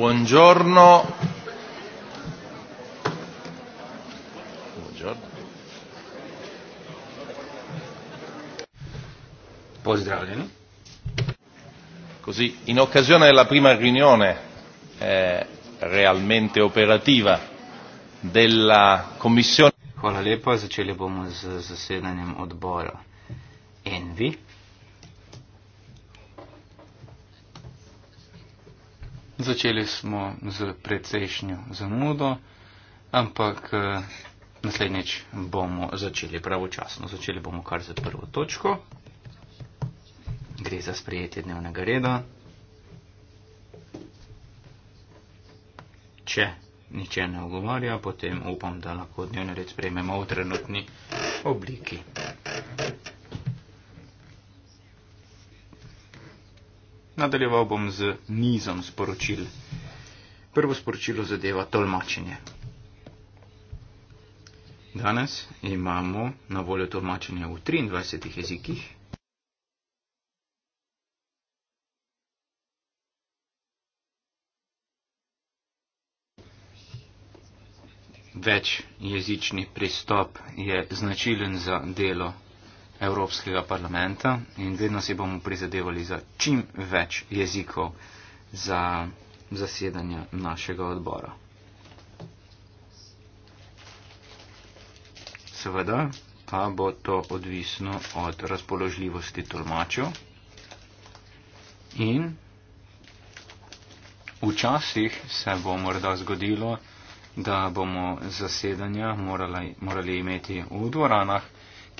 Buongiorno. Buongiorno. Pozdravljeni. Così, in occasione della prima riunione eh, realmente operativa della Commissione. Hvala lepa, začeli bomo z zasedanjem odbora Envi, Začeli smo z precejšnjo zamudo, ampak eh, naslednjič bomo začeli pravočasno. Začeli bomo kar za prvo točko. Gre za sprejetje dnevnega reda. Če niče ne ogovarja, potem upam, da lahko dnevni red sprejmemo v trenutni obliki. Nadaljeval bom z nizom sporočil. Prvo sporočilo zadeva tolmačenje. Danes imamo na voljo tolmačenje v 23 jezikih. Večjezični pristop je značilen za delo Evropskega parlamenta in vedno si bomo prizadevali za čim več jezikov za zasedanje našega odbora. Seveda pa bo to odvisno od razpoložljivosti tolmačev in včasih se bo morda zgodilo, da bomo zasedanja morali, morali imeti v dvoranah,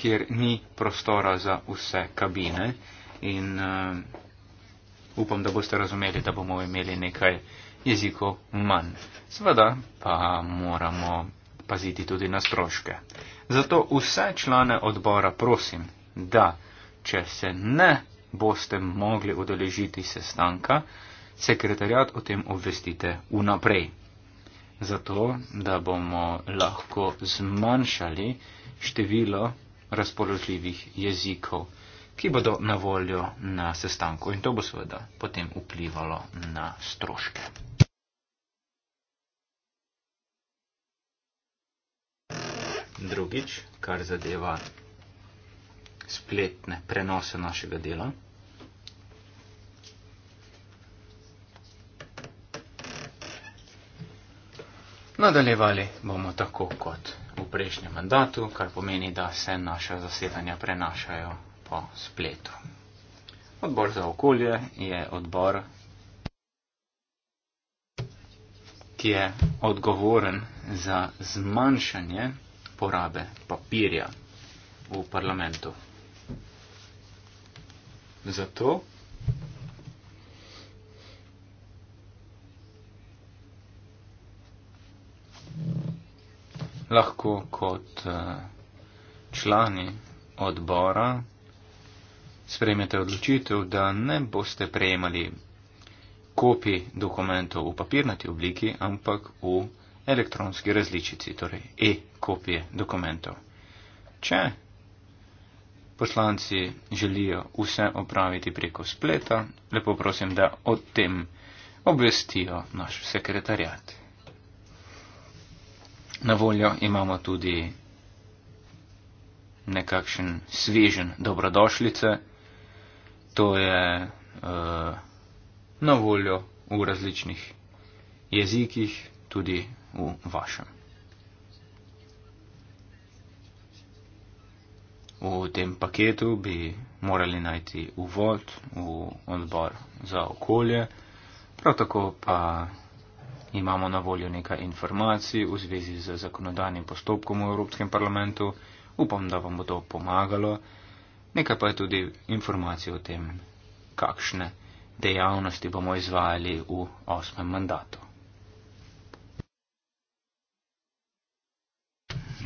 kjer ni prostora za vse kabine. In uh, upam, da boste razumeli, da bomo imeli nekaj jezikov manj. Seveda pa moramo paziti tudi na stroške. Zato vse člane odbora prosim, da če se ne boste mogli odeležiti sestanka, sekretarjat o tem obvestite vnaprej. Zato, da bomo lahko zmanjšali število razpoložljivih jezikov, ki bodo na voljo na sestanku in to bo seveda potem vplivalo na stroške. Drugič, kar zadeva spletne prenose našega dela. Nadaljevali bomo tako kot v prejšnjem mandatu, kar pomeni, da se naša zasedanja prenašajo po spletu. Odbor za okolje je odbor, ki je odgovoren za zmanjšanje porabe papirja v parlamentu. Zato lahko kot eh, člani odbora sprejmete odločitev, da ne boste prejemali kopij dokumentov v papirnati obliki, ampak v elektronski različici, torej e-kopije dokumentov. Če poslanci želijo vse opraviti preko spleta, lepo prosim, da o tem obvestijo naš sekretarjat. Na voljo imamo tudi nekakšen svežen dobrodošlice. To je uh, na voljo v različnih jezikih, tudi v vašem. V tem paketu bi morali najti uvod v odbor za okolje, prav tako pa Imamo na voljo nekaj informacij v zvezi z zakonodajnim postopkom v Evropskem parlamentu, upam, da vam bo to pomagalo. Nekaj pa je tudi informacij o tem, kakšne dejavnosti bomo izvajali v osmem mandatu.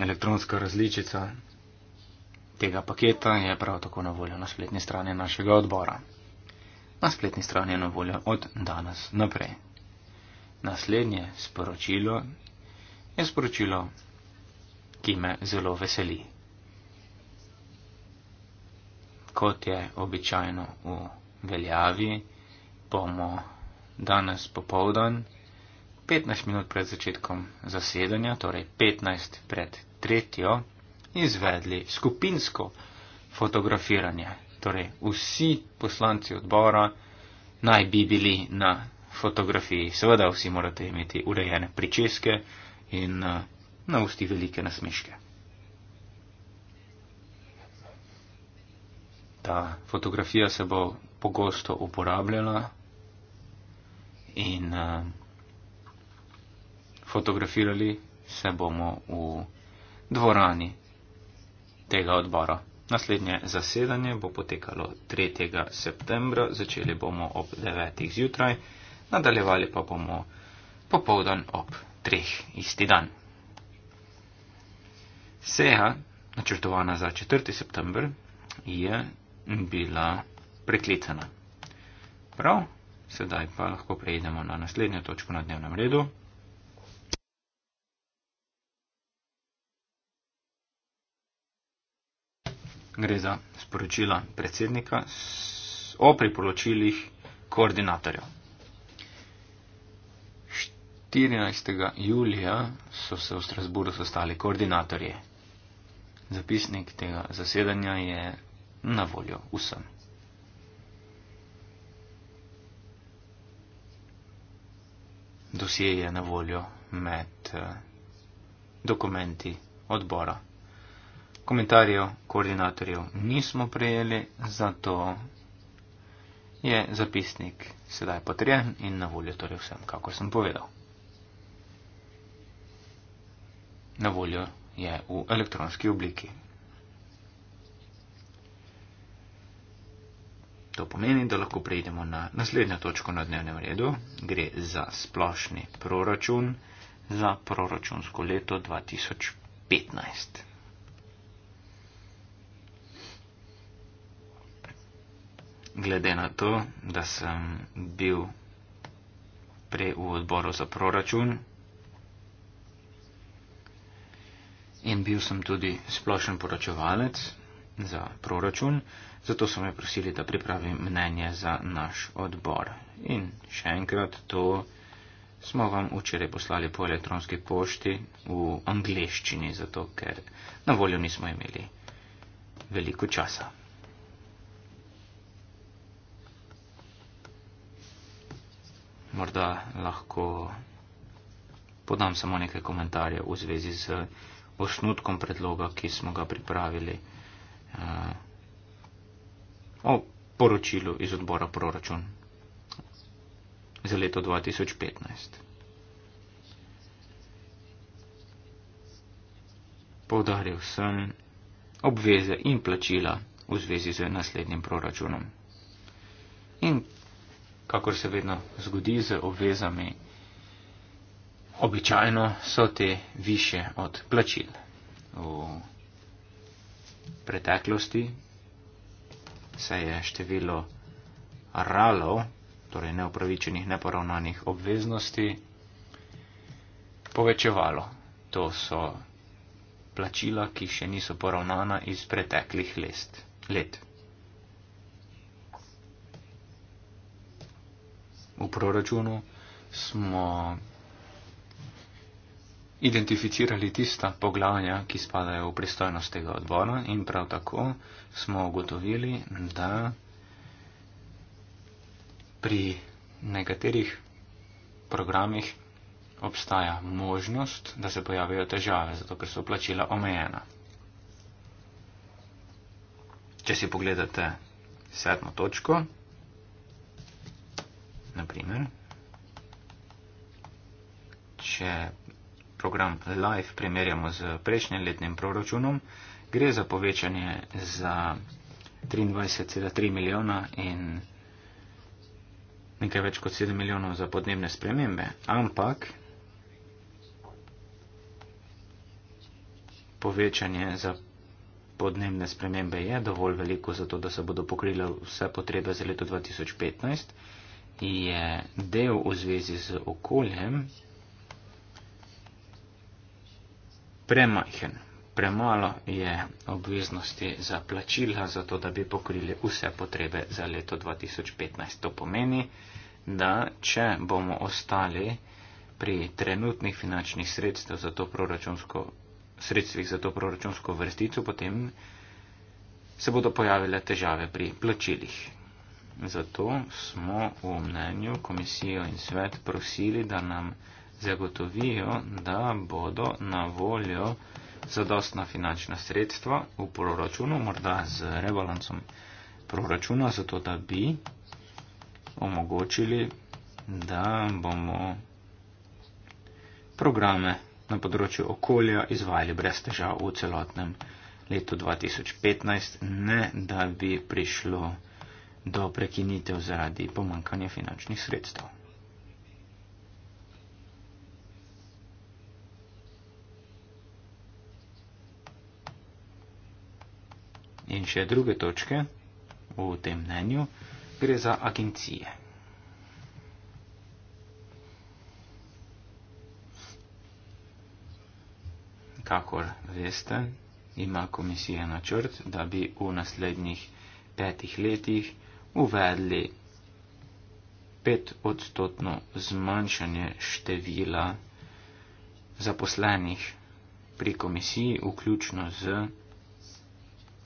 Elektronska različica tega paketa je prav tako na voljo na spletni strani našega odbora. Na spletni strani je na voljo od danes naprej. Naslednje sporočilo je sporočilo, ki me zelo veseli. Kot je običajno v veljavi, bomo danes popovdan, 15 minut pred začetkom zasedanja, torej 15 pred tretjo, izvedli skupinsko fotografiranje. Torej vsi poslanci odbora naj bi bili na fotografiji. Seveda vsi morate imeti urejene pričeske in uh, na usti velike nasmeške. Ta fotografija se bo pogosto uporabljala in uh, fotografirali se bomo v dvorani tega odbora. Naslednje zasedanje bo potekalo 3. septembra, začeli bomo ob 9. zjutraj nadaljevali pa bomo popovdan ob treh isti dan. Seja, načrtovana za 4. september, je bila preklicana. Prav, sedaj pa lahko prejdemo na naslednjo točko na dnevnem redu. Gre za sporočila predsednika o priporočilih koordinatorjev. 14. julija so se v Strasburu sestali koordinatorje. Zapisnik tega zasedanja je na voljo vsem. Dosje je na voljo med eh, dokumenti odbora. Komentarjev koordinatorjev nismo prejeli, zato je zapisnik sedaj potrjen in na voljo torej vsem, kako sem povedal. na voljo je v elektronski obliki. To pomeni, da lahko prejdemo na naslednjo točko na dnevnem redu. Gre za splošni proračun za proračunsko leto 2015. Glede na to, da sem bil prej v odboru za proračun, in bil sem tudi splošen poročevalec za proračun, zato so me prosili, da pripravim mnenje za naš odbor. In še enkrat to smo vam včeraj poslali po elektronski pošti v angleščini, zato ker na voljo nismo imeli veliko časa. Morda lahko podam samo nekaj komentarjev v zvezi z osnutkom predloga, ki smo ga pripravili uh, o poročilu iz odbora proračun za leto 2015. Povdaril sem obveze in plačila v zvezi z naslednjim proračunom. In kakor se vedno zgodi z obvezami običajno so te više od plačil. V preteklosti se je število ralov, torej neopravičenih, neporavnanih obveznosti, povečevalo. To so plačila, ki še niso poravnana iz preteklih lest, let. V proračunu smo identificirali tista poglavja, ki spadajo v pristojnost tega odbora in prav tako smo ugotovili, da pri nekaterih programih obstaja možnost, da se pojavijo težave, zato ker so plačila omejena. Če si pogledate sedmo točko, naprimer, če program Life primerjamo z prejšnjim letnim proračunom, gre za povečanje za 23,3 milijona in nekaj več kot 7 milijonov za podnebne spremembe. Ampak povečanje za podnebne spremembe je dovolj veliko za to, da se bodo pokrile vse potrebe za leto 2015 je del v zvezi z okoljem premajhen. Premalo je obveznosti za plačila, zato da bi pokrili vse potrebe za leto 2015. To pomeni, da če bomo ostali pri trenutnih finančnih sredstev za to proračunsko, sredstvih za to proračunsko vrstico, potem se bodo pojavile težave pri plačilih. Zato smo v mnenju komisijo in svet prosili, da nam zagotovijo, da bodo na voljo zadostna finančna sredstva v proračunu, morda z rebalancom proračuna, zato da bi omogočili, da bomo programe na področju okolja izvajali brez težav v celotnem letu 2015, ne da bi prišlo do prekinitev zaradi pomankanja finančnih sredstev. In še druge točke v tem mnenju gre za agencije. Kakor veste, ima komisija načrt, da bi v naslednjih petih letih uvedli pet odstotno zmanjšanje števila zaposlenih pri komisiji, vključno z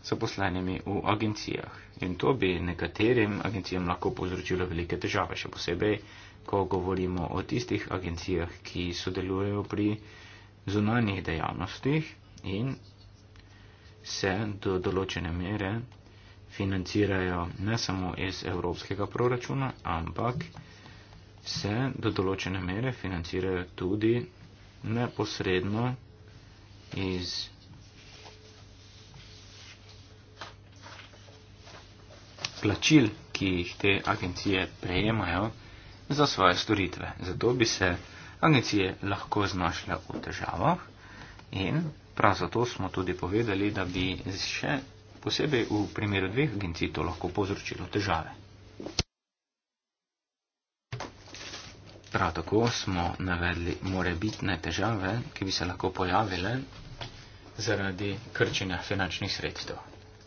zaposlenimi v agencijah. In to bi nekaterim agencijam lahko povzročilo velike težave, še posebej, ko govorimo o tistih agencijah, ki sodelujejo pri zunanjih dejavnostih in se do določene mere financirajo ne samo iz evropskega proračuna, ampak se do določene mere financirajo tudi neposredno iz plačil, ki jih te agencije prejemajo za svoje storitve. Zato bi se agencije lahko znašle v težavah in prav zato smo tudi povedali, da bi še posebej v primeru dveh agencij to lahko povzročilo težave. Prav tako smo navedli morebitne težave, ki bi se lahko pojavile zaradi krčenja finančnih sredstev.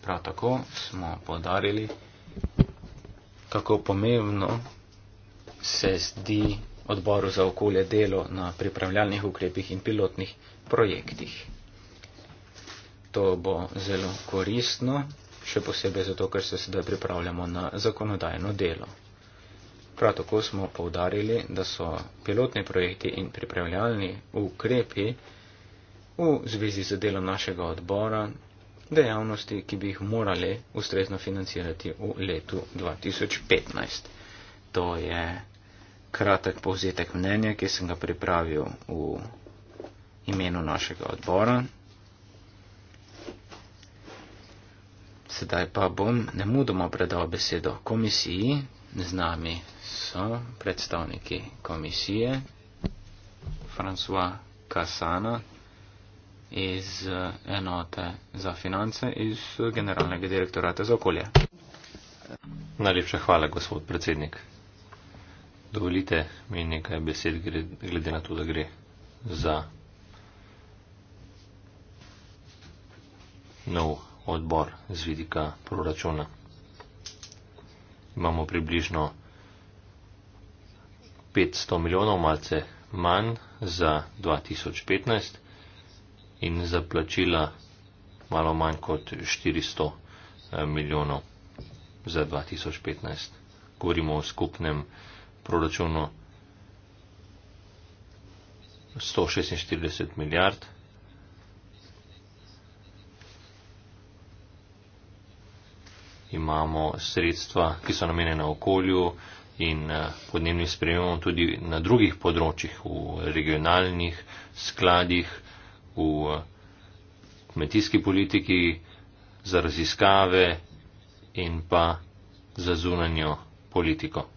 Prav tako smo podarili kako pomembno se zdi odboru za okolje delo na pripravljalnih ukrepih in pilotnih projektih. To bo zelo koristno, še posebej zato, ker se sedaj pripravljamo na zakonodajno delo. Prav tako smo povdarili, da so pilotni projekti in pripravljalni ukrepi v zvezi z delom našega odbora dejavnosti, ki bi jih morali ustrezno financirati v letu 2015. To je kratek povzetek mnenja, ki sem ga pripravil v imenu našega odbora. Sedaj pa bom ne mudoma predal besedo komisiji. Z nami so predstavniki komisije. François Cassana, iz eh, enote za finance iz eh, generalnega direktorata za okolje. Najlepša hvala, gospod predsednik. Dovolite mi nekaj besed, glede na to, da gre za nov odbor z vidika proračuna. Imamo približno 500 milijonov, malce manj za 2015, in zaplačila malo manj kot 400 eh, milijonov za 2015. Govorimo o skupnem proračunu 146 milijard. Imamo sredstva, ki so namenjena okolju in eh, podnebnim spremembam tudi na drugih področjih, v regionalnih skladih v eh, kmetijski politiki, za raziskave in pa za zunanjo politiko.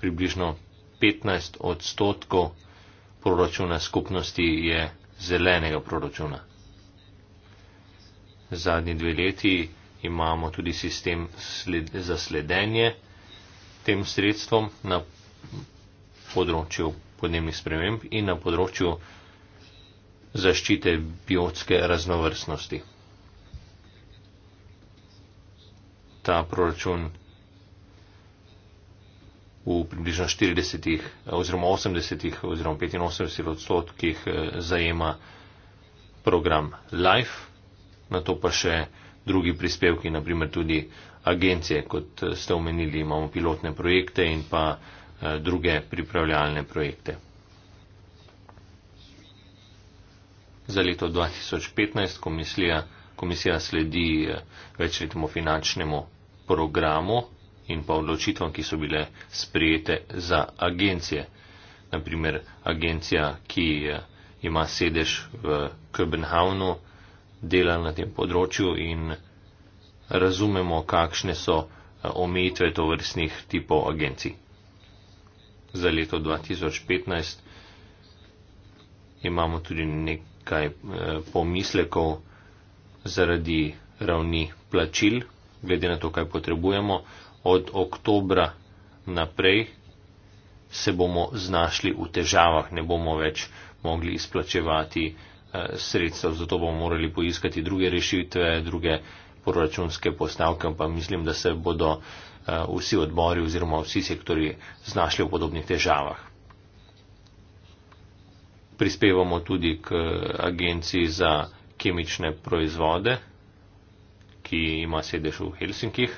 Približno 15 odstotkov proračuna skupnosti je zelenega proračuna. Zadnji dve leti imamo tudi sistem sled, za sledenje tem sredstvom na področju podnebnih sprememb in na področju zaščite biotske raznovrstnosti. Ta proračun v približno 40 eh, oziroma 80 oziroma 85 odstotkih eh, zajema program LIFE, na to pa še drugi prispevki, naprimer tudi agencije, kot eh, ste omenili, imamo pilotne projekte in pa druge pripravljalne projekte. za leto 2015 komisija, komisija sledi eh, večletnemu finančnemu programu in pa odločitvam, ki so bile sprejete za agencije. Naprimer, agencija, ki eh, ima sedež v Köbenhavnu, dela na tem področju in razumemo, kakšne so eh, omejitve to vrstnih tipov agencij. Za leto 2015 imamo tudi nek kaj eh, pomislekov zaradi ravni plačil, glede na to, kaj potrebujemo. Od oktobra naprej se bomo znašli v težavah, ne bomo več mogli izplačevati eh, sredstev, zato bomo morali poiskati druge rešitve, druge proračunske postavke, pa mislim, da se bodo eh, vsi odbori oziroma vsi sektori znašli v podobnih težavah prispevamo tudi k eh, agenciji za kemične proizvode, ki ima sedež v Helsinkih.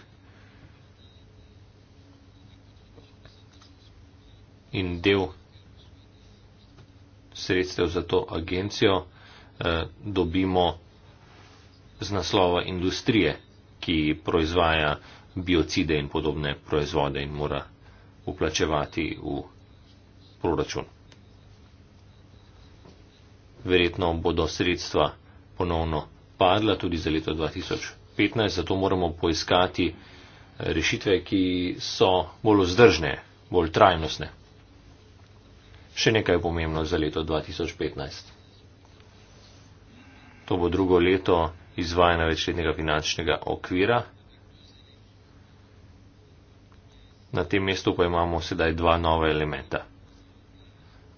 In del sredstev za to agencijo eh, dobimo z naslova industrije, ki proizvaja biocide in podobne proizvode in mora uplačevati v proračun verjetno bodo sredstva ponovno padla tudi za leto 2015, zato moramo poiskati eh, rešitve, ki so bolj vzdržne, bolj trajnostne. Še nekaj je pomembno za leto 2015. To bo drugo leto izvajanja večletnega finančnega okvira. Na tem mestu pa imamo sedaj dva nove elementa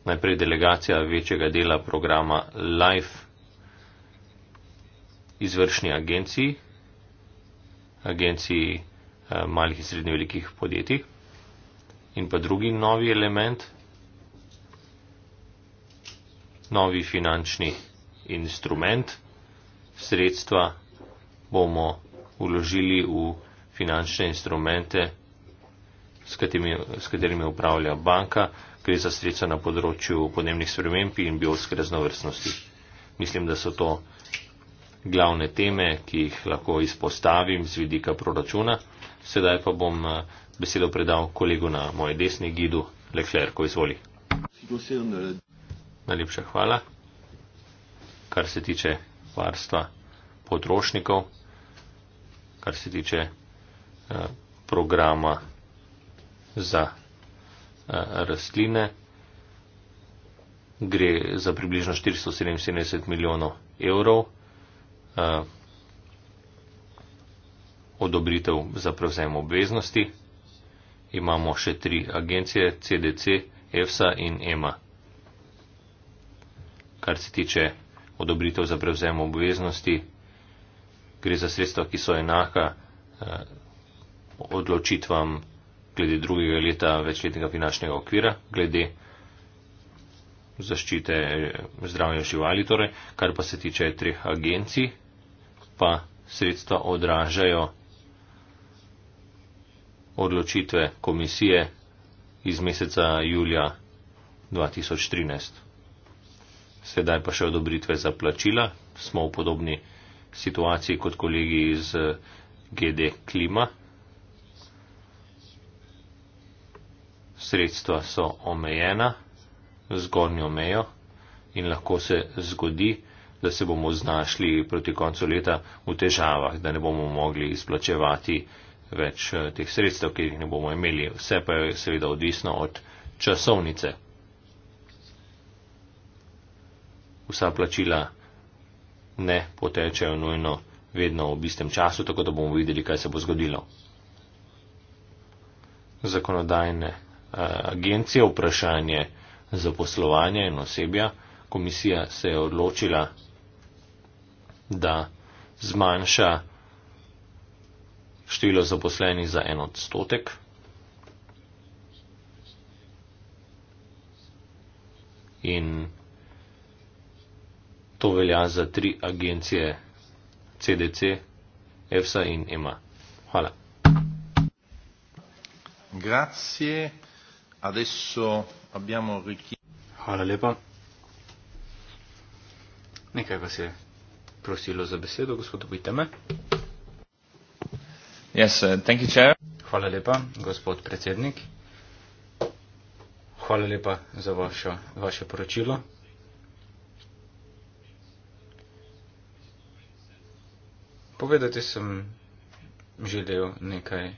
najprej delegacija večjega dela programa LIFE izvršni agenciji, agenciji eh, malih in srednje velikih podjetij. In pa drugi novi element, novi finančni instrument, sredstva bomo uložili v finančne instrumente, s katerimi, s katerimi upravlja banka gre za sredstva na področju podnebnih sprememb in biotske raznovrstnosti. Mislim, da so to glavne teme, ki jih lahko izpostavim z vidika proračuna. Sedaj pa bom eh, besedo predal kolegu na moje desni, Gidu Leclerc, izvoli. Najlepša hvala. Kar se tiče varstva potrošnikov, kar se tiče eh, programa za rastline, gre za približno 477 milijonov evrov odobritev za prevzem obveznosti. Imamo še tri agencije, CDC, EFSA in EMA. Kar se tiče odobritev za prevzem obveznosti, gre za sredstva, ki so enaka odločitvam glede drugega leta večletnega finančnega okvira, glede zaščite eh, zdravja živali, torej, kar pa se tiče treh agencij, pa sredstva odražajo odločitve komisije iz meseca julija 2013. Sedaj pa še odobritve za plačila. Smo v podobni situaciji kot kolegi iz eh, GD Klima, sredstva so omejena, zgornjo mejo in lahko se zgodi, da se bomo znašli proti koncu leta v težavah, da ne bomo mogli izplačevati več eh, teh sredstev, ki jih ne bomo imeli. Vse pa je seveda odvisno od časovnice. Vsa plačila ne potečejo nujno vedno v istem času, tako da bomo videli, kaj se bo zgodilo. Zakonodajne Eh, agencije vprašanje za poslovanje in osebja, komisija se je odločila, da zmanjša število zaposlenih za en odstotek. In to velja za tri agencije CDC, EFSA in EMA. Hvala. Grazie. Adesso abbiamo richiesto. Hvala lepa. Nekaj vas je prosilo za besedo, gospod Dobite me. Yes, uh, thank you, chair. Hvala lepa, gospod predsednik. Hvala lepa za vašo, vaše poročilo. Povedati sem želel nekaj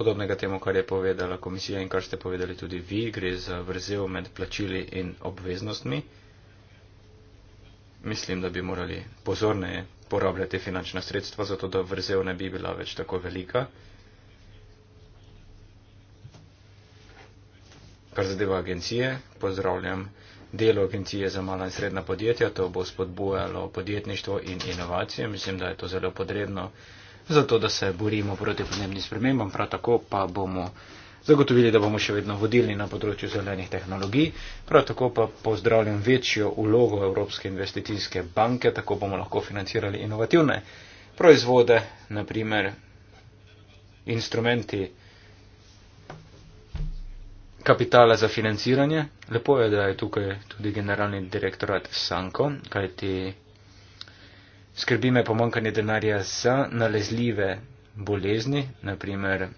podobnega temu, kar je povedala komisija in kar ste povedali tudi vi, gre za vrzel med plačili in obveznostmi. Mislim, da bi morali pozorneje porabljati finančna sredstva, zato da vrzel ne bi bila več tako velika. Kar zadeva agencije, pozdravljam delo agencije za mala in srednja podjetja, to bo spodbujalo podjetništvo in inovacije. Mislim, da je to zelo podredno zato da se borimo proti podnebnim spremembam, prav tako pa bomo zagotovili, da bomo še vedno vodilni na področju zelenih tehnologij, prav tako pa pozdravljam večjo ulogo Evropske investicijske banke, tako bomo lahko financirali inovativne proizvode, naprimer instrumenti kapitala za financiranje. Lepo je, da je tukaj tudi generalni direktorat Sanko, kajti Skrbi me pomankanje denarja za nalezljive bolezni, naprimer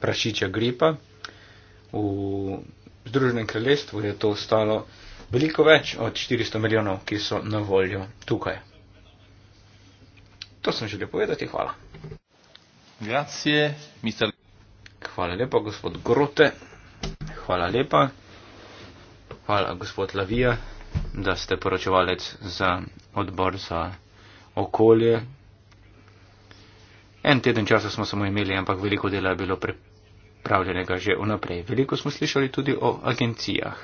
prašiča gripa. V Združenem kraljestvu je to stalo veliko več od 400 milijonov, ki so na voljo tukaj. To sem želel povedati, hvala. Grazie, mister. Hvala lepa, gospod Grote. Hvala lepa. Hvala, gospod Lavija, da ste poročevalec za odbor za okolje. En teden časa smo samo imeli, ampak veliko dela je bilo pripravljenega že vnaprej. Veliko smo slišali tudi o agencijah.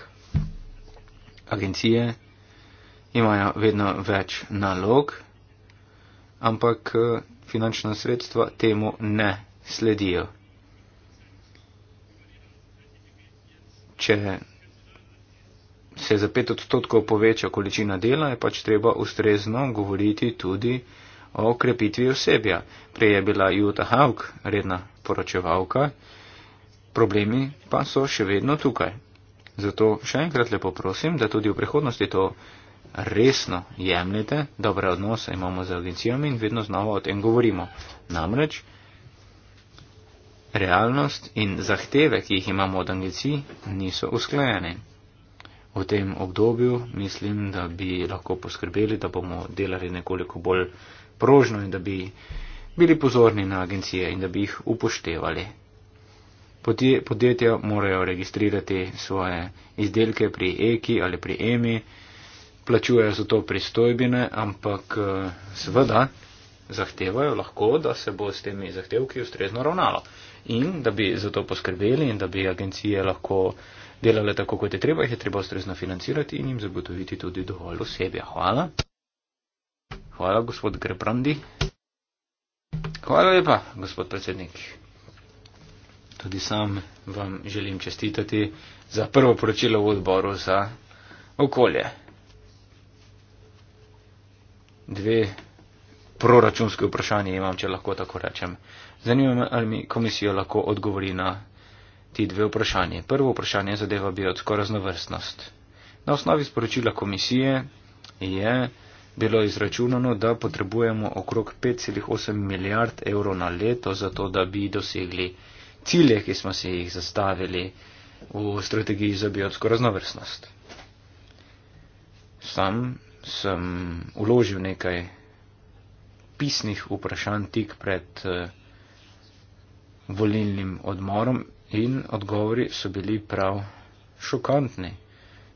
Agencije imajo vedno več nalog, ampak eh, finančna sredstva temu ne sledijo. Če se za pet odstotkov poveča količina dela, je pač treba ustrezno govoriti tudi o krepitvi osebja. Prej je bila Juta Hauk redna poročevalka, problemi pa so še vedno tukaj. Zato še enkrat lepo prosim, da tudi v prihodnosti to resno jemljete, dobre odnose imamo z agencijami in vedno znova o tem govorimo. Namreč realnost in zahteve, ki jih imamo od agencij, niso usklajene v tem obdobju, mislim, da bi lahko poskrbeli, da bomo delali nekoliko bolj prožno in da bi bili pozorni na agencije in da bi jih upoštevali. Podjetja morajo registrirati svoje izdelke pri EKI ali pri EMI, plačujejo za to pristojbine, ampak seveda zahtevajo lahko, da se bo s temi zahtevki ustrezno ravnalo in da bi za to poskrbeli in da bi agencije lahko uh, delale tako, kot je treba, jih je treba ustrezno financirati in jim zagotoviti tudi dovolj osebja. Hvala. Hvala, gospod Grebrandi. Hvala lepa, gospod predsednik. Tudi sam vam želim čestitati za prvo poročilo v odboru za okolje. Dve proračunske vprašanje imam, če lahko tako rečem. Zanima me, ali mi komisijo lahko odgovori na ti dve vprašanje. Prvo vprašanje zadeva biotsko raznovrstnost. Na osnovi sporočila komisije je bilo izračunano, da potrebujemo okrog 5,8 milijard evrov na leto, zato da bi dosegli cilje, ki smo si jih zastavili v strategiji za biotsko raznovrstnost. Sam sem uložil nekaj pisnih vprašanj tik pred eh, volilnim odmorom In odgovori so bili prav šokantni.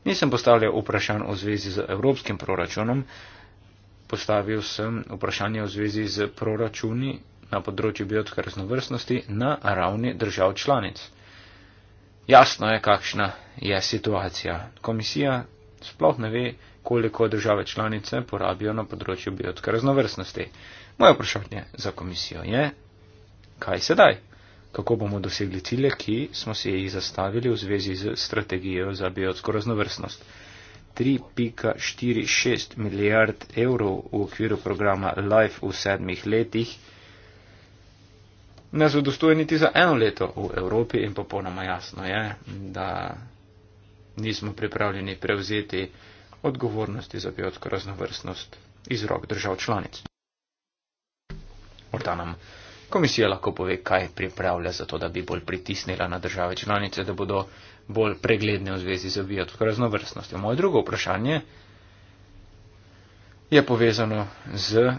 Nisem postavljal vprašanj v zvezi z evropskim proračunom, postavil sem vprašanje v zvezi z proračuni na področju biotske raznovrstnosti na ravni držav članic. Jasno je, kakšna je situacija. Komisija sploh ne ve, koliko države članice porabijo na področju biotske raznovrstnosti. Moje vprašanje za komisijo je, kaj sedaj? kako bomo dosegli cilje, ki smo si jih zastavili v zvezi z strategijo za biotsko raznovrstnost. 3,46 milijard evrov v okviru programa Life v sedmih letih ne zadostuje niti za eno leto v Evropi in popolnoma jasno je, da nismo pripravljeni prevzeti odgovornosti za biotsko raznovrstnost iz rok držav članic. Morda nam. Komisija lahko pove, kaj pripravlja za to, da bi bolj pritisnila na države članice, da bodo bolj pregledne v zvezi z biotsko raznovrstnostjo. Moje drugo vprašanje je povezano z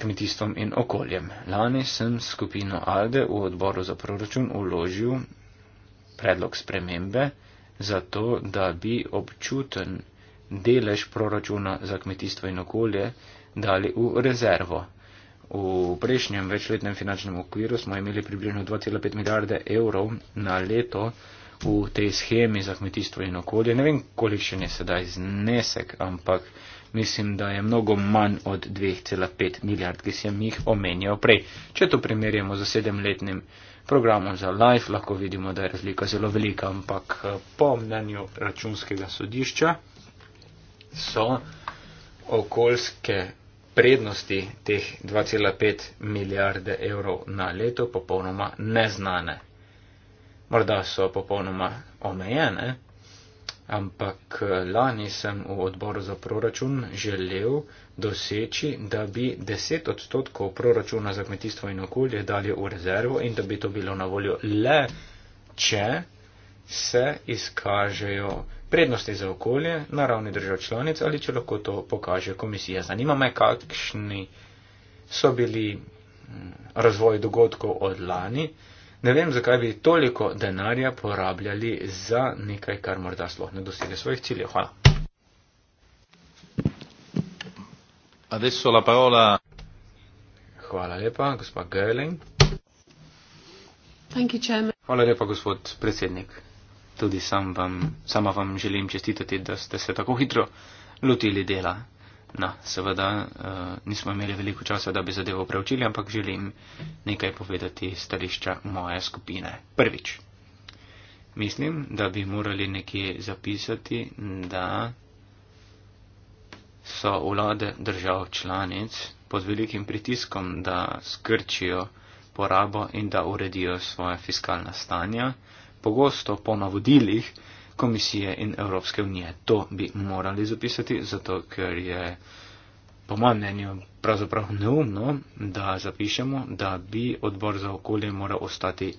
kmetijstvom in okoljem. Lani sem skupino Alde v odboru za proračun uložil predlog spremembe za to, da bi občuten delež proračuna za kmetijstvo in okolje dali v rezervo V prejšnjem večletnem finančnem okviru smo imeli približno 2,5 milijarde evrov na leto v tej schemi za kmetijstvo in okolje. Ne vem, kolikšen je sedaj znesek, ampak mislim, da je mnogo manj od 2,5 milijard, ki sem jih omenjal prej. Če to primerjamo z sedemletnim programom za life, lahko vidimo, da je razlika zelo velika, ampak eh, po mnenju računskega sodišča so okoljske prednosti teh 2,5 milijarde evrov na leto popolnoma neznane. Morda so popolnoma omejene, ampak eh, lani sem v odboru za proračun želel doseči, da bi 10 odstotkov proračuna za kmetijstvo in okolje dali v rezervo in da bi to bilo na voljo le, če se izkažejo prednosti za okolje na ravni držav članic ali če lahko to pokaže komisija. Zanima me, kakšni so bili mm, razvoj dogodkov od lani. Ne vem, zakaj bi toliko denarja porabljali za nekaj, kar morda sploh ne dosega svojih ciljev. Hvala. Parola... Hvala lepa, gospod Gerling. Hvala lepa, gospod predsednik tudi sam vam, sama vam želim čestitati, da ste se tako hitro lotili dela. No, seveda eh, nismo imeli veliko časa, da bi zadevo preučili, ampak želim nekaj povedati iz stališča moje skupine. Prvič. Mislim, da bi morali nekje zapisati, da so vlade držav članic pod velikim pritiskom, da skrčijo porabo in da uredijo svoje fiskalna stanja pogosto po navodilih komisije in Evropske unije. To bi morali zapisati, zato ker je, po mojem mnenju, pravzaprav neumno, da zapišemo, da bi odbor za okolje moral ostati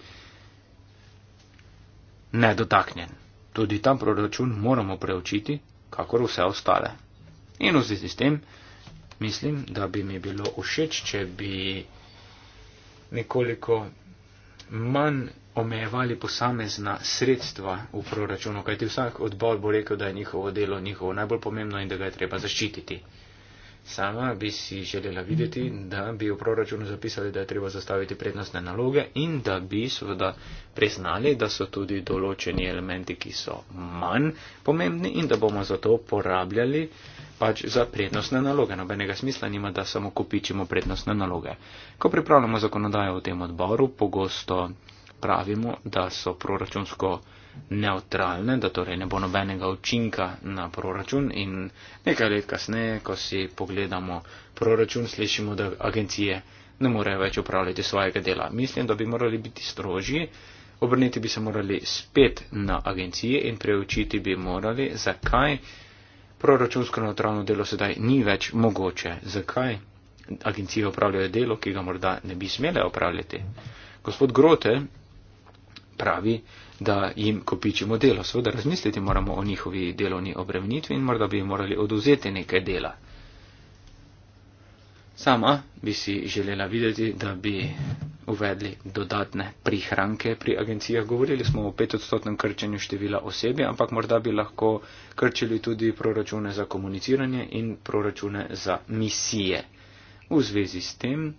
nedotaknjen. Tudi tam proračun moramo preučiti, kakor vse ostale. In v zvezi s tem mislim, da bi mi bilo všeč, če bi nekoliko manj omejevali posamezna sredstva v proračunu, kajti vsak odbor bo rekel, da je njihovo delo njihovo najbolj pomembno in da ga je treba zaščititi. Sama bi si želela videti, da bi v proračunu zapisali, da je treba zastaviti prednostne naloge in da bi seveda priznali, da so tudi določeni elementi, ki so manj pomembni in da bomo zato porabljali pač za prednostne naloge. Nobenega smisla nima, da samo kopičimo prednostne naloge. Ko pripravljamo zakonodajo v tem odboru, pogosto pravimo, da so proračunsko neutralne, da torej ne bo nobenega učinka na proračun in nekaj let kasneje, ko si pogledamo proračun, slišimo, da agencije ne morejo več upravljati svojega dela. Mislim, da bi morali biti strožji, obrniti bi se morali spet na agencije in preučiti bi morali, zakaj proračunsko neutralno delo sedaj ni več mogoče, zakaj agencije upravljajo delo, ki ga morda ne bi smele upravljati. Gospod Grote pravi, da jim kopičimo delo. Seveda razmisliti moramo o njihovi delovni obremenitvi in morda bi jim morali oduzeti nekaj dela. Sama bi si želela videti, da bi uvedli dodatne prihranke pri agencijah. Govorili smo o petodstotnem krčenju števila osebi, ampak morda bi lahko krčili tudi proračune za komuniciranje in proračune za misije. V zvezi s tem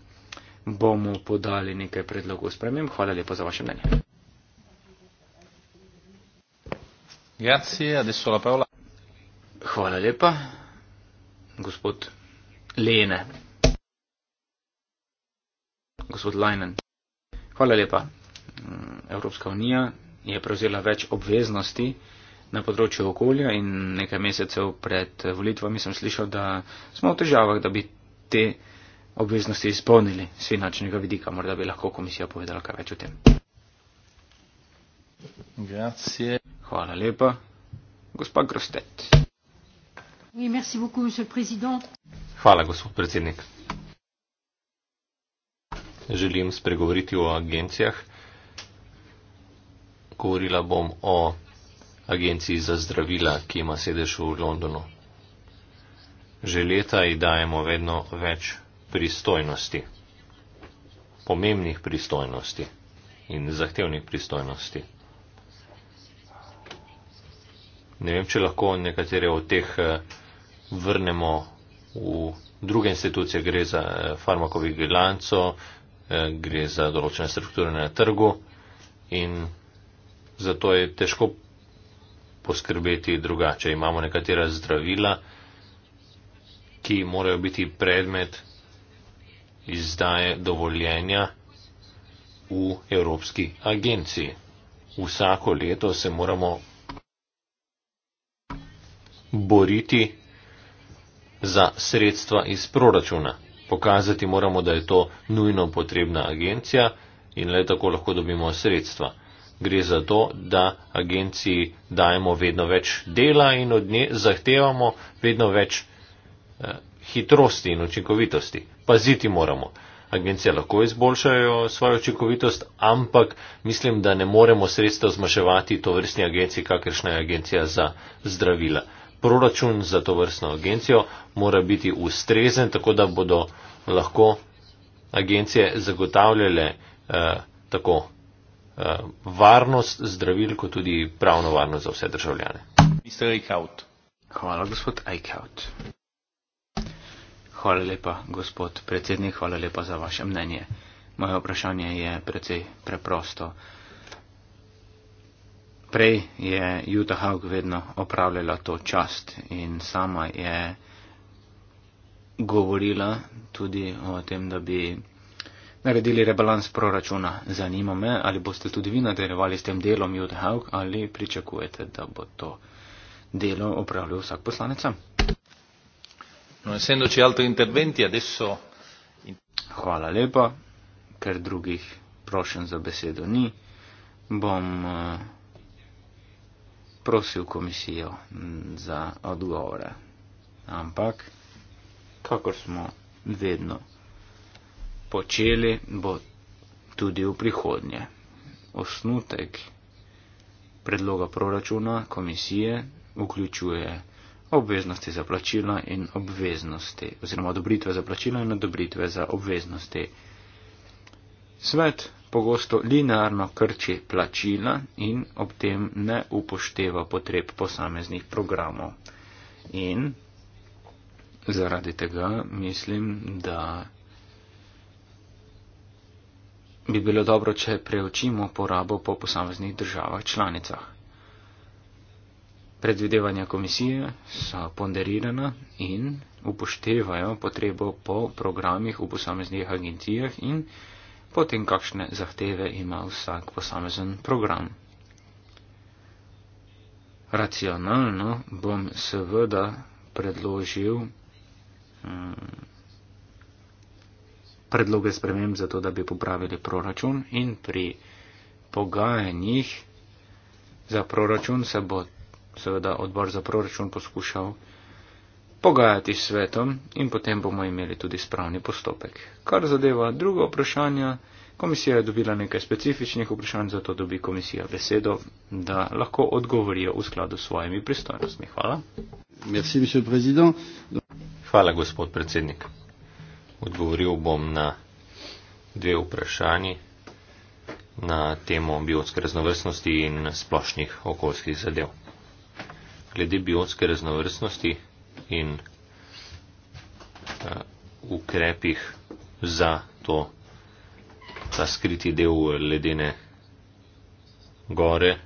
bomo podali nekaj predlogov spremem. Hvala lepa za vaše mnenje. Hvala lepa. Gospod Lene. Gospod Leinen. Hvala lepa. Evropska unija je prevzela več obveznosti na področju okolja in nekaj mesecev pred volitvami sem slišal, da smo v težavah, da bi te obveznosti izpolnili z finančnega vidika. Morda bi lahko komisija povedala kaj več o tem. Grazie. Hvala lepa. Gospa Grostet. Hvala, gospod predsednik. Želim spregovoriti o agencijah. Govorila bom o agenciji za zdravila, ki ima sedež v Londonu. Že leta ji dajemo vedno več pristojnosti, pomembnih pristojnosti in zahtevnih pristojnosti. Ne vem, če lahko nekatere od teh eh, vrnemo v druge institucije. Gre za eh, farmakovi bilanco, eh, gre za določene strukture na trgu in zato je težko poskrbeti drugače. Imamo nekatera zdravila, ki morajo biti predmet izdaje dovoljenja v Evropski agenciji. Vsako leto se moramo boriti za sredstva iz proračuna. Pokazati moramo, da je to nujno potrebna agencija in le tako lahko dobimo sredstva. Gre za to, da agenciji dajemo vedno več dela in od nje zahtevamo vedno več eh, hitrosti in učinkovitosti. Paziti moramo. Agencije lahko izboljšajo svojo učinkovitost, ampak mislim, da ne moremo sredstva zmaševati to vrstni agenciji, kakršna je agencija za zdravila proračun za to vrstno agencijo mora biti ustrezen, tako da bodo lahko agencije zagotavljale eh, tako eh, varnost zdravil, kot tudi pravno varnost za vse državljane. Hvala, gospod Eichhout. Hvala lepa, gospod predsednik, hvala lepa za vaše mnenje. Moje vprašanje je precej preprosto prej je Juta Haug vedno opravljala to čast in sama je govorila tudi o tem, da bi naredili rebalans proračuna. Zanima me, ali boste tudi vi nadaljevali s tem delom Juta Haug ali pričakujete, da bo to delo opravljal vsak poslanec. Hvala lepa, ker drugih prošen za besedo ni. Bom uh, prosil komisijo za odgovore. Ampak, kakor smo vedno počeli, bo tudi v prihodnje. Osnutek predloga proračuna komisije vključuje obveznosti za plačila in obveznosti, oziroma odobritve za plačila in odobritve za obveznosti. Svet pogosto linearno krči plačila in ob tem ne upošteva potreb posameznih programov. In zaradi tega mislim, da bi bilo dobro, če preučimo porabo po posameznih državah članicah. Predvidevanja komisije so ponderirana in upoštevajo potrebo po programih v posameznih agencijah in potem kakšne zahteve ima vsak posamezen program. Racionalno bom seveda predložil hmm, predloge sprememb za to, da bi popravili proračun in pri pogajanjih za proračun se bo seveda odbor za proračun poskušal pogajati s svetom in potem bomo imeli tudi spravni postopek. Kar zadeva drugo vprašanje, Komisija je dobila nekaj specifičnih vprašanj, zato dobi komisija besedo, da lahko odgovorijo v skladu s svojimi pristojnostmi. Hvala. Merci, Hvala, gospod predsednik. Odgovoril bom na dve vprašanji na temo biotske raznovrstnosti in splošnih okoljskih zadev. Glede biotske raznovrstnosti in uh, ukrepih za to ta skriti del ledene gore,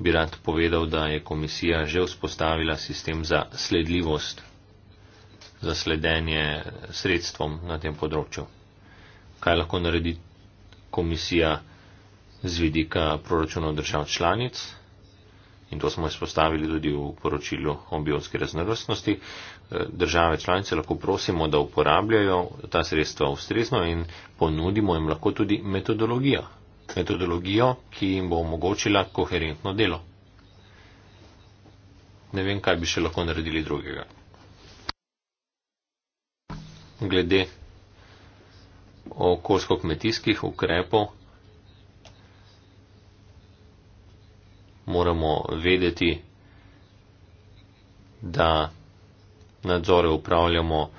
bi rad povedal, da je komisija že vzpostavila sistem za sledljivost, za sledenje sredstvom na tem področju. Kaj lahko naredi komisija z vidika proračunov držav članic? in to smo izpostavili tudi v poročilu o biotski raznovrstnosti, e, države članice lahko prosimo, da uporabljajo ta sredstva ustrezno in ponudimo jim lahko tudi metodologijo. Metodologijo, ki jim bo omogočila koherentno delo. Ne vem, kaj bi še lahko naredili drugega. Glede okoljsko-kmetijskih ukrepov moramo vedeti, da nadzore upravljamo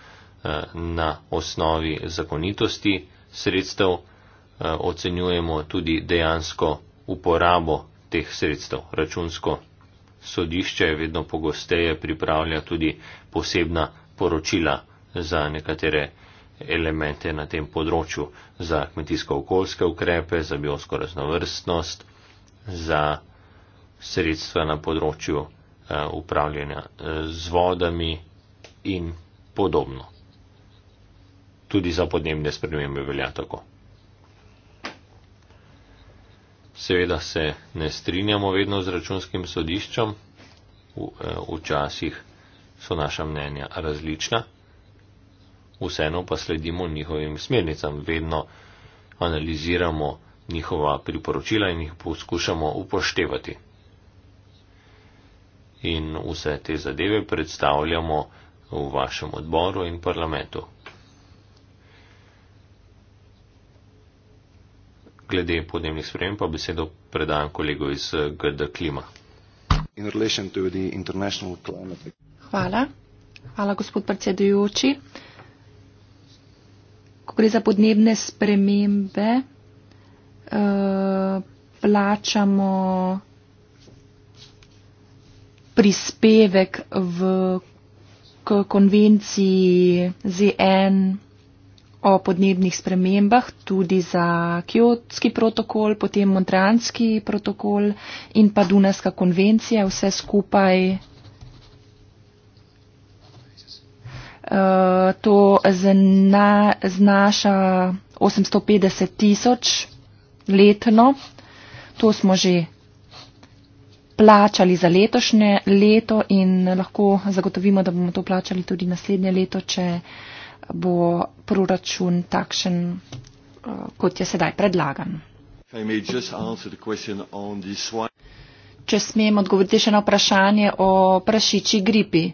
eh, na osnovi zakonitosti sredstev, eh, ocenjujemo tudi dejansko uporabo teh sredstev. Računsko sodišče je vedno pogosteje pripravlja tudi posebna poročila za nekatere elemente na tem področju, za kmetijsko-okoljske ukrepe, za biosko raznovrstnost, za sredstva na področju eh, upravljanja eh, z vodami in podobno. Tudi za podnebne spremembe velja tako. Seveda se ne strinjamo vedno z računskim sodiščem, eh, včasih so naša mnenja različna, vseeno pa sledimo njihovim smernicam, vedno analiziramo njihova priporočila in jih poskušamo upoštevati in vse te zadeve predstavljamo v vašem odboru in parlamentu. Glede podnebnih sprememb pa besedo predam kolegu iz GD Klima. Hvala. Hvala, gospod predsedujoči. Ko gre za podnebne spremembe, eh, plačamo prispevek v, k konvenciji ZN o podnebnih spremembah, tudi za Kjotski protokol, potem Montranski protokol in pa Dunajska konvencija, vse skupaj. Eh, to zna, znaša 850 tisoč letno, to smo že plačali za letošnje leto in lahko zagotovimo, da bomo to plačali tudi naslednje leto, če bo proračun takšen, eh, kot je sedaj predlagan. Če smem odgovoriti še na vprašanje o prašiči gripi.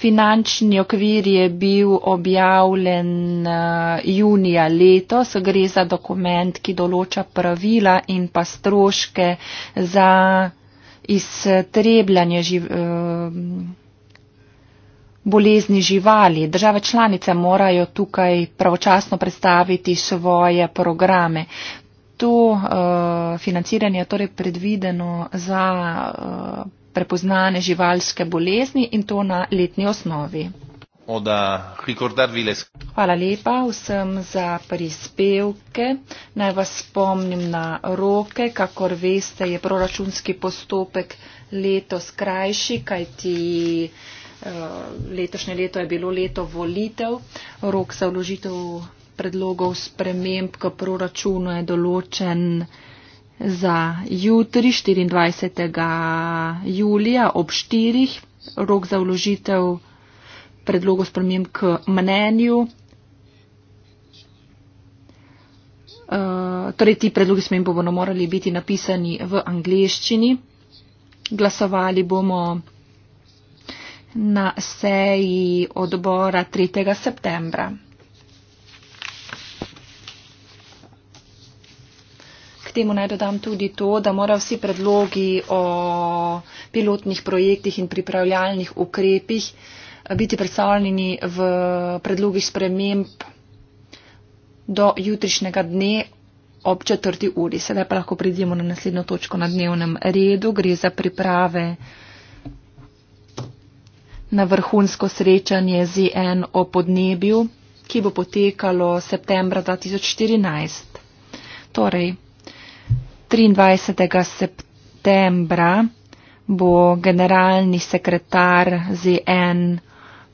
Finančni okvir je bil objavljen eh, junija letos. Gre za dokument, ki določa pravila in pa stroške za iztrebljanje eh, bolezni živali. Države članice morajo tukaj pravočasno predstaviti svoje programe. To uh, financiranje je torej predvideno za uh, prepoznane živalske bolezni in to na letni osnovi. Hvala lepa vsem za prispevke. Naj vas spomnim na roke. Kakor veste, je proračunski postopek letos krajši, kajti eh, letošnje leto je bilo leto volitev. Rok za vložitev predlogov sprememb k proračunu je določen za jutri 24. julija ob 4. rok za vložitev predlogov sprememb k mnenju. Uh, torej, ti predlogi smem bomo morali biti napisani v angleščini. Glasovali bomo na seji odbora 3. septembra. temu naj dodam tudi to, da mora vsi predlogi o pilotnih projektih in pripravljalnih ukrepih eh, biti predstavljeni v predlogih sprememb do jutrišnjega dne ob četrti uri. Sedaj pa lahko pridemo na naslednjo točko na dnevnem redu. Gre za priprave na vrhunsko srečanje z EN o podnebju, ki bo potekalo septembra 2014. Torej, 23. septembra bo generalni sekretar ZN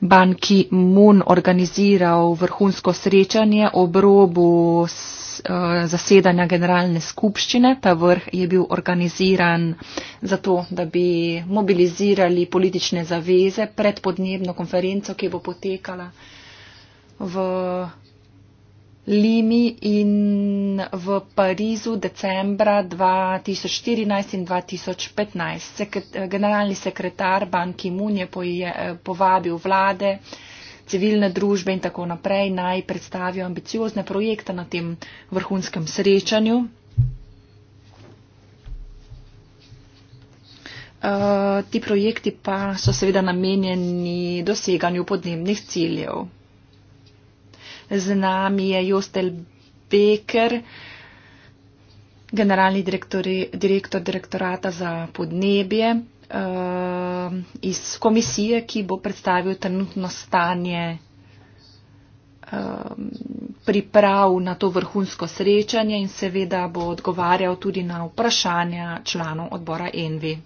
Ban Ki-moon organiziral vrhunsko srečanje ob robu eh, zasedanja generalne skupščine. Ta vrh je bil organiziran zato, da bi mobilizirali politične zaveze pred podnebno konferenco, ki bo potekala v Limi in v Parizu decembra 2014 in 2015. Generalni sekretar Ban Ki-moon je povabil vlade, civilne družbe in tako naprej naj predstavijo ambiciozne projekte na tem vrhunskem srečanju. Eh, ti projekti pa so seveda namenjeni doseganju podnebnih ciljev. Z nami je Jostel Beker, generalni direktor direktorata za podnebje uh, iz komisije, ki bo predstavil trenutno stanje eh, priprav na to vrhunsko srečanje in seveda bo odgovarjal tudi na vprašanja članov odbora Envi.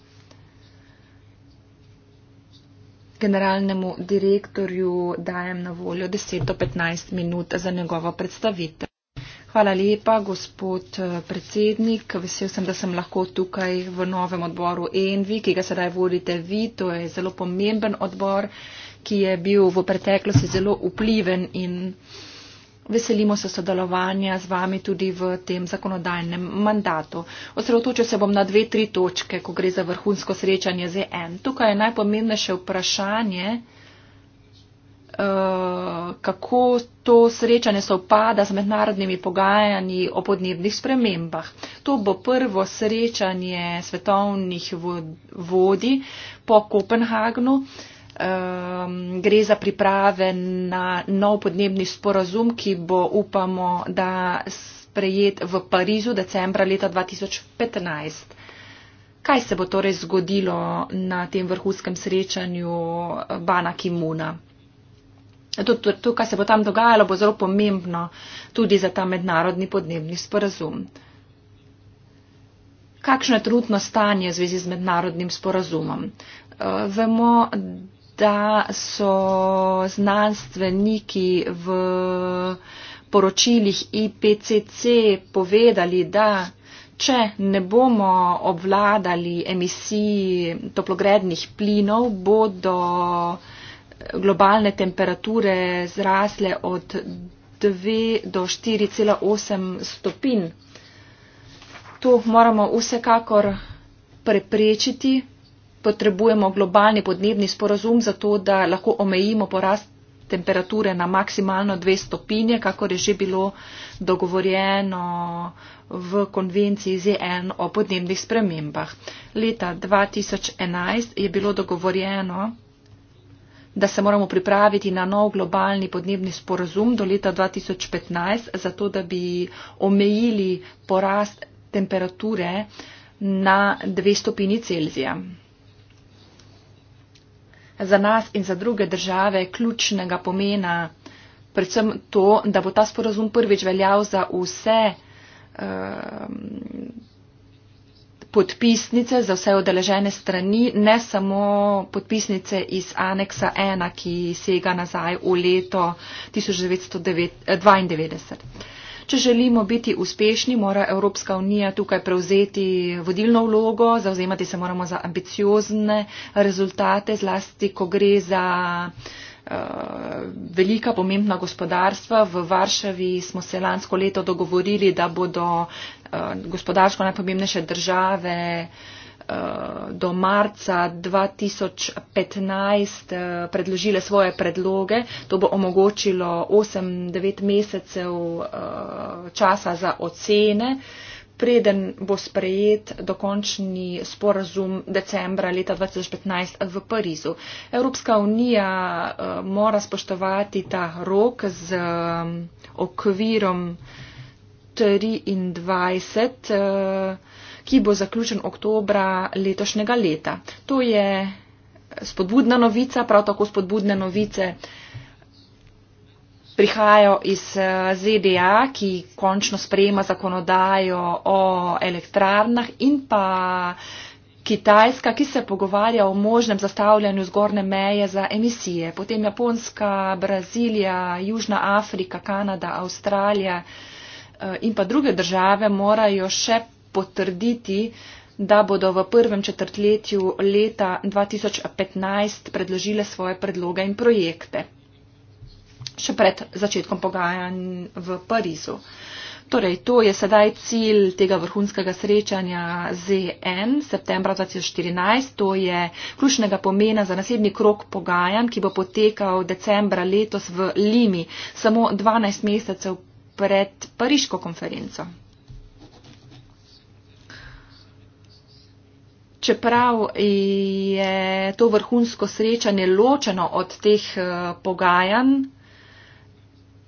generalnemu direktorju dajem na voljo 10 do 15 minut za njegovo predstavitev. Hvala lepa, gospod eh, predsednik. Vesel sem, da sem lahko tukaj v novem odboru ENVI, ki ga sedaj vodite vi. To je zelo pomemben odbor, ki je bil v preteklosti zelo vpliven in. Veselimo se sodelovanja z vami tudi v tem zakonodajnem mandatu. Osredotočil se bom na dve, tri točke, ko gre za vrhunsko srečanje z EN. Tukaj je najpomembnejše vprašanje, eh, kako to srečanje se upada z mednarodnimi pogajanji o podnebnih spremembah. To bo prvo srečanje svetovnih vodi po Kopenhagnu um, gre za priprave na nov podnebni sporazum, ki bo upamo, da sprejet v Parizu decembra leta 2015. Kaj se bo torej zgodilo na tem vrhunskem srečanju eh, Bana Kimuna? To, to, to, kar se bo tam dogajalo, bo zelo pomembno tudi za ta mednarodni podnebni sporazum. Kakšno je trudno stanje v zvezi z mednarodnim sporazumom? Eh, vemo, da so znanstveniki v poročilih IPCC povedali, da če ne bomo obvladali emisij toplogrednih plinov, bodo globalne temperature zrasle od 2 do 4,8 stopin. To moramo vsekakor preprečiti potrebujemo globalni podnebni sporozum za to, da lahko omejimo porast temperature na maksimalno dve stopinje, kako je že bilo dogovorjeno v konvenciji ZN o podnebnih spremembah. Leta 2011 je bilo dogovorjeno, da se moramo pripraviti na nov globalni podnebni sporozum do leta 2015, zato da bi omejili porast temperature na dve stopini Celzija za nas in za druge države ključnega pomena, predvsem to, da bo ta sporozum prvič veljal za vse um, podpisnice, za vse odeležene strani, ne samo podpisnice iz aneksa 1, ki sega nazaj v leto 1992. Če želimo biti uspešni, mora Evropska unija tukaj prevzeti vodilno vlogo, zauzemati se moramo za ambiciozne rezultate, zlasti, ko gre za eh, velika pomembna gospodarstva. V Varšavi smo se lansko leto dogovorili, da bodo eh, gospodarsko najpomembnejše države Eh, do marca 2015 eh, predložile svoje predloge. To bo omogočilo 8-9 mesecev eh, časa za ocene. Preden bo sprejet dokončni sporazum decembra leta 2015 v Parizu. Evropska unija mora spoštovati ta rok z okvirom 23 ki bo zaključen oktobra letošnjega leta. To je spodbudna novica, prav tako spodbudne novice prihajajo iz eh, ZDA, ki končno sprejema zakonodajo o elektrarnah in pa Kitajska, ki se pogovarja o možnem zastavljanju zgorne meje za emisije. Potem Japonska, Brazilija, Južna Afrika, Kanada, Avstralija eh, in pa druge države morajo še potrditi, da bodo v prvem četrtletju leta 2015 predložile svoje predloge in projekte. Še pred začetkom pogajanj v Parizu. Torej, to je sedaj cilj tega vrhunskega srečanja ZN septembra 2014. To je ključnega pomena za naslednji krok pogajanj, ki bo potekal decembra letos v Limi, samo 12 mesecev pred Pariško konferenco. Čeprav je to vrhunsko srečanje ločeno od teh eh, pogajanj,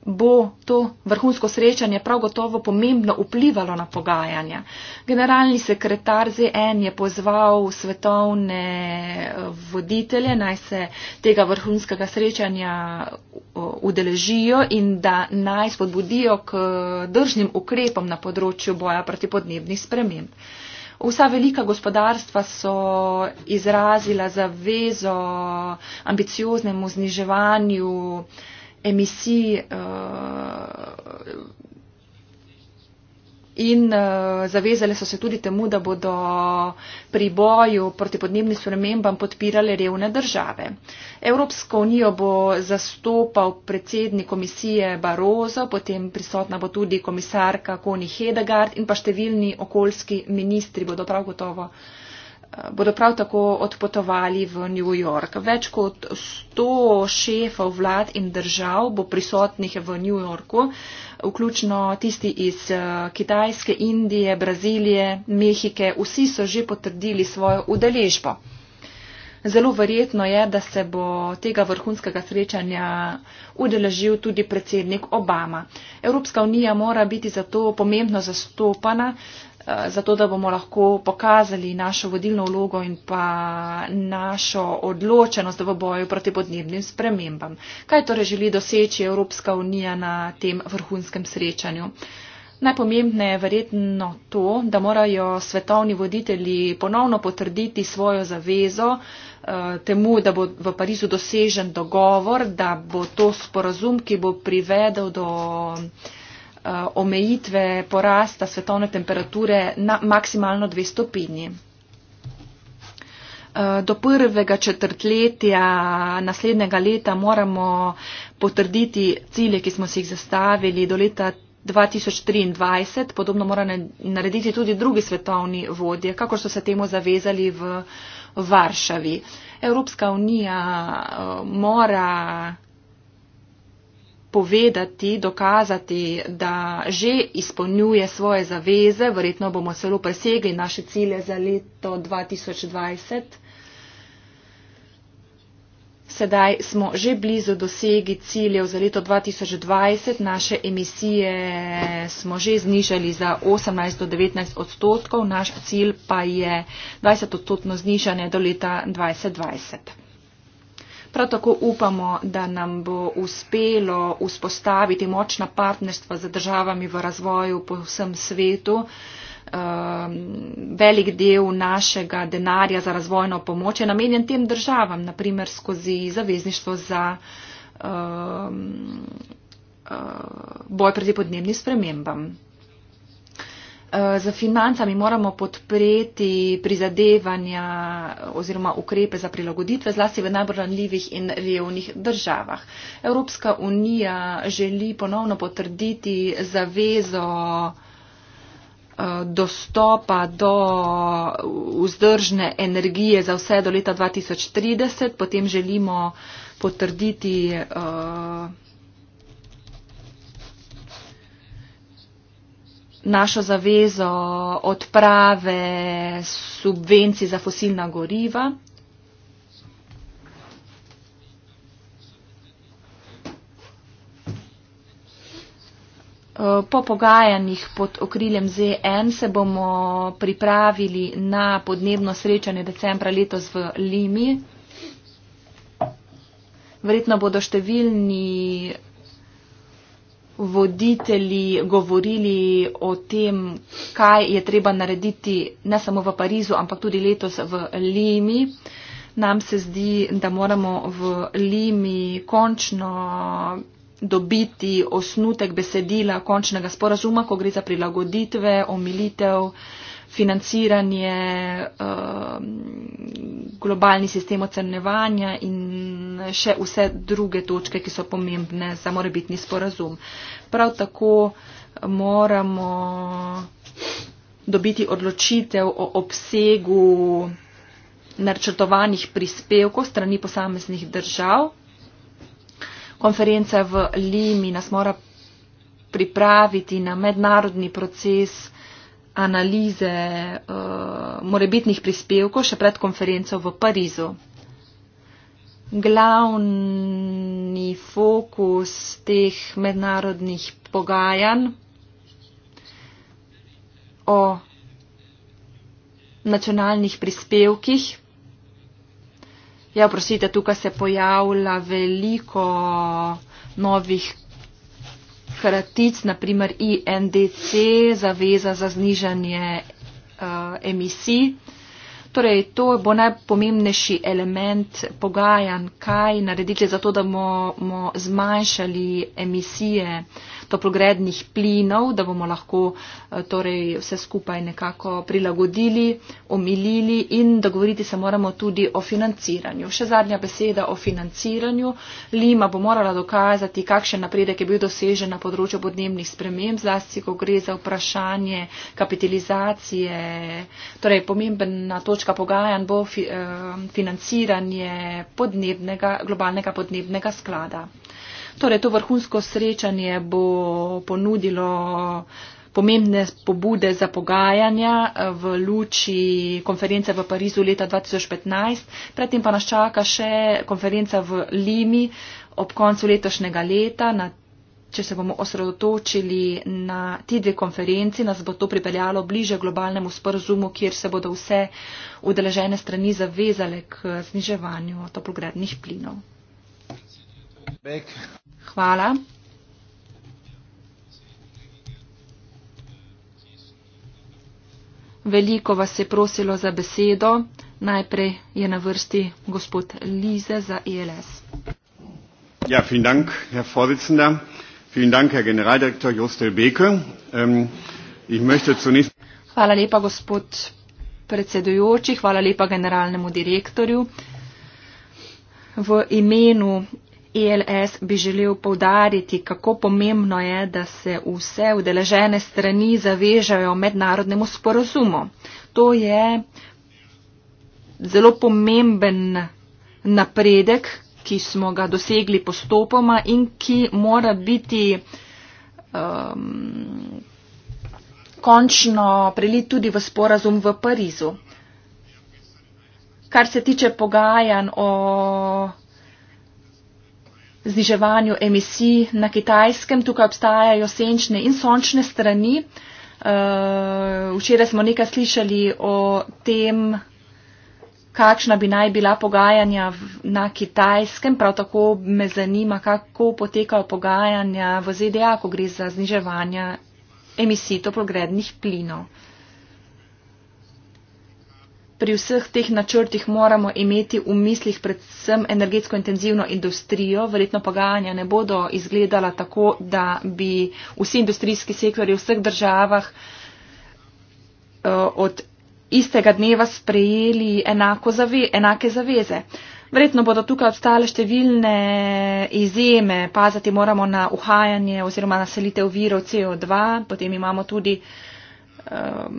bo to vrhunsko srečanje prav gotovo pomembno vplivalo na pogajanja. Generalni sekretar ZN je pozval svetovne eh, voditelje naj se tega vrhunskega srečanja eh, udeležijo in da naj spodbudijo k držnim ukrepom na področju boja proti podnebnih sprememb. Vsa velika gospodarstva so izrazila zavezo ambicioznemu zniževanju emisij. Uh, in uh, eh, zavezali so se tudi temu, da bodo pri boju proti podnebnim spremembam podpirali revne države. Evropsko unijo bo zastopal predsednik komisije Barozo, potem prisotna bo tudi komisarka Koni Hedegard in pa številni okoljski ministri bodo prav gotovo uh, Eh, bodo prav tako odpotovali v New York. Več kot 100 šefov vlad in držav bo prisotnih v New Yorku, vključno tisti iz eh, Kitajske, Indije, Brazilije, Mehike. Vsi so že potrdili svojo udeležbo. Zelo verjetno je, da se bo tega vrhunskega srečanja udeležil tudi predsednik Obama. Evropska unija mora biti zato pomembno zastopana, uh, Eh, zato da bomo lahko pokazali našo vodilno vlogo in pa našo odločenost v boju proti podnebnim spremembam. Kaj torej želi doseči Evropska unija na tem vrhunskem srečanju? Najpomembne je verjetno to, da morajo svetovni voditelji ponovno potrditi svojo zavezo eh, temu, da bo v Parizu dosežen dogovor, da bo to sporazum, ki bo privedel do Eh, omejitve porasta svetovne temperature na maksimalno dve stopinji. Eh, do prvega četrtletja naslednjega leta moramo potrditi cilje, ki smo si jih zastavili do leta 2023. Podobno mora narediti tudi drugi svetovni vodje, kakor so se temu zavezali v Varšavi. Evropska unija eh, mora povedati, dokazati, da že izpolnjuje svoje zaveze. Verjetno bomo celo presegli naše cilje za leto 2020. Sedaj smo že blizu dosegi ciljev za leto 2020. Naše emisije smo že znižali za 18 do 19 odstotkov, naš cilj pa je 20 odstotno znižanje do leta 2020. Prav tako upamo, da nam bo uspelo vzpostaviti močna partnerstva z državami v razvoju po vsem svetu. Ehm, velik del našega denarja za razvojno pomoč je namenjen tem državam, naprimer skozi zavezništvo za ehm, eh, boj proti podnebnim spremembam. Eh, z financami moramo podpreti prizadevanja oziroma ukrepe za prilagoditve, zlasti v najbolj ranljivih in revnih državah. Evropska unija želi ponovno potrditi zavezo eh, dostopa do vzdržne energije za vse do leta 2030, potem želimo potrditi. Uh, našo zavezo odprave subvencij za fosilna goriva. Po pogajanjih pod okriljem ZN se bomo pripravili na podnebno srečanje decembra letos v Limi. Verjetno bodo številni voditelji govorili o tem, kaj je treba narediti ne samo v Parizu, ampak tudi letos v Limi. Nam se zdi, da moramo v Limi končno dobiti osnutek besedila končnega sporazuma, ko gre za prilagoditve, omilitev financiranje, um, globalni sistem ocenevanja in še vse druge točke, ki so pomembne za morebitni sporazum. Prav tako moramo dobiti odločitev o obsegu načrtovanih prispevkov strani posameznih držav. Konferenca v Limi nas mora pripraviti na mednarodni proces analize uh, morebitnih prispevkov še pred konferenco v Parizu. Glavni fokus teh mednarodnih pogajanj o nacionalnih prispevkih. Ja, prosite, tukaj se pojavlja veliko novih kratic, naprimer INDC, zaveza za znižanje uh, emisij. Torej, to bo najpomembnejši element pogajanj, kaj narediti za to, da bomo zmanjšali emisije toplogrednih plinov, da bomo lahko eh, torej, vse skupaj nekako prilagodili, omilili in dogovoriti se moramo tudi o financiranju. Še zadnja beseda o financiranju. Lima bo morala dokazati, kakšen napredek je bil dosežen na področju podnebnih sprememb, zlasti, ko gre za vprašanje kapitalizacije. Torej, pomembna točka točka pogajanj bo fi, eh, financiranje podnebnega, globalnega podnebnega sklada. Torej, to vrhunsko srečanje bo ponudilo pomembne pobude za pogajanja eh, v luči konference v Parizu leta 2015, predtem pa nas čaka še konferenca v Limi ob koncu letošnjega leta na če se bomo osredotočili na ti dve konferenci, nas bo to pripeljalo bliže globalnemu sporozumu, kjer se bodo vse udeležene strani zavezale k zniževanju toplogrednih plinov. Back. Hvala. Veliko vas je prosilo za besedo. Najprej je na vrsti gospod Lize za ELS. Ja, vielen Dank, Herr Vorsitzender. Vielen Dank, Herr Generaldirektor Jostel Beke. Ähm, ich möchte zunächst. Hvala lepa, gospod predsedujoči, hvala lepa generalnemu direktorju. V imenu ELS bi želel povdariti, kako pomembno je, da se vse udeležene strani zavežajo mednarodnemu sporozumu. To je zelo pomemben napredek, ki smo ga dosegli postopoma in ki mora biti um, končno prelit tudi v sporazum v Parizu. Kar se tiče pogajanj o zniževanju emisij na kitajskem, tukaj obstajajo senčne in sončne strani. Uh, včeraj smo nekaj slišali o tem, kakšna bi naj bila pogajanja na kitajskem, prav tako me zanima, kako potekajo pogajanja v ZDA, ko gre za zniževanje emisij toplogrednih plinov. Pri vseh teh načrtih moramo imeti v mislih predvsem energetsko intenzivno industrijo. Verjetno pogajanja ne bodo izgledala tako, da bi vsi industrijski sektori v vseh državah eh, od istega dneva sprejeli zave, enake zaveze. Verjetno bodo tukaj obstale številne izjeme, paziti moramo na uhajanje oziroma naselitev virov CO2, potem imamo tudi um,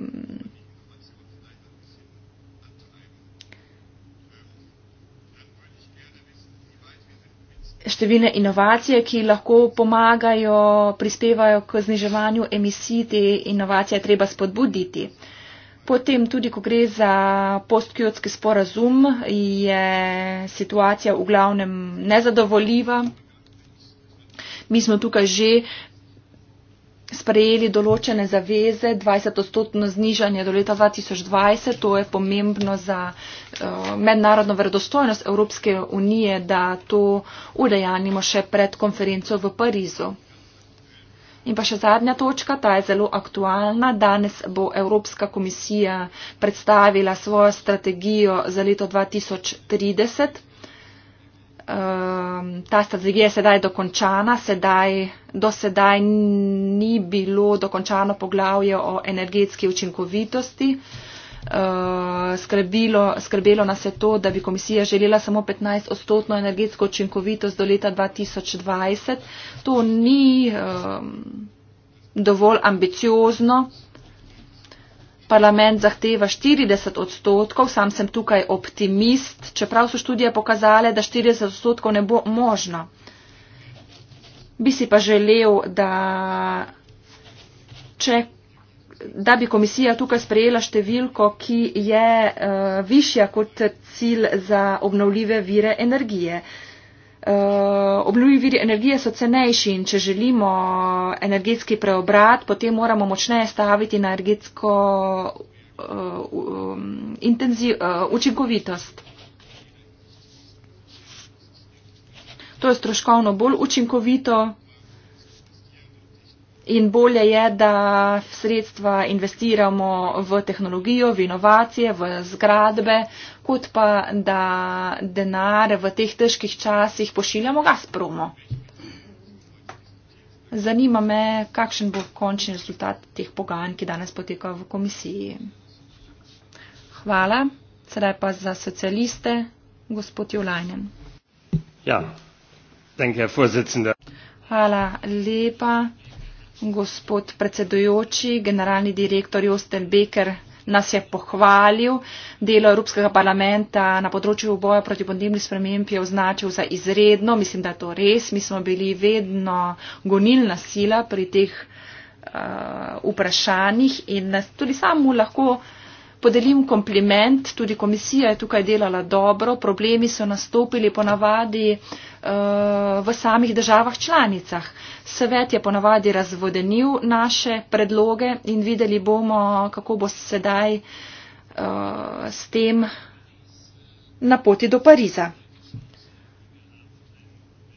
številne inovacije, ki lahko pomagajo, prispevajo k zniževanju emisij, te inovacije treba spodbuditi. Potem tudi, ko gre za postkjotski sporazum, je situacija v glavnem nezadovoljiva. Mi smo tukaj že sprejeli določene zaveze, 20 odstotno znižanje do leta 2020. To je pomembno za eh, mednarodno verodostojnost Evropske unije, da to udejanimo še pred konferenco v Parizu. In pa še zadnja točka, ta je zelo aktualna. Danes bo Evropska komisija predstavila svojo strategijo za leto 2030. Um, ehm, ta strategija je sedaj dokončana, sedaj, do sedaj ni bilo dokončano poglavje o energetski učinkovitosti. Uh, Eh, skrbilo, skrbelo nas je to, da bi komisija želela samo 15 odstotno energetsko učinkovitost do leta 2020. To ni eh, dovolj ambiciozno. Parlament zahteva 40 odstotkov, sam sem tukaj optimist, čeprav so študije pokazale, da 40 odstotkov ne bo možno. Bi si pa želel, da če da bi komisija tukaj sprejela številko, ki je uh, višja kot cilj za obnovljive vire energije. Uh, obnovljivi viri energije so cenejši in če želimo energetski preobrat, potem moramo močneje staviti na energetsko uh, eh, intenziv, uh, učinkovitost. To je stroškovno bolj učinkovito, In bolje je, da sredstva investiramo v tehnologijo, v inovacije, v zgradbe, kot pa da denar v teh težkih časih pošiljamo Gazpromu. Zanima me, kakšen bo končni rezultat teh pogajanj, ki danes potekajo v komisiji. Hvala. Sedaj pa za socialiste, gospod Jolajnen. Ja, Hvala lepa gospod predsedujoči, generalni direktor Josten Beker nas je pohvalil. Delo Evropskega parlamenta na področju boja proti podnebni spremembi je označil za izredno. Mislim, da je to res. Mi smo bili vedno gonilna sila pri teh uh, vprašanjih in tudi sam mu lahko uh, podelim kompliment, tudi komisija je tukaj delala dobro, problemi so nastopili ponavadi eh, v samih državah članicah. Svet je ponavadi razvodenil naše predloge in videli bomo, kako bo sedaj eh, s tem na poti do Pariza.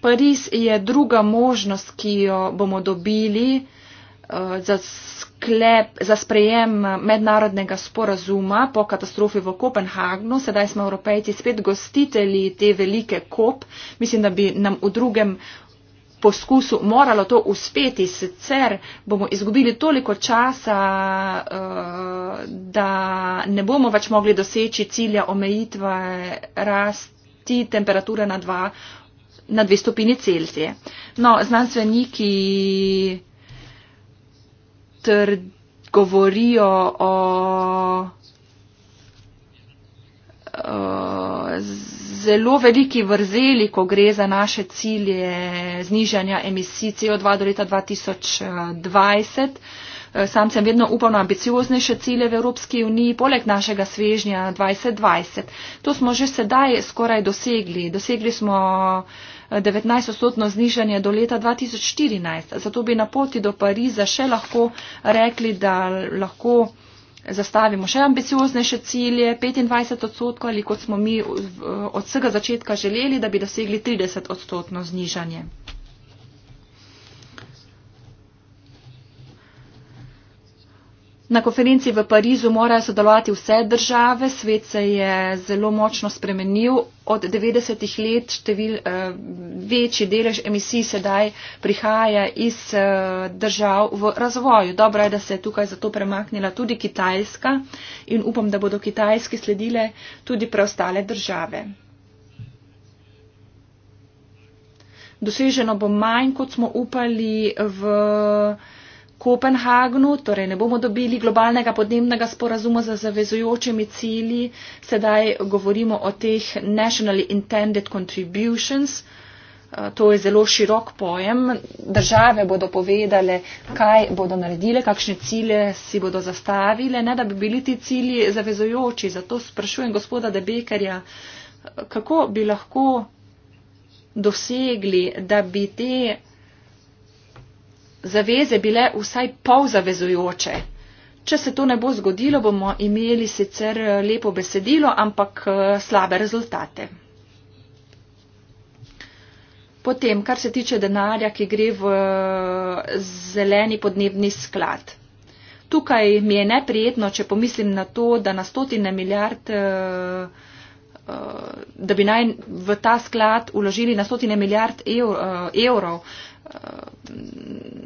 Pariz je druga možnost, ki jo bomo dobili. Eh, za, sklep, za sprejem mednarodnega sporazuma po katastrofi v Kopenhagnu. Sedaj smo evropejci spet gostitelji te velike kop. Mislim, da bi nam v drugem poskusu moralo to uspeti, sicer bomo izgubili toliko časa, eh, da ne bomo več mogli doseči cilja omejitve rasti temperature na 2 na 2 stopini Celzije. No, znanstveniki noter govorijo o, o zelo veliki vrzeli, ko gre za naše cilje znižanja emisij CO2 do leta 2020. Sam sem vedno upal na ambicioznejše cilje v Evropski uniji, poleg našega svežnja 2020. To smo že sedaj skoraj dosegli. Dosegli smo 19-odstotno znižanje do leta 2014. Zato bi na poti do Pariza še lahko rekli, da lahko zastavimo še ambicioznejše cilje, 25 odstotkov ali kot smo mi od vsega začetka želeli, da bi dosegli 30-odstotno znižanje. Na konferenci v Parizu morajo sodelovati vse države, svet se je zelo močno spremenil. Od 90-ih let števil, eh, večji delež emisij sedaj prihaja iz eh, držav v razvoju. Dobro je, da se je tukaj zato premaknila tudi Kitajska in upam, da bodo Kitajski sledile tudi preostale države. Doseženo bo manj, kot smo upali v. Eh, Kopenhagnu, torej ne bomo dobili globalnega podnebnega sporazuma za zavezujočimi cilji, sedaj govorimo o teh nationally intended contributions. Eh, to je zelo širok pojem. Države bodo povedale, kaj bodo naredile, kakšne cilje si bodo zastavile, ne da bi bili ti cilji zavezojoči. Zato sprašujem gospoda Debekerja, eh, kako bi lahko dosegli, da bi te zaveze bile vsaj polzavezujoče. Če se to ne bo zgodilo, bomo imeli sicer eh, lepo besedilo, ampak eh, slabe rezultate. Potem, kar se tiče denarja, ki gre v eh, zeleni podnebni sklad. Tukaj mi je neprijetno, če pomislim na to, da na stotine milijard, da bi naj v ta sklad uložili na stotine milijard evrov, evrov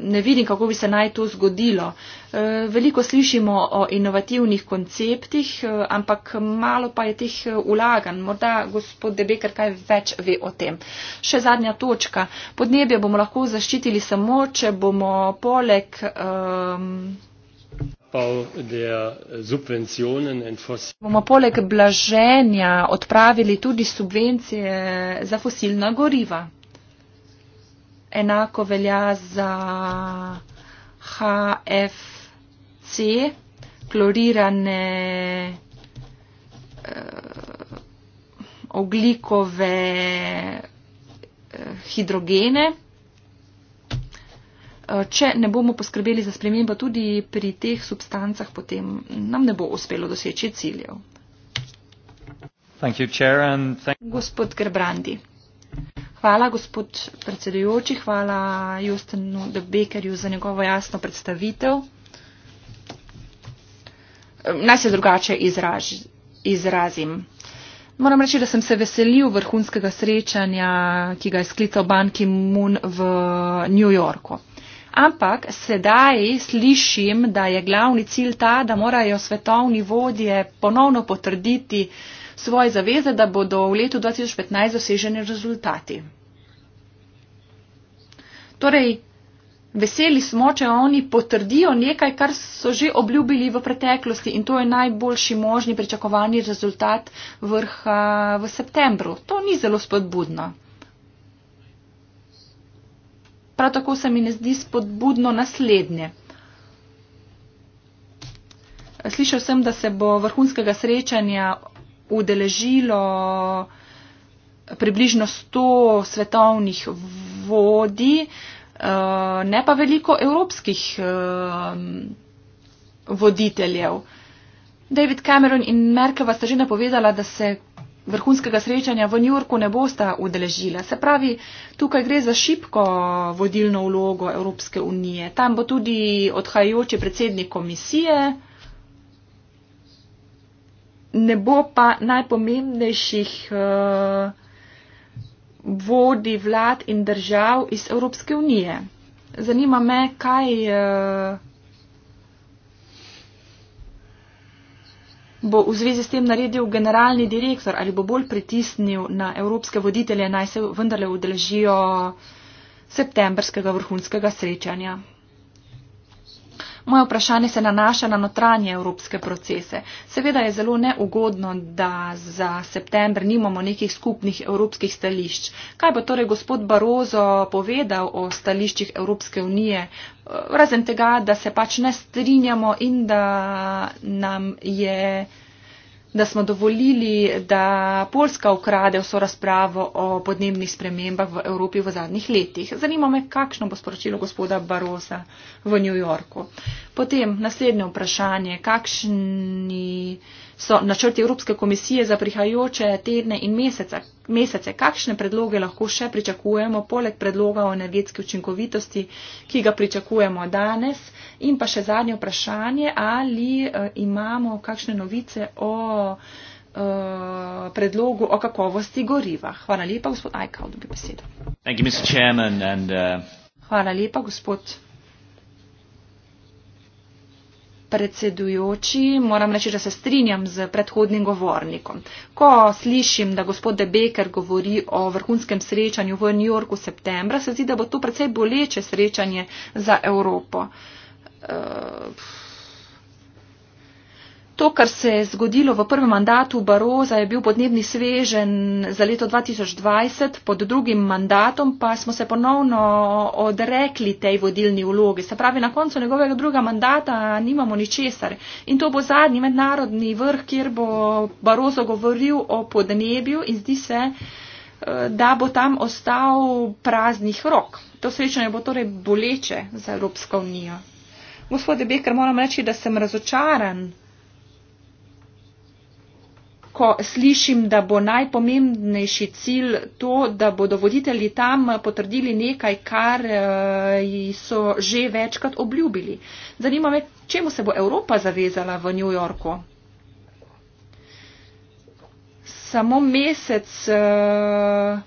ne vidim, kako bi se naj to zgodilo. Eh, veliko slišimo o inovativnih konceptih, eh, ampak malo pa je teh eh, ulagan. Morda gospod Debeker kaj več ve o tem. Še zadnja točka. Podnebje bomo lahko zaščitili samo, če bomo poleg. Um, bomo poleg blaženja odpravili tudi subvencije za fosilna goriva enako velja za HFC, klorirane eh, oglikove eh, hidrogene. Eh, če ne bomo poskrbeli za spremembo tudi pri teh substancah, potem nam ne bo uspelo doseči ciljev. Gospod Gerbrandi. Hvala, gospod predsedujoči, hvala Justinu Debekerju za njegovo jasno predstavitev. Naj se drugače izraž, izrazim. Moram reči, da sem se veselil vrhunskega srečanja, ki ga je sklical Ban Ki-moon v New Yorku. Ampak sedaj slišim, da je glavni cilj ta, da morajo svetovni vodje ponovno potrditi, svoje zaveze, da bodo v letu 2015 doseženi rezultati. Torej, veseli smo, če oni potrdijo nekaj, kar so že obljubili v preteklosti in to je najboljši možni pričakovani rezultat vrha v septembru. To ni zelo spodbudno. Prav tako se mi ne zdi spodbudno naslednje. Slišal sem, da se bo vrhunskega srečanja udeležilo približno 100 svetovnih vodi, eh, ne pa veliko evropskih eh, voditeljev. David Cameron in Merkelva sta že napovedala, da se vrhunskega srečanja v New Yorku ne bosta udeležila. Se pravi, tukaj gre za šipko vodilno vlogo Evropske unije. Tam bo tudi odhajajoči predsednik komisije ne bo pa najpomembnejših uh, eh, vodi vlad in držav iz Evropske unije. Zanima me, kaj uh, bo v zvezi s tem naredil generalni direktor ali bo bolj pritisnil na evropske voditelje, naj se vendarle udeležijo septembrskega vrhunskega srečanja. Moje vprašanje se nanaša na notranje evropske procese. Seveda je zelo neugodno, da za september nimamo nekih skupnih evropskih stališč. Kaj bo torej gospod Barozo povedal o stališčih Evropske unije, razen tega, da se pač ne strinjamo in da nam je da smo dovolili, da Polska ukrade vso razpravo o podnebnih spremembah v Evropi v zadnjih letih. Zanima me, kakšno bo sporočilo gospoda Barosa v New Yorku. Potem naslednje vprašanje, kakšni so načrti Evropske komisije za prihajajoče tedne in meseca, mesece, kakšne predloge lahko še pričakujemo, poleg predloga o energetski učinkovitosti, ki ga pričakujemo danes. In pa še zadnje vprašanje, ali eh, imamo kakšne novice o uh, predlogu o kakovosti goriva. Hvala lepa, gospod Ajkal, dobi besedo. Thank you, Mr. Chairman, and, uh... Hvala lepa, gospod. Predsedujoči, moram reči, da se strinjam z predhodnim govornikom. Ko slišim, da gospod De Becker govori o vrhunskem srečanju v New Yorku septembra, se zdi, da bo to precej boleče srečanje za Evropo. Uh, Eh, to, kar se je zgodilo v prvem mandatu Baroza, je bil podnebni svežen za leto 2020, pod drugim mandatom pa smo se ponovno odrekli tej vodilni vlogi. Se pravi, na koncu njegovega druga mandata nimamo ničesar. In to bo zadnji mednarodni vrh, kjer bo Barozo govoril o podnebju in zdi se, eh, da bo tam ostal praznih rok. To srečanje bo torej boleče za Evropsko unijo. Gospode Becker, moram reči, da sem razočaran, ko slišim, da bo najpomembnejši cilj to, da bodo voditelji tam potrdili nekaj, kar eh, so že večkrat obljubili. Zanima me, čemu se bo Evropa zavezala v New Yorku. Samo mesec. Uh,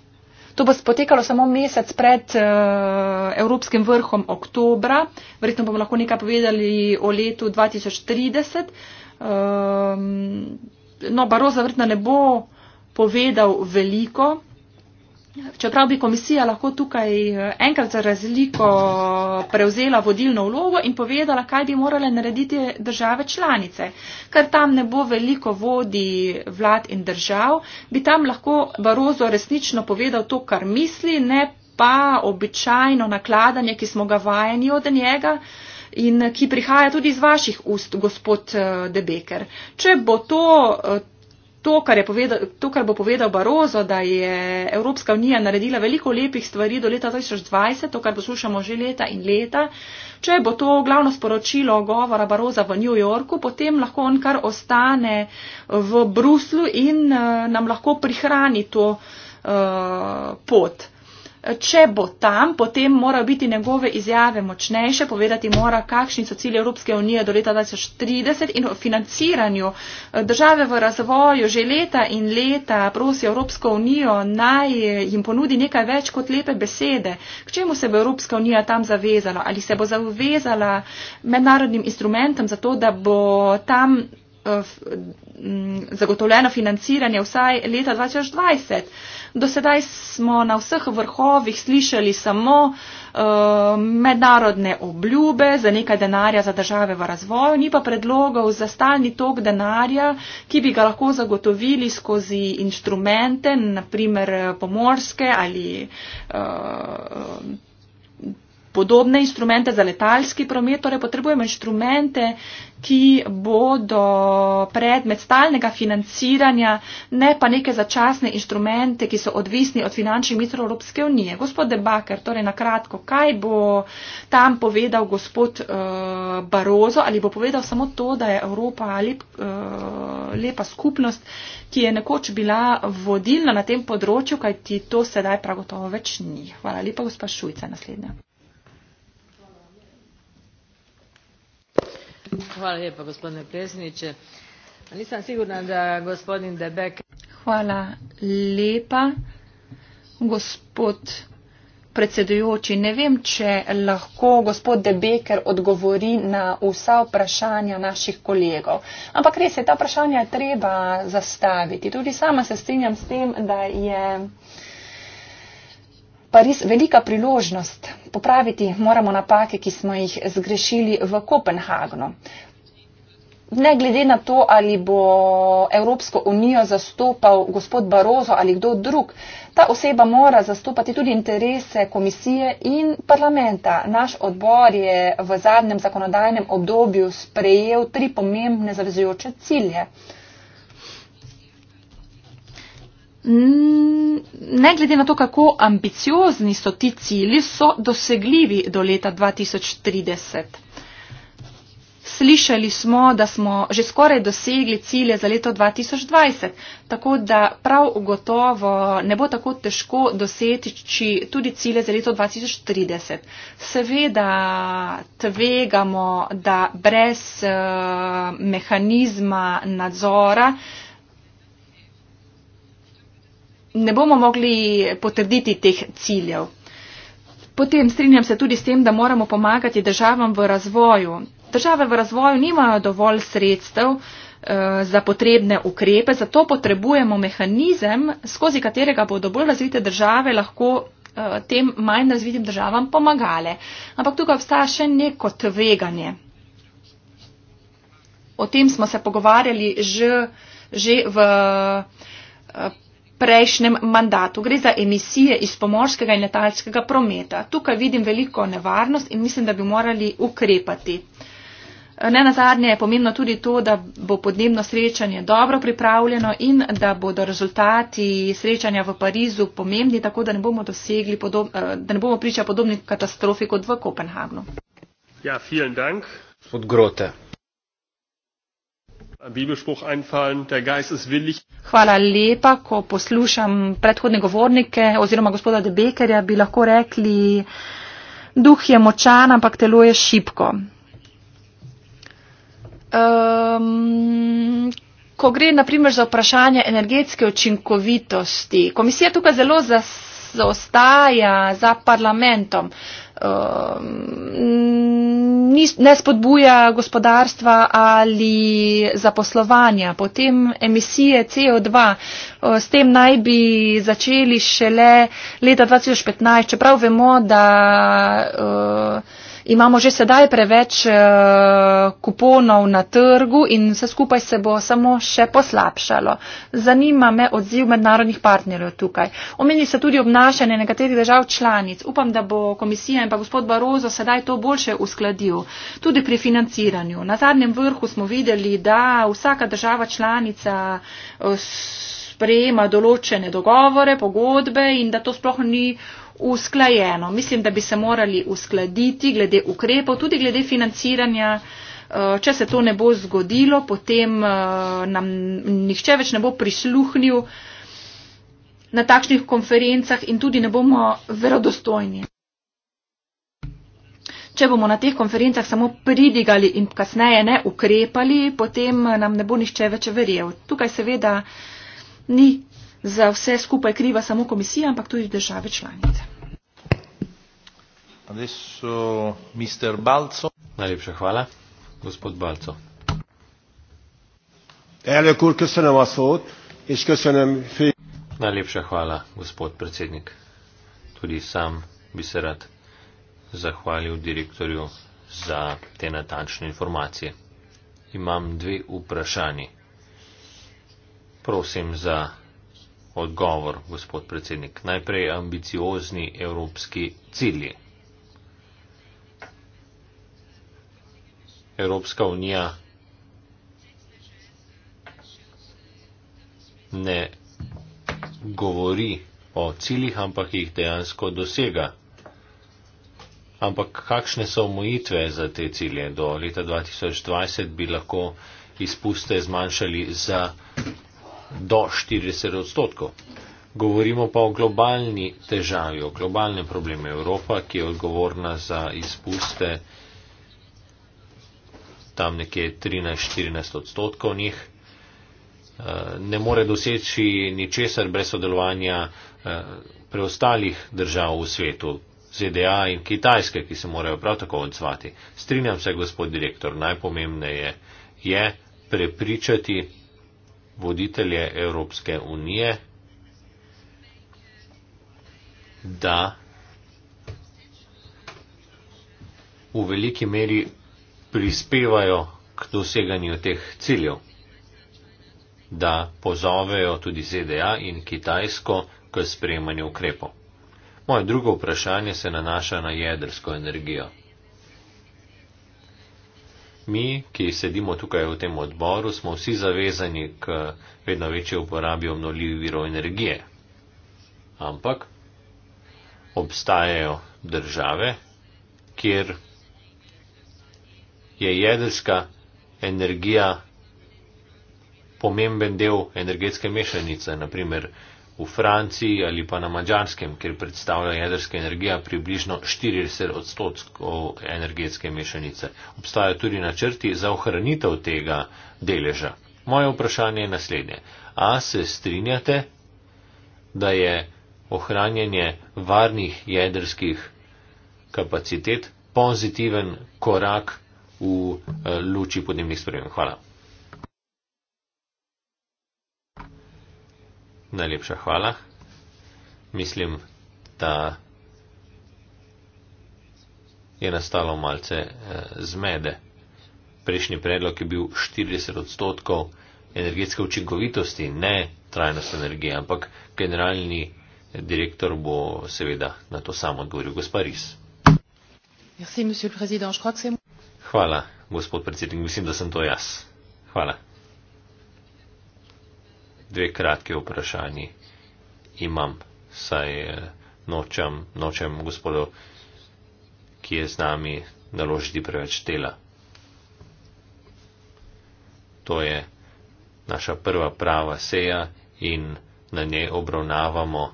To bo spotekalo samo mesec pred uh, Evropskim vrhom oktobra. Verjetno bomo lahko nekaj povedali o letu 2030. Um, ehm, no, Baroza verjetno ne bo povedal veliko. Čeprav bi komisija lahko tukaj eh, enkrat za razliko prevzela vodilno vlogo in povedala, kaj bi morale narediti države članice, ker tam ne bo veliko vodi vlad in držav, bi tam lahko Barozo resnično povedal to, kar misli, ne pa običajno nakladanje, ki smo ga vajeni od njega. In ki prihaja tudi iz vaših ust, gospod eh, Debeker. Če bo to eh, to kar, povedal, to, kar bo povedal Barozo, da je Evropska unija naredila veliko lepih stvari do leta 2020, to, kar poslušamo že leta in leta. Če bo to glavno sporočilo govora Baroza v New Yorku, potem lahko on kar ostane v Bruslu in eh, nam lahko prihrani to uh, pot. Če bo tam, potem morajo biti njegove izjave močnejše, povedati mora, kakšni so cilje Evropske unije do leta 2030 in o financiranju. Države v razvoju že leta in leta prosijo Evropsko unijo, naj jim ponudi nekaj več kot lepe besede. K čemu se bo Evropska unija tam zavezala? Ali se bo zavezala mednarodnim instrumentom za to, da bo tam Eh, zagotovljeno financiranje vsaj leta 2020. Do sedaj smo na vseh vrhovih slišali samo eh, mednarodne obljube za nekaj denarja za države v razvoju, ni pa predlogov za stalni tok denarja, ki bi ga lahko zagotovili skozi inštrumente, naprimer pomorske ali. Eh, podobne instrumente za letalski promet, torej potrebujemo instrumente, ki bodo predmet stalnega financiranja, ne pa neke začasne instrumente, ki so odvisni od finančnih mitrov Evropske unije. Gospod Debaker, torej na kratko, kaj bo tam povedal gospod uh, Barozo ali bo povedal samo to, da je Evropa lep, uh, lepa skupnost, ki je nekoč bila vodilna na tem področju, kaj ti to sedaj pragotovo več ni. Hvala lepa, gospa Šujca, naslednja. gospodine predsjedniče nisam sigurna da gospodin de Beke... hvala lepa gospod predsedujoči ne vem če lahko gospod de Beker odgovori na vsa vprašanja naših kolegov ampak res je ta vprašanja treba zastaviti tudi sama se strinjam s tem da je uh, pa res velika priložnost popraviti moramo napake, ki smo jih zgrešili v Kopenhagnu. Ne glede na to, ali bo Evropsko unijo zastopal gospod Barozo ali kdo drug, ta oseba mora zastopati tudi interese komisije in parlamenta. Naš odbor je v zadnjem zakonodajnem obdobju sprejel tri pomembne zavezujoče cilje. ne glede na to, kako ambiciozni so ti cilji, so dosegljivi do leta 2030. Slišali smo, da smo že skoraj dosegli cilje za leto 2020, tako da prav gotovo ne bo tako težko doseči tudi cilje za leto 2030. Seveda tvegamo, da brez uh, mehanizma nadzora uh, ne bomo mogli potrditi teh ciljev. Potem strinjam se tudi s tem, da moramo pomagati državam v razvoju. Države v razvoju nimajo dovolj sredstev eh, za potrebne ukrepe, zato potrebujemo mehanizem, skozi katerega bodo bolj razvite države lahko eh, tem manj razvitim državam pomagale. Ampak tukaj obstaja še neko tveganje. O tem smo se pogovarjali že, že v. Eh, prejšnjem mandatu. Gre za emisije iz pomorskega in letalskega prometa. Tukaj vidim veliko nevarnost in mislim, da bi morali ukrepati. Ne na zadnje je pomembno tudi to, da bo podnebno srečanje dobro pripravljeno in da bodo rezultati srečanja v Parizu pomembni, tako da ne bomo, dosegli, eh, da ne bomo priča podobni katastrofi kot v Kopenhagnu. Ja, vielen dank. Gospod Grote, Bibelspruch einfallen, der Geist ist willig. Hvala lepa, ko poslušam predhodne govornike oziroma gospoda Debekerja, bi lahko rekli, duh je močan, ampak telo je šipko. Um, ehm, ko gre naprimer za vprašanje energetske učinkovitosti, komisija tukaj zelo zaostaja za parlamentom. Um, ni, ne spodbuja gospodarstva ali zaposlovanja. Potem emisije CO2 s tem naj bi začeli šele leta 2015, čeprav vemo, da. Uh, imamo že sedaj preveč uh, kuponov na trgu in vse skupaj se bo samo še poslabšalo. Zanima me odziv mednarodnih partnerjev tukaj. Omeni se tudi obnašanje nekaterih držav članic. Upam, da bo komisija in pa gospod Barozo sedaj to boljše uskladil. Tudi pri financiranju. Na zadnjem vrhu smo videli, da vsaka država članica. Uh, sprejema določene dogovore, pogodbe in da to sploh ni usklajeno. Mislim, da bi se morali uskladiti glede ukrepov, tudi glede financiranja. Eh, če se to ne bo zgodilo, potem eh, nam nihče več ne bo prisluhnil na takšnih konferencah in tudi ne bomo verodostojni. Če bomo na teh konferencah samo pridigali in kasneje ne ukrepali, potem eh, nam ne bo nihče več verjel. Tukaj seveda ni za vse skupaj kriva samo komisija, ampak tudi države članice. Adesso, uh, mister Balco. Najlepša hvala, gospod Balco. Elekur, köszönöm a szót, és köszönöm fél... Najlepša hvala, gospod predsednik. Tudi sam bi se rad zahvalil direktorju za te natančne informacije. Imam dve vprašanje. Prosim za odgovor, gospod predsednik. Najprej ambiciozni evropski cilji. Evropska unija ne govori o ciljih, ampak jih dejansko dosega. Ampak kakšne so omejitve za te cilje? Do leta 2020 bi lahko izpuste zmanjšali za do 40 odstotkov. Govorimo pa o globalni težavi, o globalnem problemu Evropa, ki je odgovorna za izpuste tam nekje 13-14 odstotkov njih. Eh, ne more doseči ničesar brez sodelovanja eh, preostalih držav v svetu, ZDA in Kitajske, ki se morajo prav tako odzvati. Strinjam se, gospod direktor, najpomembneje je prepričati voditelje Evropske unije, da v veliki meri prispevajo k doseganju teh ciljev, da pozovejo tudi ZDA in Kitajsko k sprejemanju ukrepov. Moje drugo vprašanje se nanaša na jedrsko energijo mi, ki sedimo tukaj v tem odboru, smo vsi zavezani k vedno večji uporabi obnovljivih virov energije. Ampak obstajajo države, kjer je jedrska energija pomemben del energetske mešanice, naprimer v Franciji ali pa na Mađarskem, kjer predstavlja jedrska energija približno 40 odstotkov energetske mešanice. Obstajajo tudi načrti za ohranitev tega deleža. Moje vprašanje je naslednje. A se strinjate, da je ohranjanje varnih jedrskih kapacitet pozitiven korak v eh, luči podnebnih sprememb? Hvala. Najlepša hvala. Mislim, da je nastalo malce eh, zmede. Prejšnji predlog je bil 40 odstotkov energetske učinkovitosti, ne trajnost energije, ampak generalni direktor bo seveda na to sam odgovoril, gospod Ris. Hvala, gospod predsednik, mislim, da sem to jaz. Hvala dve kratke vprašanji imam, saj eh, nočem, nočem gospodo, ki je z nami, naložiti preveč tela. To je naša prva prava seja in na njej obravnavamo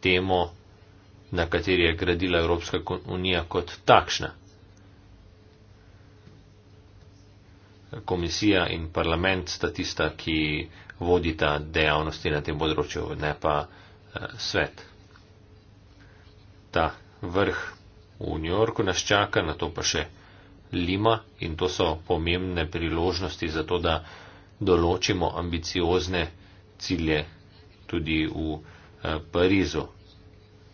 temo, na kateri je gradila Evropska unija kot takšna. komisija in parlament sta tista, ki vodita dejavnosti na tem področju, ne pa eh, svet. Ta vrh v New Yorku nas čaka, na to pa še Lima in to so pomembne priložnosti za to, da določimo ambiciozne cilje tudi v eh, Parizu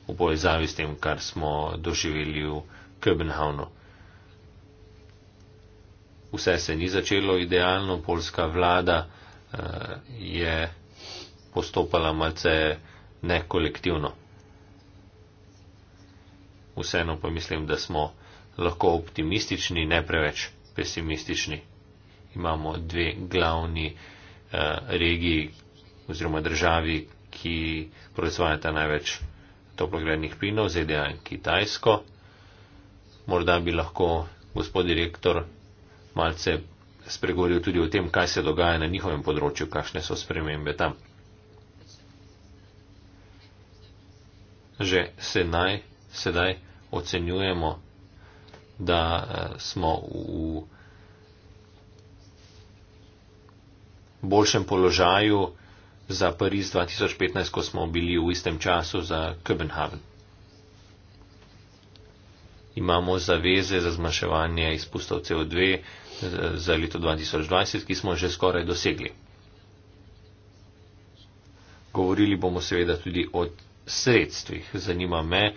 v povezavi s tem, kar smo doživeli v Kebenhavnu vse se ni začelo idealno, polska vlada eh, je postopala malce nekolektivno. Vseeno pa mislim, da smo lahko optimistični, ne preveč pesimistični. Imamo dve glavni eh, regiji oziroma državi, ki proizvajata največ toplogrednih plinov, ZDA in Kitajsko. Morda bi lahko gospod direktor malce spregovoril tudi o tem, kaj se dogaja na njihovem področju, kakšne so spremembe tam. Že sedaj, sedaj ocenjujemo, da eh, smo v boljšem položaju za Pariz 2015, ko smo bili v istem času za Kopenhagen imamo zaveze za zmanjševanje izpustov CO2 za leto 2020, ki smo že skoraj dosegli. Govorili bomo seveda tudi o sredstvih. Zanima me,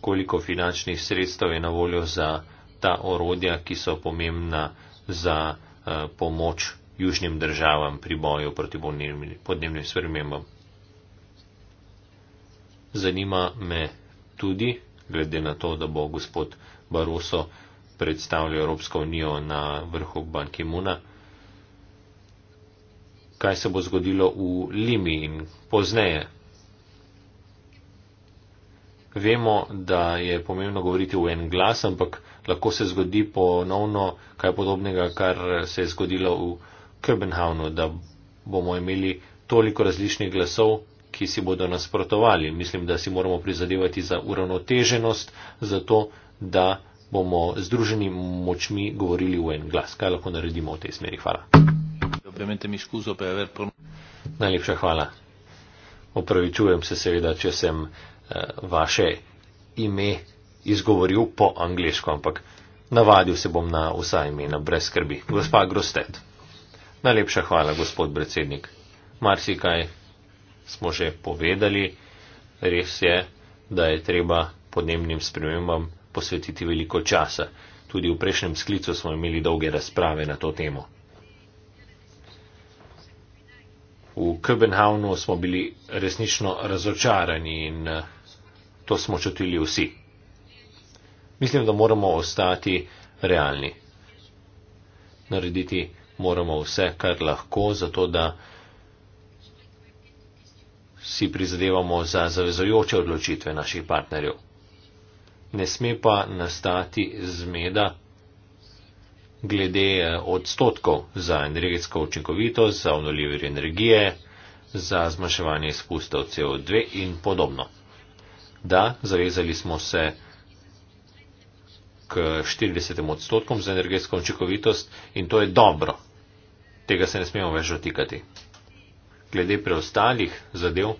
koliko finančnih sredstev je na voljo za ta orodja, ki so pomembna za eh, pomoč južnim državam pri boju proti podnebnim spremembam. Zanima me tudi, glede na to, da bo gospod Baroso predstavljal Evropsko unijo na vrhu Banki Muna. Kaj se bo zgodilo v Limi in pozneje? Vemo, da je pomembno govoriti v en glas, ampak lahko se zgodi ponovno kaj podobnega, kar se je zgodilo v Kopenhavnu, da bomo imeli toliko različnih glasov, ki si bodo nasprotovali. Mislim, da si moramo prizadevati za uravnoteženost, zato da bomo združeni močmi govorili v en glas. Kaj lahko naredimo v tej smeri? Hvala. Najlepša hvala. Opravičujem se seveda, če sem eh, vaše ime izgovoril po angliško, ampak navadil se bom na vsa imena, brez skrbi. Gospa Grostet. Najlepša hvala, gospod predsednik. Marsikaj smo že povedali, res je, da je treba podnebnim spremembam posvetiti veliko časa. Tudi v prejšnjem sklicu smo imeli dolge razprave na to temo. V Köbenhavnu smo bili resnično razočarani in eh, to smo čutili vsi. Mislim, da moramo ostati realni. Narediti moramo vse, kar lahko, zato da si prizadevamo za zavezojoče odločitve naših partnerjev. Ne sme pa nastati zmeda glede eh, odstotkov za energetsko učinkovitost, za obnovljive energije, za zmanjševanje izpustov CO2 in podobno. Da, zavezali smo se k 40 odstotkom za energetsko učinkovitost in to je dobro. Tega se ne smemo več dotikati. Glede preostalih zadev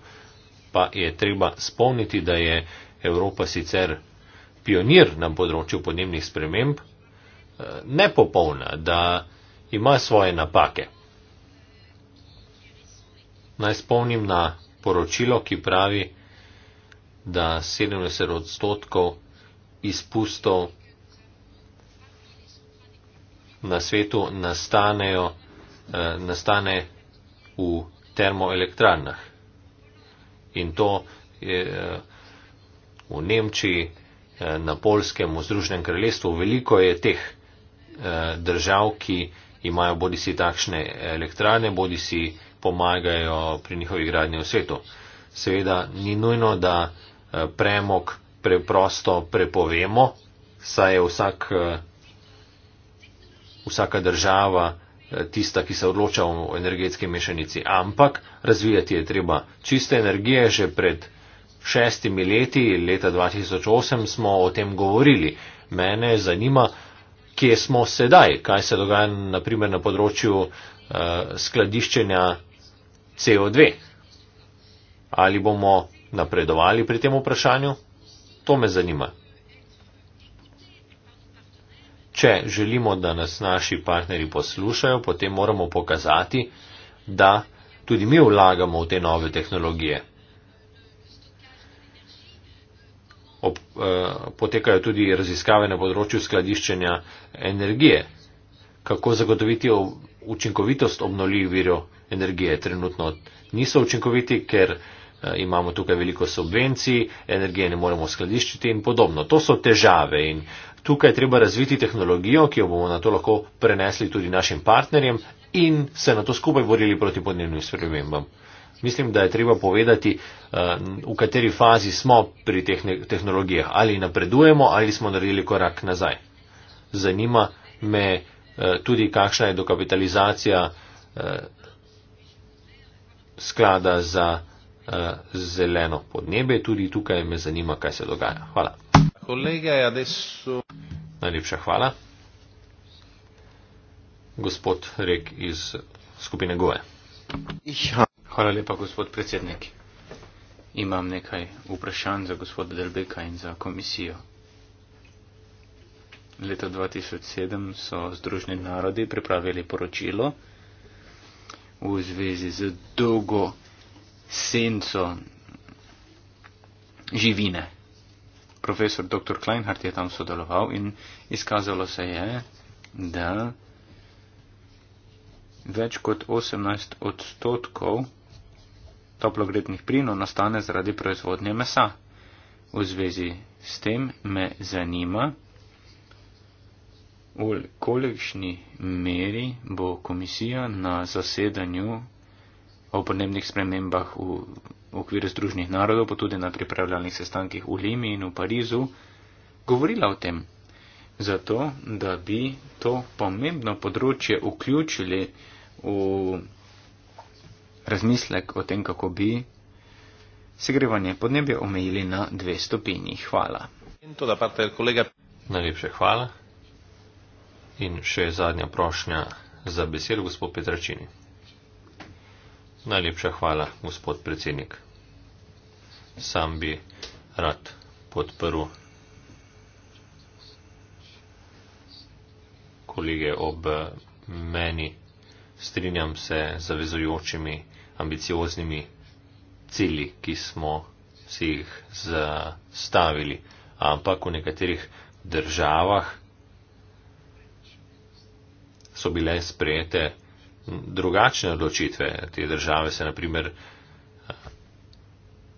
pa je treba spomniti, da je Evropa sicer pionir na področju podnebnih sprememb, eh, nepopolna, da ima svoje napake. Naj spomnim na poročilo, ki pravi, da 70 odstotkov izpustov na svetu nastanejo, eh, nastane v termoelektrarnah. In to je eh, v Nemčiji, eh, na Polskem, v Združenem kraljestvu. Veliko je teh eh, držav, ki imajo bodi si takšne elektrane, bodi si pomagajo pri njihovi gradnji v svetu. Seveda ni nujno, da premog preprosto prepovemo, saj je vsak, vsaka država tista, ki se odloča v energetski mešanici. Ampak razvijati je treba čiste energije. Že pred šestimi leti, leta 2008, smo o tem govorili. Mene zanima, kje smo sedaj, kaj se dogaja naprimer na področju uh, skladiščenja CO2. Ali bomo napredovali pri tem vprašanju? To me zanima če želimo, da nas naši partnerji poslušajo, potem moramo pokazati, da tudi mi vlagamo v te nove tehnologije. Ob, eh, potekajo tudi raziskave na področju skladiščenja energije. Kako zagotoviti učinkovitost obnoljivih virov energije? Trenutno niso učinkoviti, ker eh, imamo tukaj veliko subvencij, energije ne moremo skladiščiti in podobno. To so težave in eh, Tukaj je treba razviti tehnologijo, ki jo bomo na to lahko prenesli tudi našim partnerjem in se na to skupaj borili proti podnebnim spremembam. Mislim, da je treba povedati, eh, v kateri fazi smo pri teh tehnologijah. Ali napredujemo ali smo naredili korak nazaj. Zanima me eh, tudi, kakšna je dokapitalizacija eh, sklada za zeleno podnebje. Tudi tukaj me zanima, kaj se dogaja. Hvala. Kolega je adesso. Najlepša hvala. Gospod Rek iz skupine Goe. Hvala lepa, gospod predsednik. Imam nekaj vprašanj za gospoda Delbeka in za komisijo. Leta 2007 so Združeni narodi pripravili poročilo v zvezi z dolgo senco živine profesor dr. Kleinhardt je tam sodeloval in izkazalo se je, da več kot 18 odstotkov toplogrednih plinov nastane zaradi proizvodnje mesa. V zvezi s tem me zanima, v kolikšni meri bo komisija na zasedanju o podnebnih spremembah v, v okviru Združenih narodov, pa tudi na pripravljalnih sestankih v Limi in v Parizu, govorila o tem. Zato, da bi to pomembno področje vključili v razmislek o tem, kako bi segrevanje podnebja omejili na dve stopinji. Hvala. In to, da parte kolega. Najlepše hvala. In še zadnja prošnja za besedo, gospod Petračini. Najlepša hvala, gospod predsednik. Sam bi rad podprl kolege ob meni. Strinjam se z zavezujočimi, ambicioznimi cilji, ki smo si jih zastavili. Ampak v nekaterih državah so bile sprejete drugačne odločitve. Te države se naprimer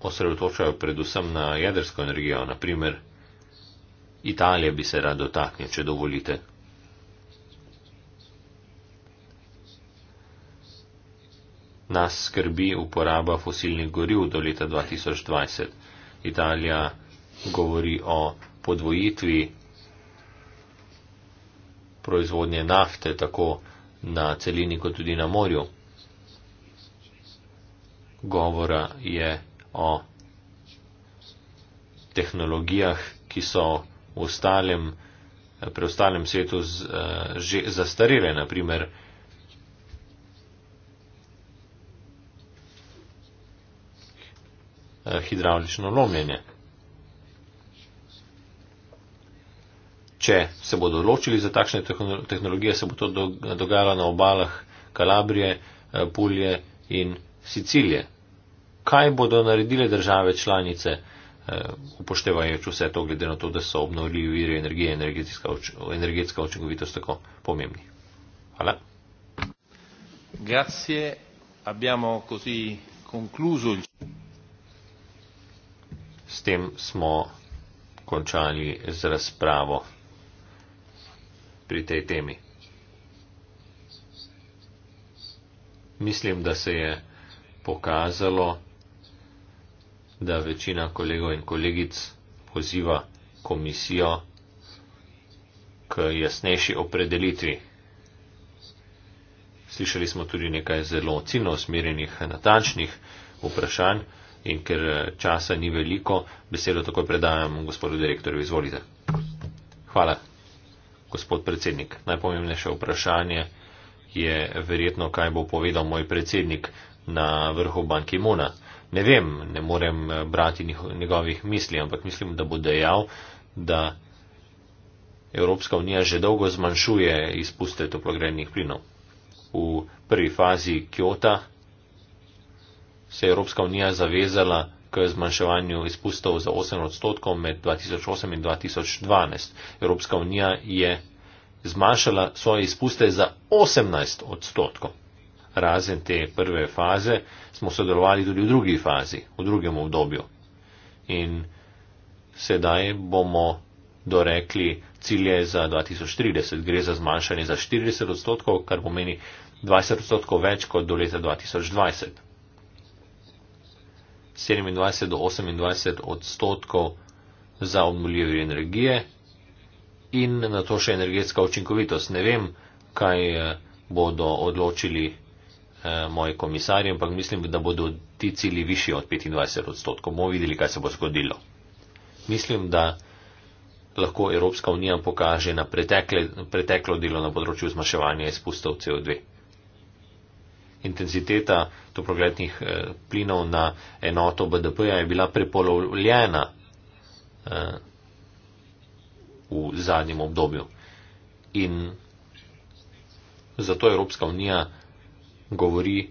osredotočajo predvsem na jedrsko energijo, naprimer Italija bi se rada dotaknila, če dovolite. Nas skrbi uporaba fosilnih goriv do leta 2020. Italija govori o podvojitvi proizvodnje nafte, tako da na celini kot tudi na morju. Govora je o tehnologijah, ki so v ostalem, preostalem svetu z, uh, že zastarele, naprimer uh, eh, hidraulično lomljenje. če se bodo odločili za takšne tehnologije, se bo to dogajalo na obalah Kalabrije, eh, Pulje in Sicilije. Kaj bodo naredile države članice, eh, upoštevajoč vse to, glede na to, da so obnovljivi viri energije in energetska, energetska očinkovitost tako pomembni? Hvala. Grazie. Abbiamo così concluso. S tem smo končali z razpravo pri tej temi. Mislim, da se je pokazalo, da večina kolegov in kolegic poziva komisijo k jasnejši opredelitvi. Slišali smo tudi nekaj zelo ciljno usmerjenih, natančnih vprašanj in ker eh, časa ni veliko, besedo takoj predajam gospodu direktorju. Izvolite. Hvala gospod predsednik. Najpomembnejše vprašanje je verjetno, kaj bo povedal moj predsednik na vrhu banki Mona. Ne vem, ne morem eh, brati njegovih misli, ampak mislim, da bo dejal, da Evropska unija že dolgo zmanjšuje izpuste toplogrednih plinov. V prvi fazi Kjota se je Evropska unija zavezala k zmanjševanju izpustov za 8 odstotkov med 2008 in 2012. Evropska unija je zmanjšala svoje izpuste za 18 odstotkov. Razen te prve faze smo sodelovali tudi v drugi fazi, v drugem obdobju. In sedaj bomo dorekli cilje za 2030. Gre za zmanjšanje za 40 odstotkov, kar pomeni 20 odstotkov več kot do leta 2020. 27 do 28 odstotkov za obnuljive vire energije in na to še energetska učinkovitost. Ne vem, kaj eh, bodo odločili eh, moji komisarji, ampak mislim, da bodo ti cili višji od 25 odstotkov. Bomo videli, kaj se bo zgodilo. Mislim, da lahko Evropska unija pokaže na pretekle, preteklo delo na področju zmaševanja izpustov CO2 intenziteta toplogrednih eh, plinov na enoto BDP-ja je bila prepolovljena eh, v zadnjem obdobju. In zato Evropska unija govori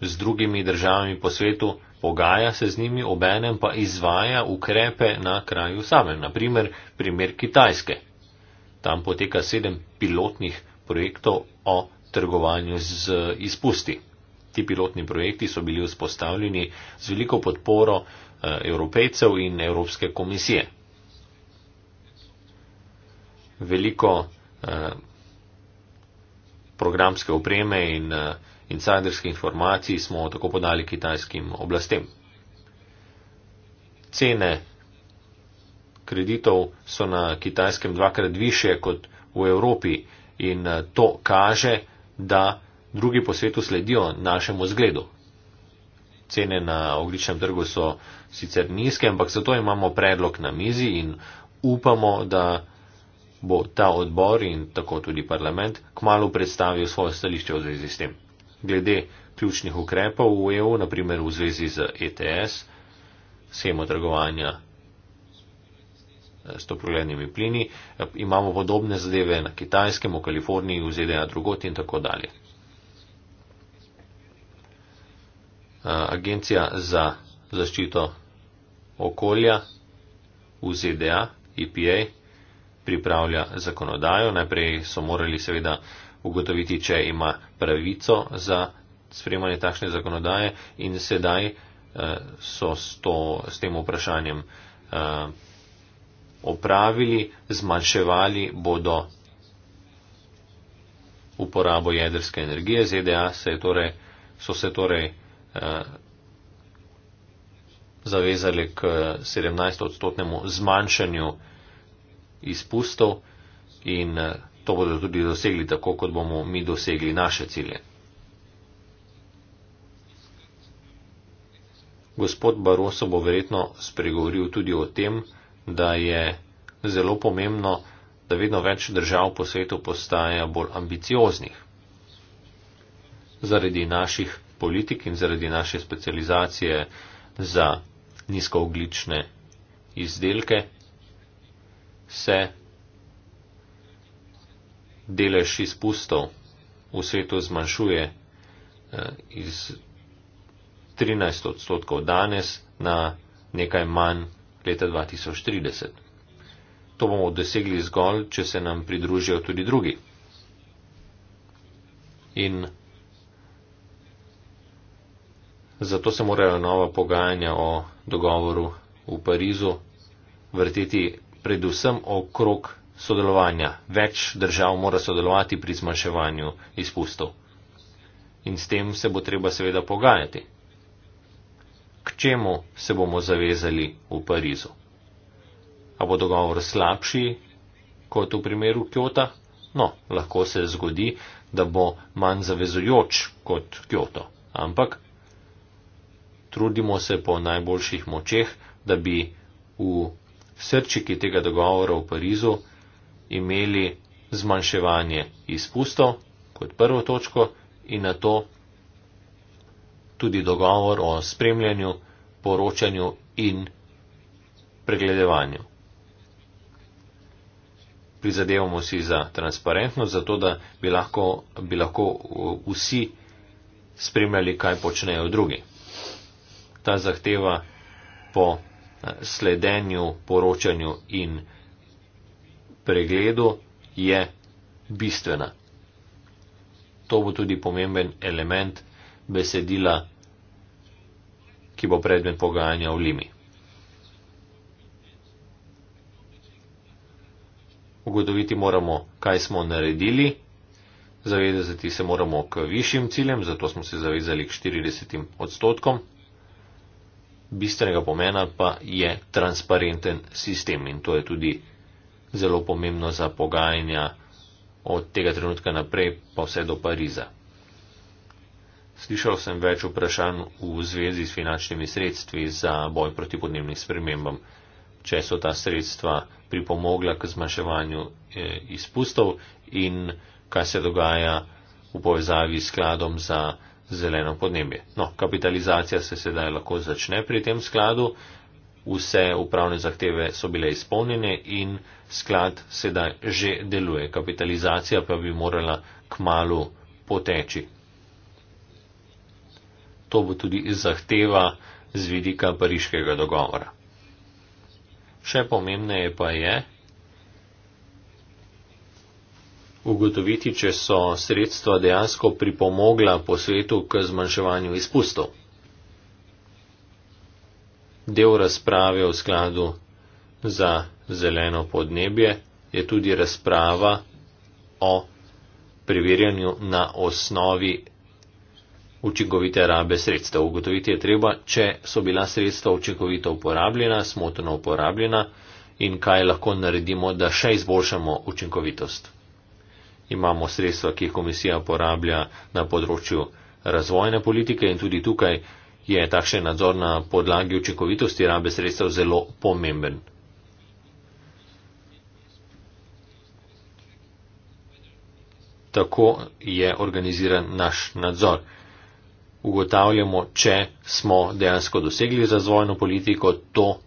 z drugimi državami po svetu, pogaja se z njimi, obenem pa izvaja ukrepe na kraju samem. Naprimer, primer Kitajske. Tam poteka sedem pilotnih projektov o trgovanju z izpusti. Ti pilotni projekti so bili vzpostavljeni z veliko podporo eh, evropejcev in Evropske komisije. Veliko eh, programske opreme in eh, insiderske informacije smo tako podali kitajskim oblastem. Cene kreditov so na kitajskem dvakrat više kot v Evropi in to kaže, da drugi po svetu sledijo našemu zgledu. Cene na ogličnem trgu so sicer nizke, ampak zato imamo predlog na mizi in upamo, da bo ta odbor in tako tudi parlament kmalo predstavil svoje stališče v zvezi s tem. Glede ključnih ukrepov v EU, naprimer v zvezi z ETS, schemo trgovanja s toplogrednimi plini, imamo podobne zadeve na kitajskem, v Kaliforniji, v ZDA drugot in tako dalje. Agencija za zaščito okolja v ZDA, EPA, pripravlja zakonodajo. Najprej so morali seveda ugotoviti, če ima pravico za spremanje takšne zakonodaje in sedaj eh, so s, to, s tem vprašanjem eh, opravili, zmanjševali bodo uporabo jedrske energije. ZDA e se torej, so se torej eh, zavezali k 17-odstotnemu zmanjšanju izpustov in eh, to bodo tudi dosegli tako, kot bomo mi dosegli naše cilje. Gospod Baroso bo verjetno spregovoril tudi o tem, da je zelo pomembno, da vedno več držav po svetu postaja bolj ambicioznih. Zaradi naših politik in zaradi naše specializacije za nizkooglične izdelke se delež izpustov v svetu zmanjšuje eh, iz 13 odstotkov danes na nekaj manj leta 2030. To bomo dosegli zgolj, če se nam pridružijo tudi drugi. In zato se morajo nova pogajanja o dogovoru v Parizu vrteti predvsem okrog sodelovanja. Več držav mora sodelovati pri zmanjševanju izpustov. In s tem se bo treba seveda pogajati k čemu se bomo zavezali v Parizu. A bo dogovor slabši kot v primeru Kjota? No, lahko se zgodi, da bo manj zavezujoč kot Kjoto, ampak trudimo se po najboljših močeh, da bi v srčiki tega dogovora v Parizu imeli zmanjševanje izpustov kot prvo točko in na to tudi dogovor o spremljanju, poročanju in pregledevanju. Prizadevamo si za transparentnost, zato da bi lahko, bi lahko uh, vsi spremljali, kaj počnejo drugi. Ta zahteva po uh, sledenju, poročanju in pregledu je bistvena. To bo tudi pomemben element besedila, ki bo predmet pogajanja v Limi. Ugotoviti moramo, kaj smo naredili, zavedati se moramo k višjim ciljem, zato smo se zavezali k 40 odstotkom. Bistvenega pomena pa je transparenten sistem in to je tudi zelo pomembno za pogajanja od tega trenutka naprej pa vse do Pariza. Slišal sem več vprašanj v zvezi s finančnimi sredstvi za boj proti podnebnim spremembam. Če so ta sredstva pripomogla k zmanjševanju eh, izpustov in kaj se dogaja v povezavi s skladom za zeleno podnebje. No, kapitalizacija se sedaj lahko začne pri tem skladu, vse upravne zahteve so bile izpolnjene in sklad sedaj že deluje. Kapitalizacija pa bi morala k malu poteči to bo tudi zahteva z vidika pariškega dogovora. Še pomembneje pa je ugotoviti, če so sredstva dejansko pripomogla po svetu k zmanjševanju izpustov. Del razprave v skladu za zeleno podnebje je tudi razprava o preverjanju na osnovi učinkovite rabe sredstev. Ugotoviti je treba, če so bila sredstva učinkovito uporabljena, smotrno uporabljena in kaj lahko naredimo, da še izboljšamo učinkovitost. Imamo sredstva, ki jih komisija uporablja na področju razvojne politike in tudi tukaj je takšen nadzor na podlagi učinkovitosti rabe sredstev zelo pomemben. Tako je organiziran naš nadzor ugotavljamo, če smo dejansko dosegli razvojno politiko to,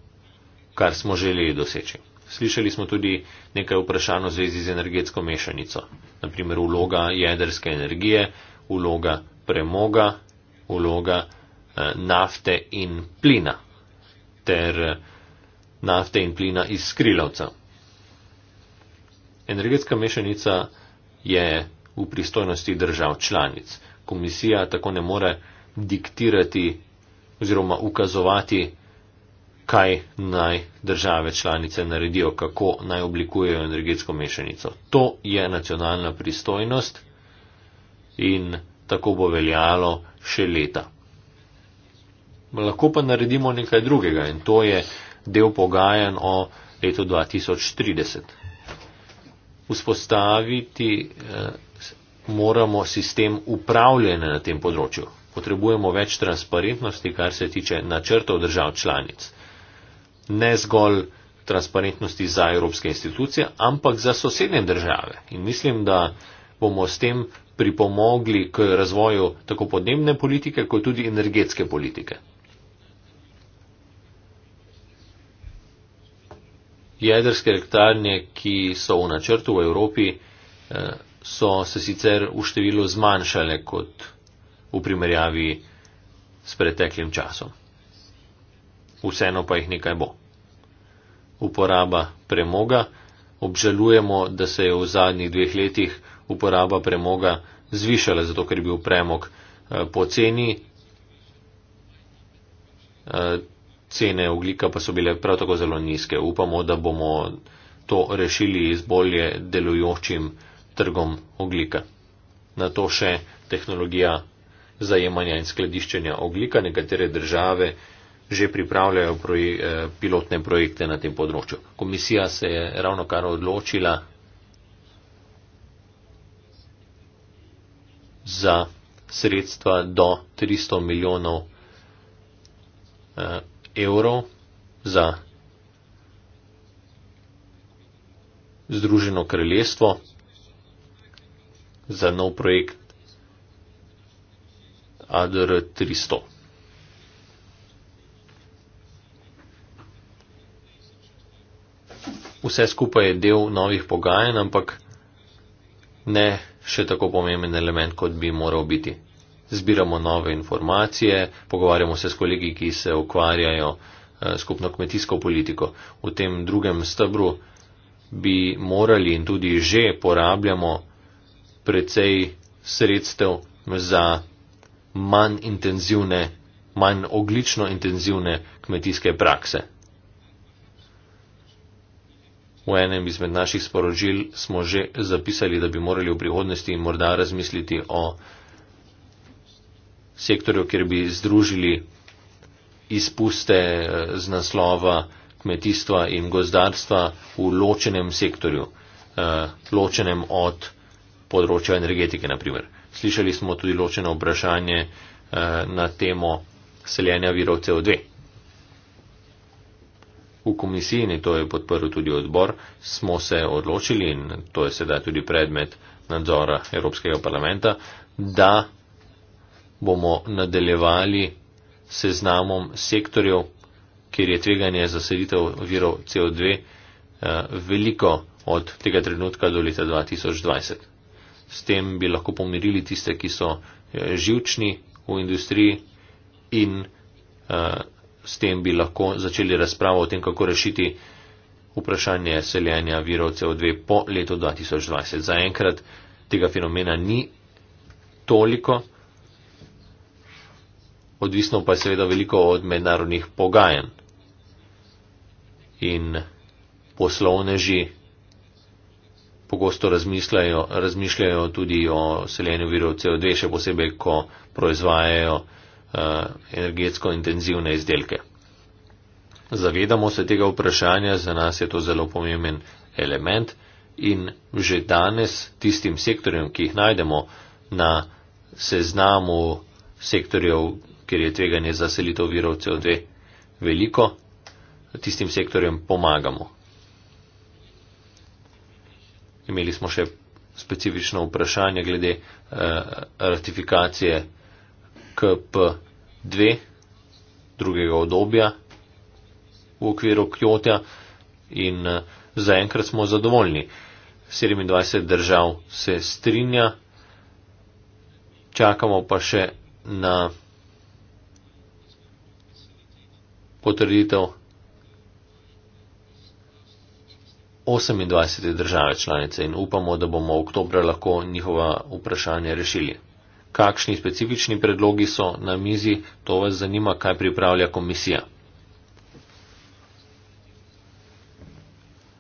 kar smo želeli doseči. Slišali smo tudi nekaj vprašanj v zvezi z energetsko mešanico, naprimer vloga jedrske energije, vloga premoga, vloga eh, nafte in plina ter eh, nafte in plina iz skrilavca. Energetska mešanica je v pristojnosti držav članic komisija tako ne more diktirati oziroma ukazovati, kaj naj države članice naredijo, kako naj oblikujejo energetsko mešanico. To je nacionalna pristojnost in tako bo veljalo še leta. Lahko pa naredimo nekaj drugega in to je del pogajanj o letu 2030. Vzpostaviti eh, moramo sistem upravljanja na tem področju. Potrebujemo več transparentnosti, kar se tiče načrtov držav članic. Ne zgolj transparentnosti za evropske institucije, ampak za sosednje države. In mislim, da bomo s tem pripomogli k razvoju tako podnebne politike, kot tudi energetske politike. Jedrske elektrarnje, ki so v načrtu v Evropi, eh, so se sicer v številu zmanjšale kot v primerjavi s preteklim časom. Vseeno pa jih nekaj bo. Uporaba premoga. Obžalujemo, da se je v zadnjih dveh letih uporaba premoga zvišala, zato ker je bil premog eh, poceni. Eh, cene oglika pa so bile prav tako zelo nizke. Upamo, da bomo to rešili z bolje delujočim premogom trgom oglika. Na to še tehnologija zajemanja in skladiščenja oglika. Nekatere države že pripravljajo proj eh, pilotne projekte na tem področju. Komisija se je ravno kar odločila za sredstva do 300 milijonov eh, evrov za Združeno kraljestvo za nov projekt ADR 300. Vse skupaj je del novih pogajanj, ampak ne še tako pomemben element, kot bi moral biti. Zbiramo nove informacije, pogovarjamo se s kolegi, ki se ukvarjajo eh, skupno kmetijsko politiko. V tem drugem stebru bi morali in tudi že porabljamo precej sredstev za manj intenzivne, manj oglično intenzivne kmetijske prakse. V enem izmed naših sporožil smo že zapisali, da bi morali v prihodnosti morda razmisliti o sektorju, kjer bi združili izpuste eh, z naslova kmetijstva in gozdarstva v ločenem sektorju, eh, ločenem od kmetijstva področju energetike, naprimer. Slišali smo tudi ločeno vprašanje eh, na temo seljenja virov CO2. V komisiji, in to je podprl tudi odbor, smo se odločili, in to je sedaj tudi predmet nadzora Evropskega parlamenta, da bomo nadaljevali seznamom sektorjev, kjer je tveganje za selitev virov CO2 eh, veliko od tega trenutka do leta 2020 s tem bi lahko pomirili tiste, ki so eh, živčni v industriji in eh, s tem bi lahko začeli razpravo o tem, kako rešiti vprašanje seljenja virov CO2 po letu 2020. Zaenkrat tega fenomena ni toliko, odvisno pa je seveda veliko od mednarodnih pogajanj in poslovneži pogosto razmišljajo, razmišljajo tudi o seljenju virov CO2, še posebej, ko proizvajajo uh, energetsko intenzivne izdelke. Zavedamo se tega vprašanja, za nas je to zelo pomemben element in že danes tistim sektorjem, ki jih najdemo na seznamu sektorjev, kjer je tveganje za selitev virov CO2 veliko, tistim sektorjem pomagamo imeli smo še specifično vprašanje glede eh, ratifikacije KP2 drugega odobja v okviru Kjotja in eh, zaenkrat smo zadovoljni. 27 držav se strinja, čakamo pa še na potrditev 28 države članice in upamo, da bomo v oktobra lahko njihova vprašanja rešili. Kakšni specifični predlogi so na mizi, to vas zanima, kaj pripravlja komisija.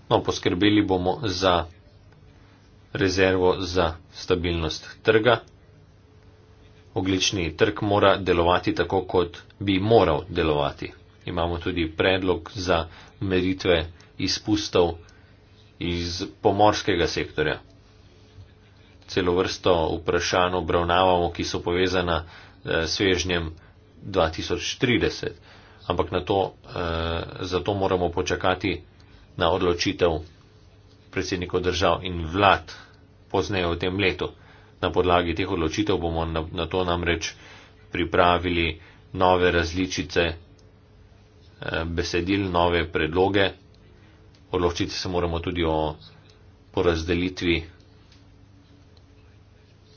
No, poskrbeli bomo za rezervo za stabilnost trga. Oglični trg mora delovati tako, kot bi moral delovati. Imamo tudi predlog za meritve izpustov iz pomorskega sektorja. Celo vrsto vprašanj obravnavamo, ki so povezana eh, s svežnjem 2030, ampak na to, eh, zato moramo počakati na odločitev predsednikov držav in vlad pozneje v tem letu. Na podlagi teh odločitev bomo na, na to namreč pripravili nove različice eh, besedil, nove predloge odločiti se moramo tudi o porazdelitvi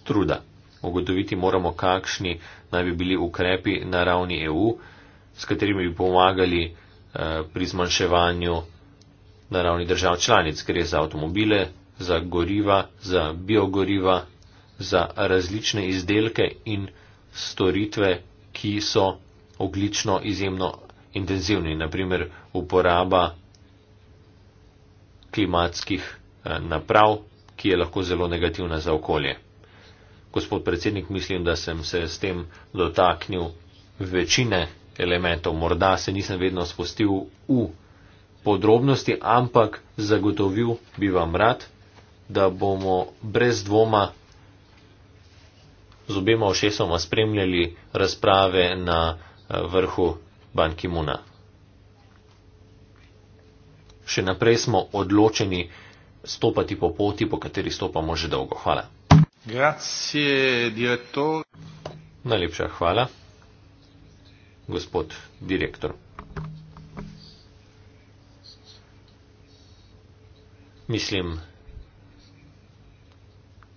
truda. Ogotoviti moramo, kakšni naj bi bili ukrepi na ravni EU, s katerimi bi pomagali eh, pri zmanjševanju na ravni držav članic, ker je za avtomobile, za goriva, za biogoriva, za različne izdelke in storitve, ki so oglično izjemno intenzivni, naprimer uporaba klimatskih eh, naprav, ki je lahko zelo negativna za okolje. Gospod predsednik, mislim, da sem se s tem dotaknil večine elementov. Morda se nisem vedno spustil v podrobnosti, ampak zagotovil bi vam rad, da bomo brez dvoma z obema ošesoma spremljali razprave na eh, vrhu Ban Ki-muna še naprej smo odločeni stopati po poti, po kateri stopamo že dolgo. Hvala. Grazie, direktor. Najlepša hvala, gospod direktor. Mislim,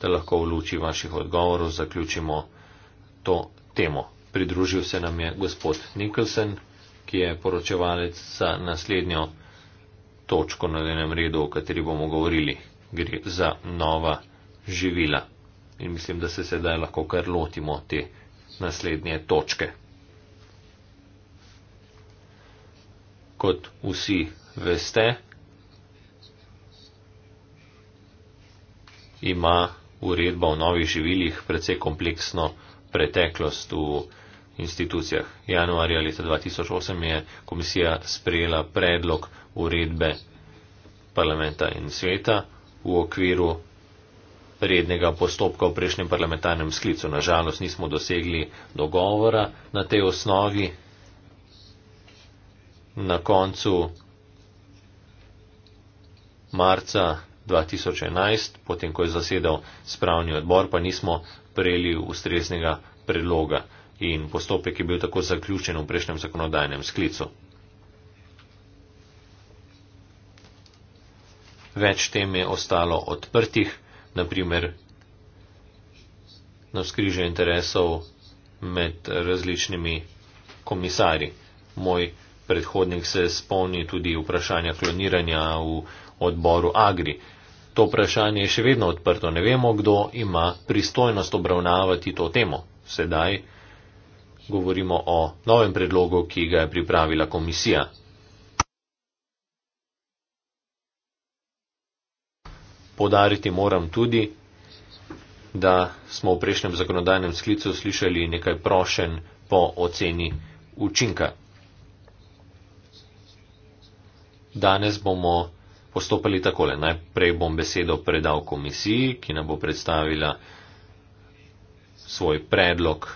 da lahko v luči vaših odgovorov zaključimo to temo. Pridružil se nam je gospod Nikolsen, ki je poročevalec za naslednjo točko na dnevnem redu, o kateri bomo govorili. Gre za nova živila. In mislim, da se sedaj lahko kar lotimo te naslednje točke. Kot vsi veste, ima uredba o novih živilih precej kompleksno preteklost v institucijah. Januarja leta 2008 je komisija sprejela predlog uredbe parlamenta in sveta v okviru rednega postopka v prejšnjem parlamentarnem sklicu. Nažalost nismo dosegli dogovora na tej osnovi. Na koncu marca 2011, potem ko je zasedal spravni odbor, pa nismo prejeli ustreznega predloga in postopek je bil tako zaključen v prejšnjem zakonodajnem sklicu. več tem je ostalo odprtih, naprimer na skriže interesov med različnimi komisari. Moj predhodnik se spomni tudi vprašanja kloniranja v odboru Agri. To vprašanje je še vedno odprto, ne vemo, kdo ima pristojnost obravnavati to temo. Sedaj govorimo o novem predlogu, ki ga je pripravila komisija. Podariti moram tudi, da smo v prejšnjem zakonodajnem sklicu slišali nekaj prošen po oceni učinka. Danes bomo postopali takole. Najprej bom besedo predal komisiji, ki nam bo predstavila svoj predlog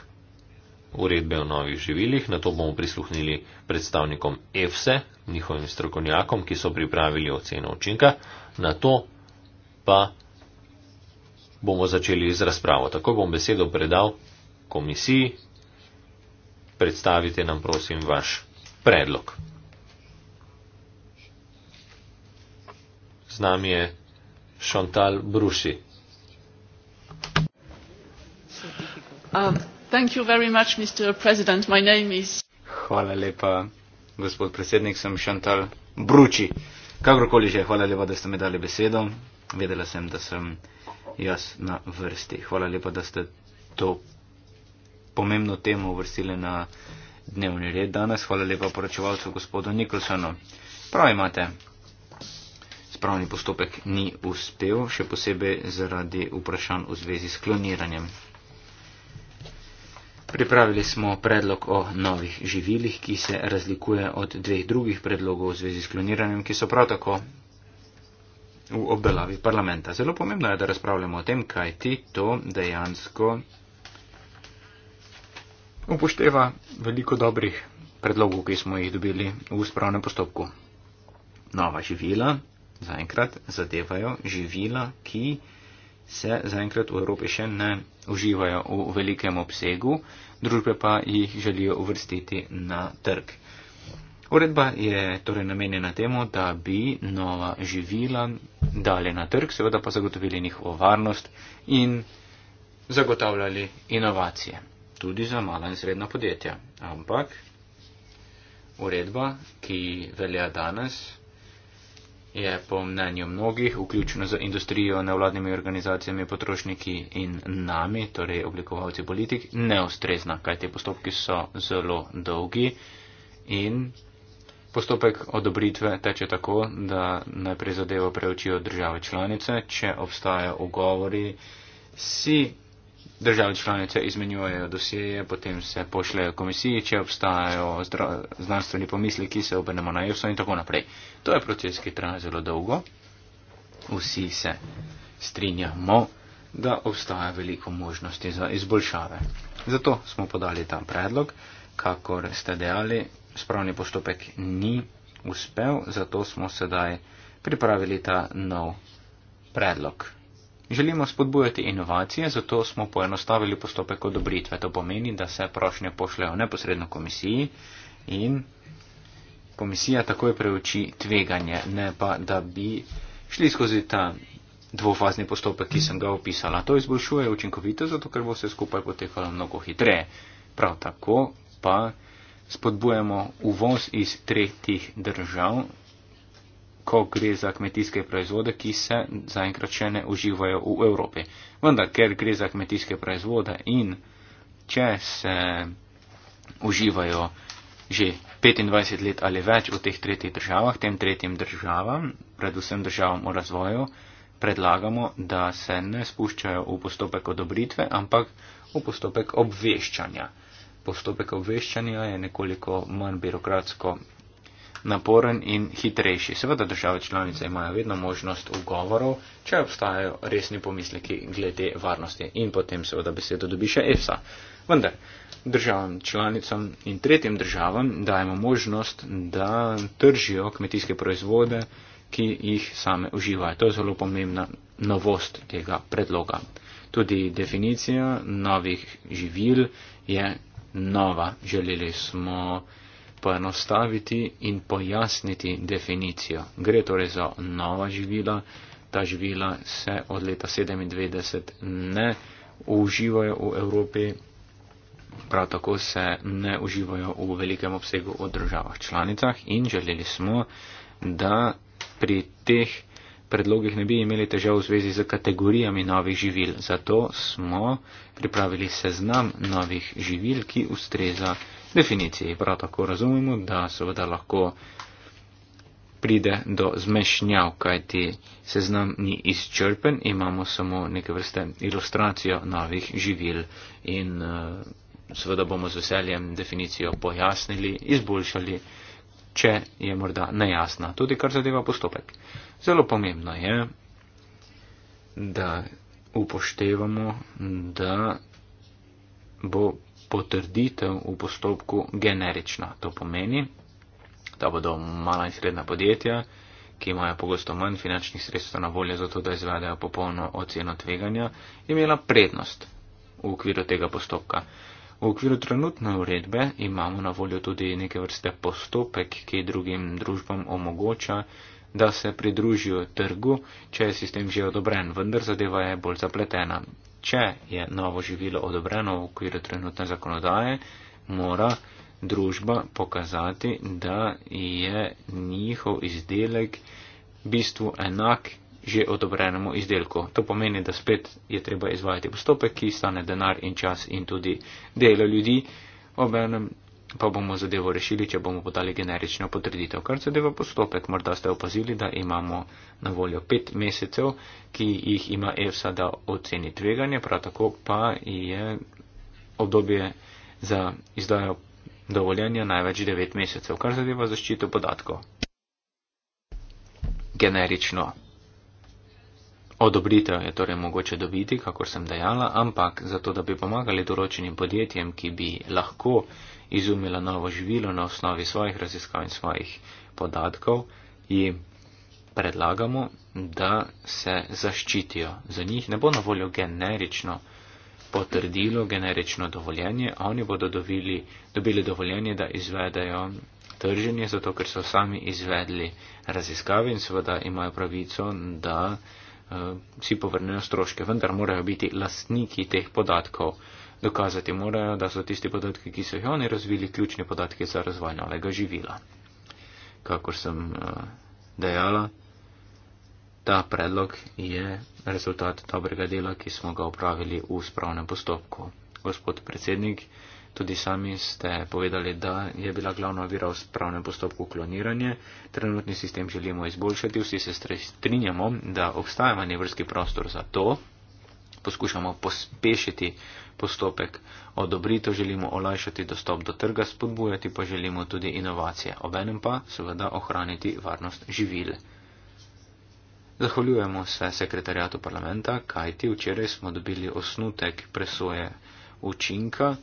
uredbe o novih živilih. Na to bomo prisluhnili predstavnikom EFSE, njihovim strokovnjakom, ki so pripravili oceno učinka. Na to pa bomo začeli z razpravo. Tako bom besedo predal komisiji. Predstavite nam, prosim, vaš predlog. Z nami je Šantal Bruši. Um, hvala lepa, gospod predsednik, sem Šantal Bruči. Kakorkoli že, hvala lepa, da ste mi dali besedo vedela sem, da sem jaz na vrsti. Hvala lepa, da ste to pomembno temo uvrstili na dnevni red danes. Hvala lepa poročevalcu gospodu Nikolsonu. Prav imate. Spravni postopek ni uspel, še posebej zaradi vprašanj v zvezi s kloniranjem. Pripravili smo predlog o novih živilih, ki se razlikuje od dveh drugih predlogov v zvezi s kloniranjem, ki so prav tako v obdelavi parlamenta. Zelo pomembno je, da razpravljamo o tem, kaj ti to dejansko upošteva veliko dobrih predlogov, ki smo jih dobili v spravnem postopku. Nova živila zaenkrat zadevajo živila, ki se zaenkrat v Evropi še ne uživajo v velikem obsegu, družbe pa jih želijo uvrstiti na trg. Uredba je torej namenjena temu, da bi nova živila dali na trg, seveda pa zagotovili njihovo varnost in zagotavljali inovacije, tudi za mala in srednja podjetja. Ampak uredba, ki velja danes, je po mnenju mnogih, vključno z industrijo, nevladnimi organizacijami, potrošniki in nami, torej oblikovalci politik, neustrezna, kajte postopki so zelo dolgi in Postopek odobritve teče tako, da najprej zadevo preučijo države članice, če obstajajo ugovori, si države članice izmenjujejo dosjeje, potem se pošlejo komisiji, če obstajajo znanstveni pomisliki, se obrnemo na EFSO in tako naprej. To je proces, ki traja zelo dolgo. Vsi se strinjamo, da obstaja veliko možnosti za izboljšave. Zato smo podali ta predlog, kakor ste dejali, spravni postopek ni uspel, zato smo sedaj pripravili ta nov predlog. Želimo spodbujati inovacije, zato smo poenostavili postopek odobritve. To pomeni, da se prošnje pošljajo neposredno komisiji in komisija takoj preuči tveganje, ne pa da bi šli skozi ta dvofazni postopek, ki sem ga opisala. To izboljšuje učinkovitost, zato ker bo vse skupaj potekalo mnogo hitreje. Prav tako pa spodbujamo uvoz iz tretjih držav, ko gre za kmetijske proizvode, ki se zaenkrat še ne uživajo v Evropi. Vendar, ker gre za kmetijske proizvode in če se uživajo že 25 let ali več v teh tretjih državah, tem tretjim državam, predvsem državam v razvoju, predlagamo, da se ne spuščajo v postopek odobritve, ampak v postopek obveščanja postopek obveščanja je nekoliko manj birokratsko naporen in hitrejši. Seveda države članice imajo vedno možnost ugovorov, če obstajajo resni pomisleki glede varnosti in potem seveda besedo dobi še EFSA. Vendar državam članicam in tretjim državam dajemo možnost, da tržijo kmetijske proizvode, ki jih same uživajo. To je zelo pomembna novost tega predloga. Tudi definicija novih živil je nova. Želeli smo poenostaviti in pojasniti definicijo. Gre torej za nova živila. Ta živila se od leta 1997 ne uživajo v Evropi, prav tako se ne uživajo v velikem obsegu v državah članicah in želeli smo, da pri teh predlogih ne bi imeli težav v zvezi z kategorijami novih živil. Zato smo pripravili seznam novih živil, ki ustreza definiciji. Prav tako razumemo, da seveda lahko pride do zmešnjav, kajti seznam ni izčrpen, imamo samo neke vrste ilustracijo novih živil in uh, seveda bomo z veseljem definicijo pojasnili, izboljšali če je morda nejasna, tudi kar zadeva postopek. Zelo pomembno je, da upoštevamo, da bo potrditev v postopku generična. To pomeni, da bodo mala in srednja podjetja, ki imajo pogosto manj finančnih sredstev na voljo za to, da izvedajo popolno oceno tveganja, imela prednost v okviru tega postopka. V okviru trenutne uredbe imamo na voljo tudi neke vrste postopek, ki drugim družbam omogoča, da se pridružijo trgu, če je sistem že odobren, vendar zadeva je bolj zapletena. Če je novo živilo odobreno v okviru trenutne zakonodaje, mora družba pokazati, da je njihov izdelek v bistvu enak že odobrenemu izdelku. To pomeni, da spet je treba izvajati postopek, ki stane denar in čas in tudi delo ljudi. Obenem pa bomo zadevo rešili, če bomo podali generično potreditev. Kar zadeva postopek, morda ste opazili, da imamo na voljo pet mesecev, ki jih ima EFSA, da oceni tveganje, prav tako pa je obdobje za izdajo dovoljenja največ devet mesecev, kar zadeva zaščito podatkov. Generično. Odobritev je torej mogoče dobiti, kakor sem dejala, ampak zato, da bi pomagali določenim podjetjem, ki bi lahko izumila novo živilo na osnovi svojih raziskav in svojih podatkov, jim predlagamo, da se zaščitijo. Za njih ne bo na voljo generično potrdilo, generično dovoljenje, oni bodo dobili, dobili dovoljenje, da izvedajo trženje, zato ker so sami izvedli raziskave in seveda imajo pravico, da vsi eh, povrnejo stroške, vendar morajo biti lastniki teh podatkov. Dokazati morajo, da so tisti podatki, ki so jih oni razvili, ključni podatki za razvoj novega živila. Kakor sem eh, dejala, ta predlog je rezultat dobrega dela, ki smo ga upravili v spravnem postopku. Gospod predsednik, Tudi sami ste povedali, da je bila glavna vira v spravnem postopku kloniranje. Trenutni sistem želimo izboljšati, vsi se strinjamo, da obstaja manevrski prostor za to. Poskušamo pospešiti postopek odobritev, želimo olajšati dostop do trga, spodbujati pa želimo tudi inovacije, obenem pa seveda ohraniti varnost živil. Zahvaljujemo se sekretarjatu parlamenta, kajti včeraj smo dobili osnutek presoje učinka.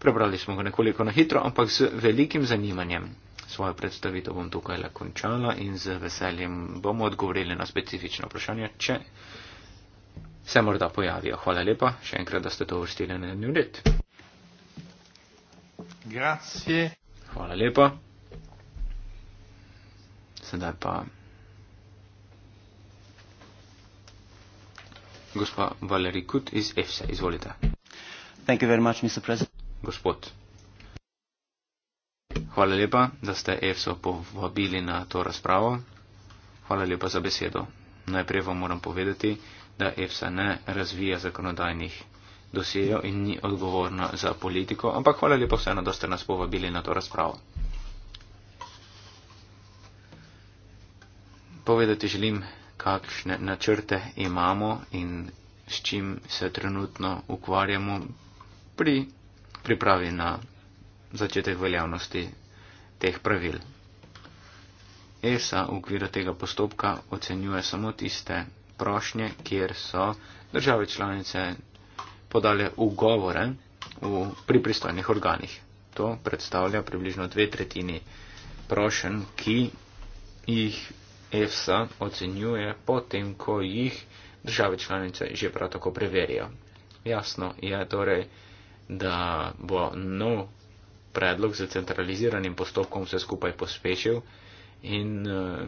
Prebrali smo ga nekoliko na hitro, ampak z velikim zanimanjem. Svojo predstavitev bom tukaj le končala in z veseljem bomo odgovorili na specifično vprašanje, če se morda pojavijo. Hvala lepa, še enkrat, da ste to vrstili na dnevni red. Grazie. Hvala lepa. Sedaj pa. Gospa Valerij Kut iz EFSA, izvolite. Thank you very much, Mr. President. Gospod. Hvala lepa, da ste EFSO povabili na to razpravo. Hvala lepa za besedo. Najprej vam moram povedati, da EFSA ne razvija zakonodajnih dosijo in ni odgovorna za politiko, ampak hvala lepa vseeno, da ste nas povabili na to razpravo. Povedati želim, kakšne načrte imamo in s čim se trenutno ukvarjamo pri pripravi na začetek veljavnosti teh pravil. ESA v okviru tega postopka ocenjuje samo tiste prošnje, kjer so države članice podale ugovore v, pri pristojnih organih. To predstavlja približno dve tretjini prošen, ki jih EFSA ocenjuje potem, ko jih države članice že prav tako preverijo. Jasno je torej, da bo nov predlog za centraliziranim postopkom vse skupaj pospešil in uh,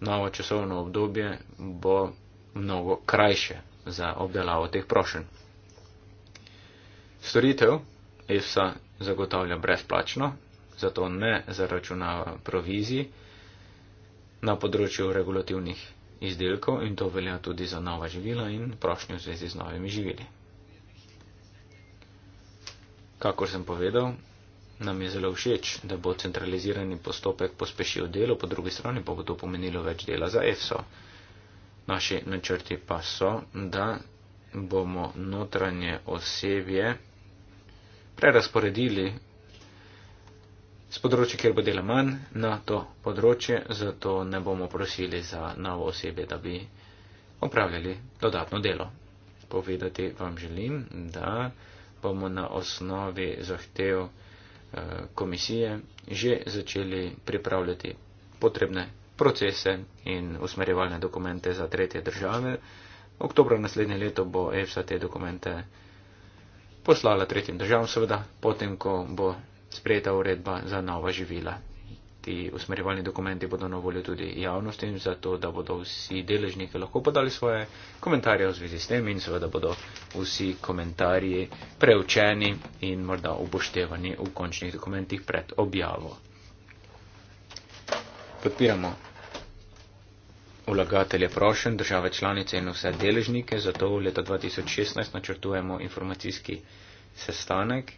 novo časovno obdobje bo mnogo krajše za obdelavo teh prošen. Storitev EFSA zagotavlja brezplačno, zato ne zaračunava proviziji na področju regulativnih izdelkov in to velja tudi za nova živila in prošnje v zvezi z novimi živili. Kakor sem povedal, nam je zelo všeč, da bo centralizirani postopek pospešil delo, po drugi strani pa bo to pomenilo več dela za EFSO. Naši načrti pa so, da bomo notranje osebje prerasporedili z področja, kjer bo dela manj, na to področje, zato ne bomo prosili za novo osebje, da bi opravljali dodatno delo. Povedati vam želim, da bomo na osnovi zahtev eh, komisije že začeli pripravljati potrebne procese in usmerjevalne dokumente za tretje države. Oktober naslednje leto bo EFSA te dokumente poslala tretjim državam, seveda potem, ko bo sprejeta uredba za nova živila. Ti usmerjevalni dokumenti bodo na voljo tudi javnosti in zato, da bodo vsi deležniki lahko podali svoje komentarje v zvezi s tem in seveda bodo vsi komentarji preučeni in morda upoštevani v končnih dokumentih pred objavo. Podpiramo vlagatelje prošen, države članice in vse deležnike, zato v leta 2016 načrtujemo informacijski sestanek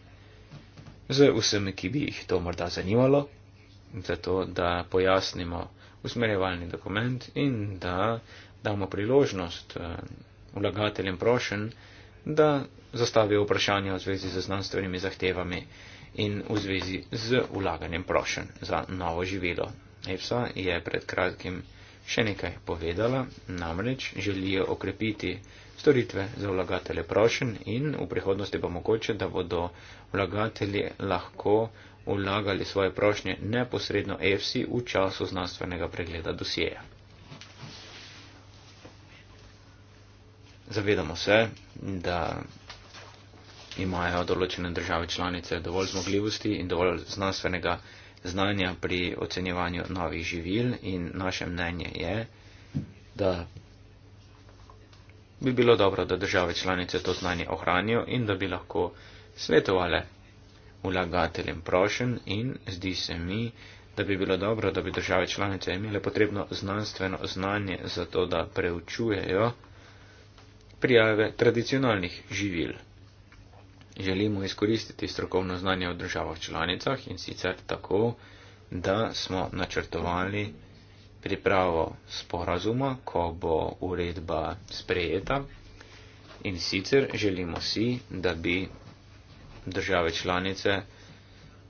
z vsemi, ki bi jih to morda zanimalo zato, da pojasnimo usmerjevalni dokument in da damo priložnost eh, vlagateljem prošen, da zastavijo vprašanje v zvezi z znanstvenimi zahtevami in v zvezi z vlaganjem prošen za novo živilo. EFSA je pred kratkim še nekaj povedala, namreč želijo okrepiti storitve za vlagatelje prošen in v prihodnosti pa mogoče, da bodo vlagatelji lahko vlagali svoje prošnje neposredno EFSI v času znanstvenega pregleda dosjeja. Zavedamo se, da imajo določene države članice dovolj zmogljivosti in dovolj znanstvenega znanja pri ocenjevanju novih živil in naše mnenje je, da bi bilo dobro, da države članice to znanje ohranijo in da bi lahko svetovale vlagateljem prošen in zdi se mi, da bi bilo dobro, da bi države članice imele potrebno znanstveno znanje za to, da preučujejo prijave tradicionalnih živil. Želimo izkoristiti strokovno znanje v državah članicah in sicer tako, da smo načrtovali pripravo sporazuma, ko bo uredba sprejeta. In sicer želimo si, da bi države članice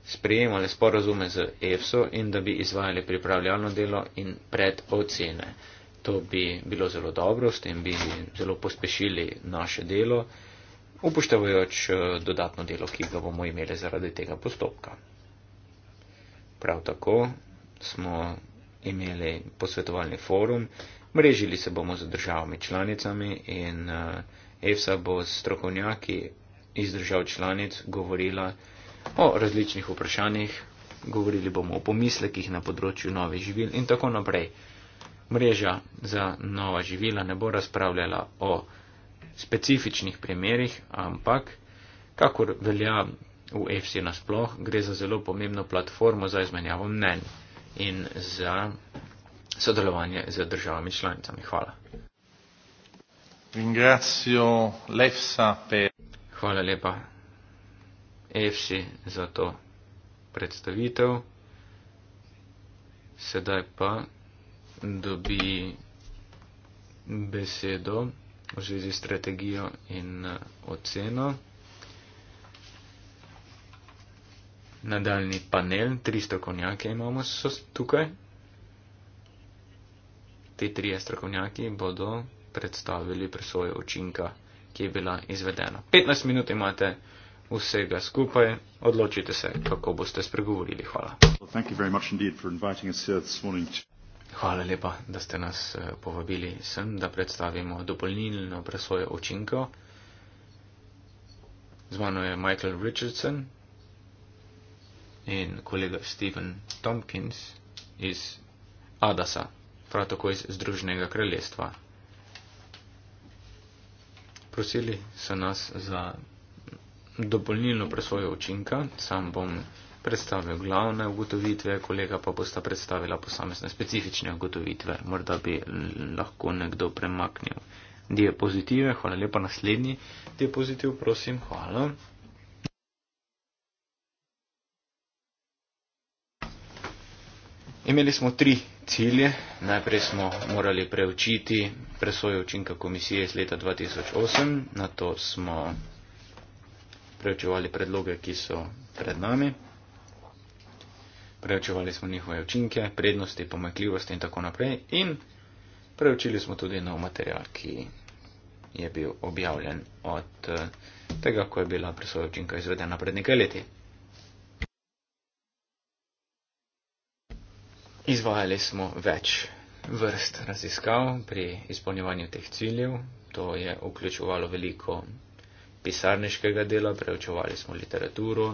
sprejemale sporazume z EFSO in da bi izvajali pripravljalno delo in predocene. To bi bilo zelo dobro, s tem bi zelo pospešili naše delo, upoštevajoč eh, dodatno delo, ki ga bomo imeli zaradi tega postopka. Prav tako smo imeli posvetovalni forum, mrežili se bomo z državami članicami in eh, EFSA bo s strokovnjaki iz držav članic govorila o različnih vprašanjih, govorili bomo o pomislekih na področju nove živil in tako naprej. Mreža za nova živila ne bo razpravljala o specifičnih primerih, ampak kakor velja v EFSI nasploh, gre za zelo pomembno platformo za izmenjavo mnenj in za sodelovanje z državami članicami. Hvala. Ringrazio l'EFSA per Hvala lepa, Evši, za to predstavitev. Sedaj pa dobi besedo v zvezi s strategijo in eh, oceno. Nadaljni panel, 300 konjake imamo so tukaj. Te trije strokovnjaki bodo predstavili presojo učinka ki je bila izvedena. 15 minut imate vsega skupaj, odločite se, kako boste spregovorili. Hvala. Well, Hvala lepa, da ste nas eh, povabili sem, da predstavimo dopolnilno presojo učinkov. Z mano je Michael Richardson in kolega Stephen Tompkins iz ADAS-a, prav tako iz Združenega kraljestva prosili so nas za dopolnilno presojo učinka. Sam bom predstavil glavne ugotovitve, kolega pa bosta predstavila posamezne specifične ugotovitve. Morda bi lahko nekdo premaknil diapozitive. Hvala lepa, naslednji diapozitiv, prosim. Hvala. Imeli smo tri cilje. Najprej smo morali preučiti presojo učinka komisije iz leta 2008, na to smo preučevali predloge, ki so pred nami. Preučevali smo njihove učinke, prednosti, pomakljivosti in tako naprej. In preučili smo tudi nov material, ki je bil objavljen od eh, tega, ko je bila presoja učinka izvedena pred nekaj leti. Izvajali smo več vrst raziskav pri izpolnjevanju teh ciljev. To je vključovalo veliko pisarniškega dela, preučevali smo literaturo.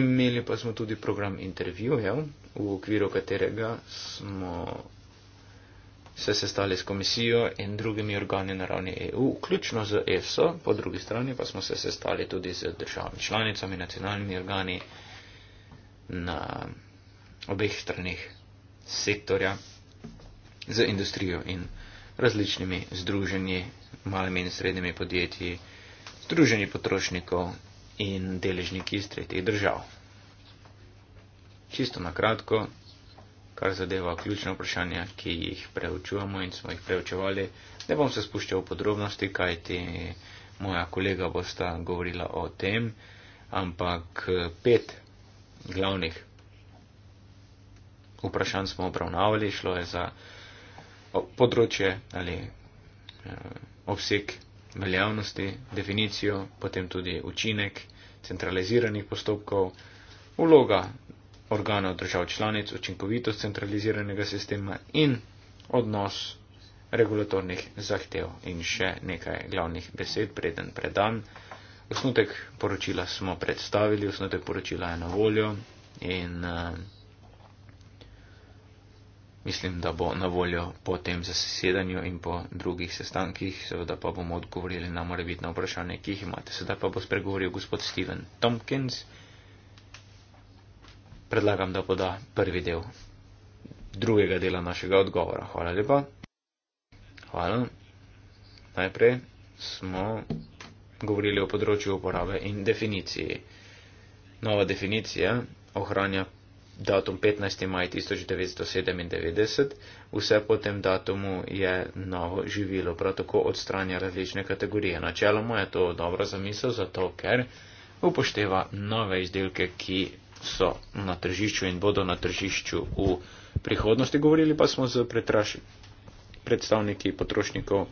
Imeli pa smo tudi program intervjujev, v okviru katerega smo se sestali s komisijo in drugimi organi na ravni EU, vključno z EFSO, po drugi strani pa smo se sestali tudi z državami članicami, nacionalnimi organi na obeh stranih sektorja z industrijo in različnimi združenji, malimi in srednjimi podjetji, združenji potrošnikov in deležniki iz tretjih držav. Čisto na kratko, kar zadeva ključne vprašanja, ki jih preučujemo in smo jih preučevali, ne bom se spuščal v podrobnosti, kaj ti moja kolega bosta govorila o tem, ampak pet glavnih vprašanj smo obravnavali, šlo je za področje ali eh, obseg veljavnosti, definicijo, potem tudi učinek centraliziranih postopkov, vloga organov držav članic, učinkovitost centraliziranega sistema in odnos regulatornih zahtev in še nekaj glavnih besed preden predan. Osnutek poročila smo predstavili, osnutek poročila je na voljo in uh, mislim, da bo na voljo po tem zasedanju in po drugih sestankih, seveda pa bomo odgovorili na morebitna vprašanja, ki jih imate. Sedaj pa bo spregovoril gospod Steven Tompkins. Predlagam, da poda prvi del drugega dela našega odgovora. Hvala lepa. Hvala. Najprej smo govorili o področju uporabe in definiciji. Nova definicija ohranja datum 15. maj 1997, vse po tem datumu je novo živilo, prav tako odstranja različne kategorije. Načeloma je to dobra zamisel, zato ker upošteva nove izdelke, ki so na tržišču in bodo na tržišču v prihodnosti. Govorili pa smo z predstavniki potrošnikov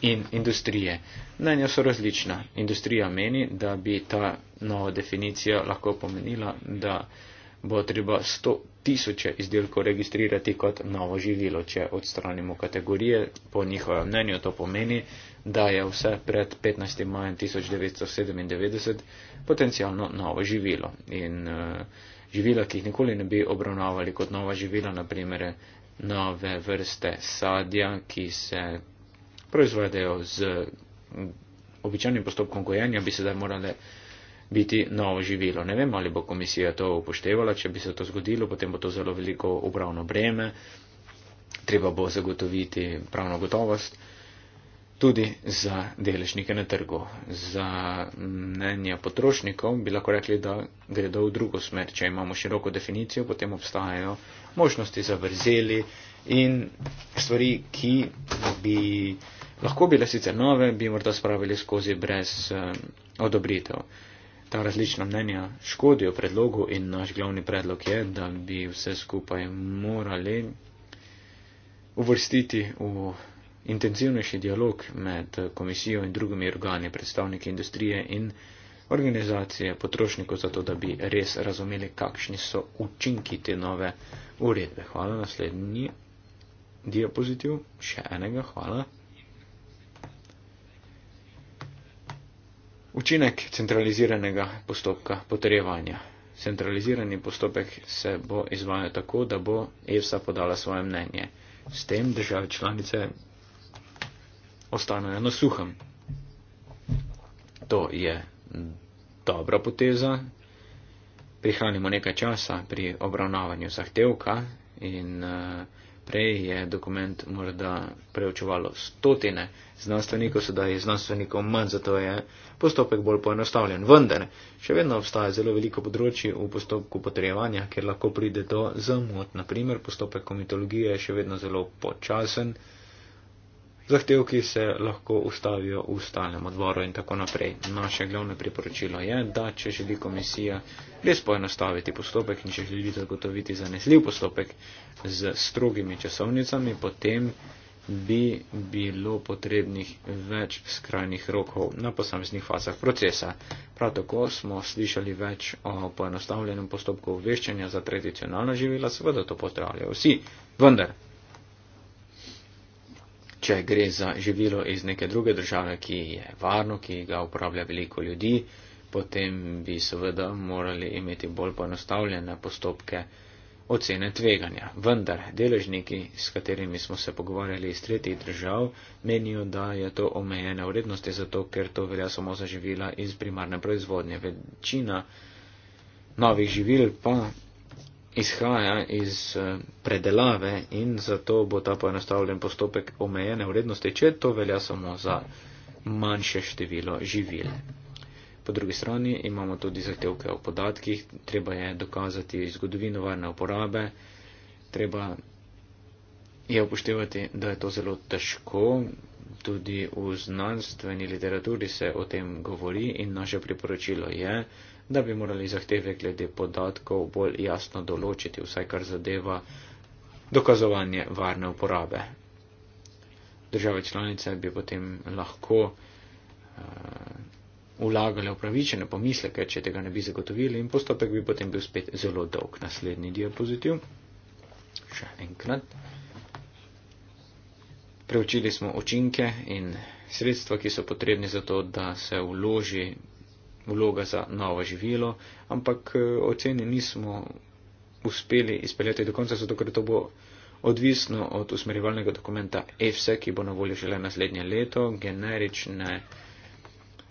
in industrije. Mnenja so različna. Industrija meni, da bi ta nova definicija lahko pomenila, da bo treba 100 tisoče izdelkov registrirati kot novo živilo, če odstranimo kategorije. Po njihovem mnenju to pomeni, da je vse pred 15. majem 1997 potencijalno novo živilo. In uh, živila, ki jih nikoli ne bi obravnavali kot nova živila, naprimer nove vrste sadja, ki se proizvedejo z običajnim postopkom gojenja, bi sedaj morali biti novo živilo. Ne vem, ali bo komisija to upoštevala, če bi se to zgodilo, potem bo to zelo veliko upravno breme, treba bo zagotoviti pravno gotovost tudi za deležnike na trgu. Za mnenja potrošnikov bi lahko rekli, da gredo v drugo smer. Če imamo široko definicijo, potem obstajajo možnosti za vrzeli in stvari, ki bi lahko bile sicer nove, bi morda spravili skozi brez eh, odobritev. Uh, ta različna mnenja škodijo predlogu in naš glavni predlog je, da bi vse skupaj morali uvrstiti v intenzivnejši dialog med komisijo in drugimi organi, predstavniki industrije in organizacije potrošnikov, zato da bi res razumeli, kakšni so učinki te nove uredbe. Hvala, naslednji diapozitiv, še enega, hvala. Učinek centraliziranega postopka potrjevanja. Centralizirani postopek se bo izvajal tako, da bo EFSA podala svoje mnenje. S tem države članice ostanejo na suhem. To je dobra poteza. Prihranimo nekaj časa pri obravnavanju zahtevka in uh, Prej je dokument morda preučevalo stotine znanstvenikov, sedaj je znanstvenikov manj, zato je postopek bolj poenostavljen. Vendar še vedno obstaja zelo veliko področji v postopku potrejevanja, ker lahko pride do zamot. Naprimer, postopek komitologije je še vedno zelo počasen zahtevki se lahko ustavijo v stalnem odboru in tako naprej. Naše glavne priporočilo je, da če želi komisija res poenostaviti postopek in če želi zagotoviti zanesljiv postopek z strogimi časovnicami, potem bi bilo potrebnih več skrajnih rokov na posameznih fazah procesa. Prav tako smo slišali več o poenostavljenem postopku obveščanja za tradicionalna živila, seveda to potrebujejo vsi, vendar če gre za živilo iz neke druge države, ki je varno, ki ga uporablja veliko ljudi, potem bi seveda morali imeti bolj poenostavljene postopke ocene tveganja. Vendar deležniki, s katerimi smo se pogovarjali iz tretjih držav, menijo, da je to omejene vrednosti zato, ker to velja samo za živila iz primarne proizvodnje. Večina novih živil pa izhaja iz eh, predelave in zato bo ta poenostavljen postopek omejene vrednosti, če to velja samo za manjše število živil. Po drugi strani imamo tudi zahtevke o podatkih, treba je dokazati zgodovino varne uporabe, treba je upoštevati, da je to zelo težko, tudi v znanstveni literaturi se o tem govori in naše priporočilo je, da bi morali zahteve glede podatkov bolj jasno določiti, vsaj kar zadeva dokazovanje varne uporabe. Države članice bi potem lahko uh, eh, ulagale upravičene pomisleke, če tega ne bi zagotovili in postopek bi potem bil spet zelo dolg. Naslednji diapozitiv. Še enkrat. Preučili smo učinke in sredstva, ki so potrebni za to, da se vloži vloga za novo živilo, ampak eh, ocene nismo uspeli izpeljati do konca, zato ker to bo odvisno od usmerjevalnega dokumenta EFSE, ki bo na voljo šele naslednje leto. Generične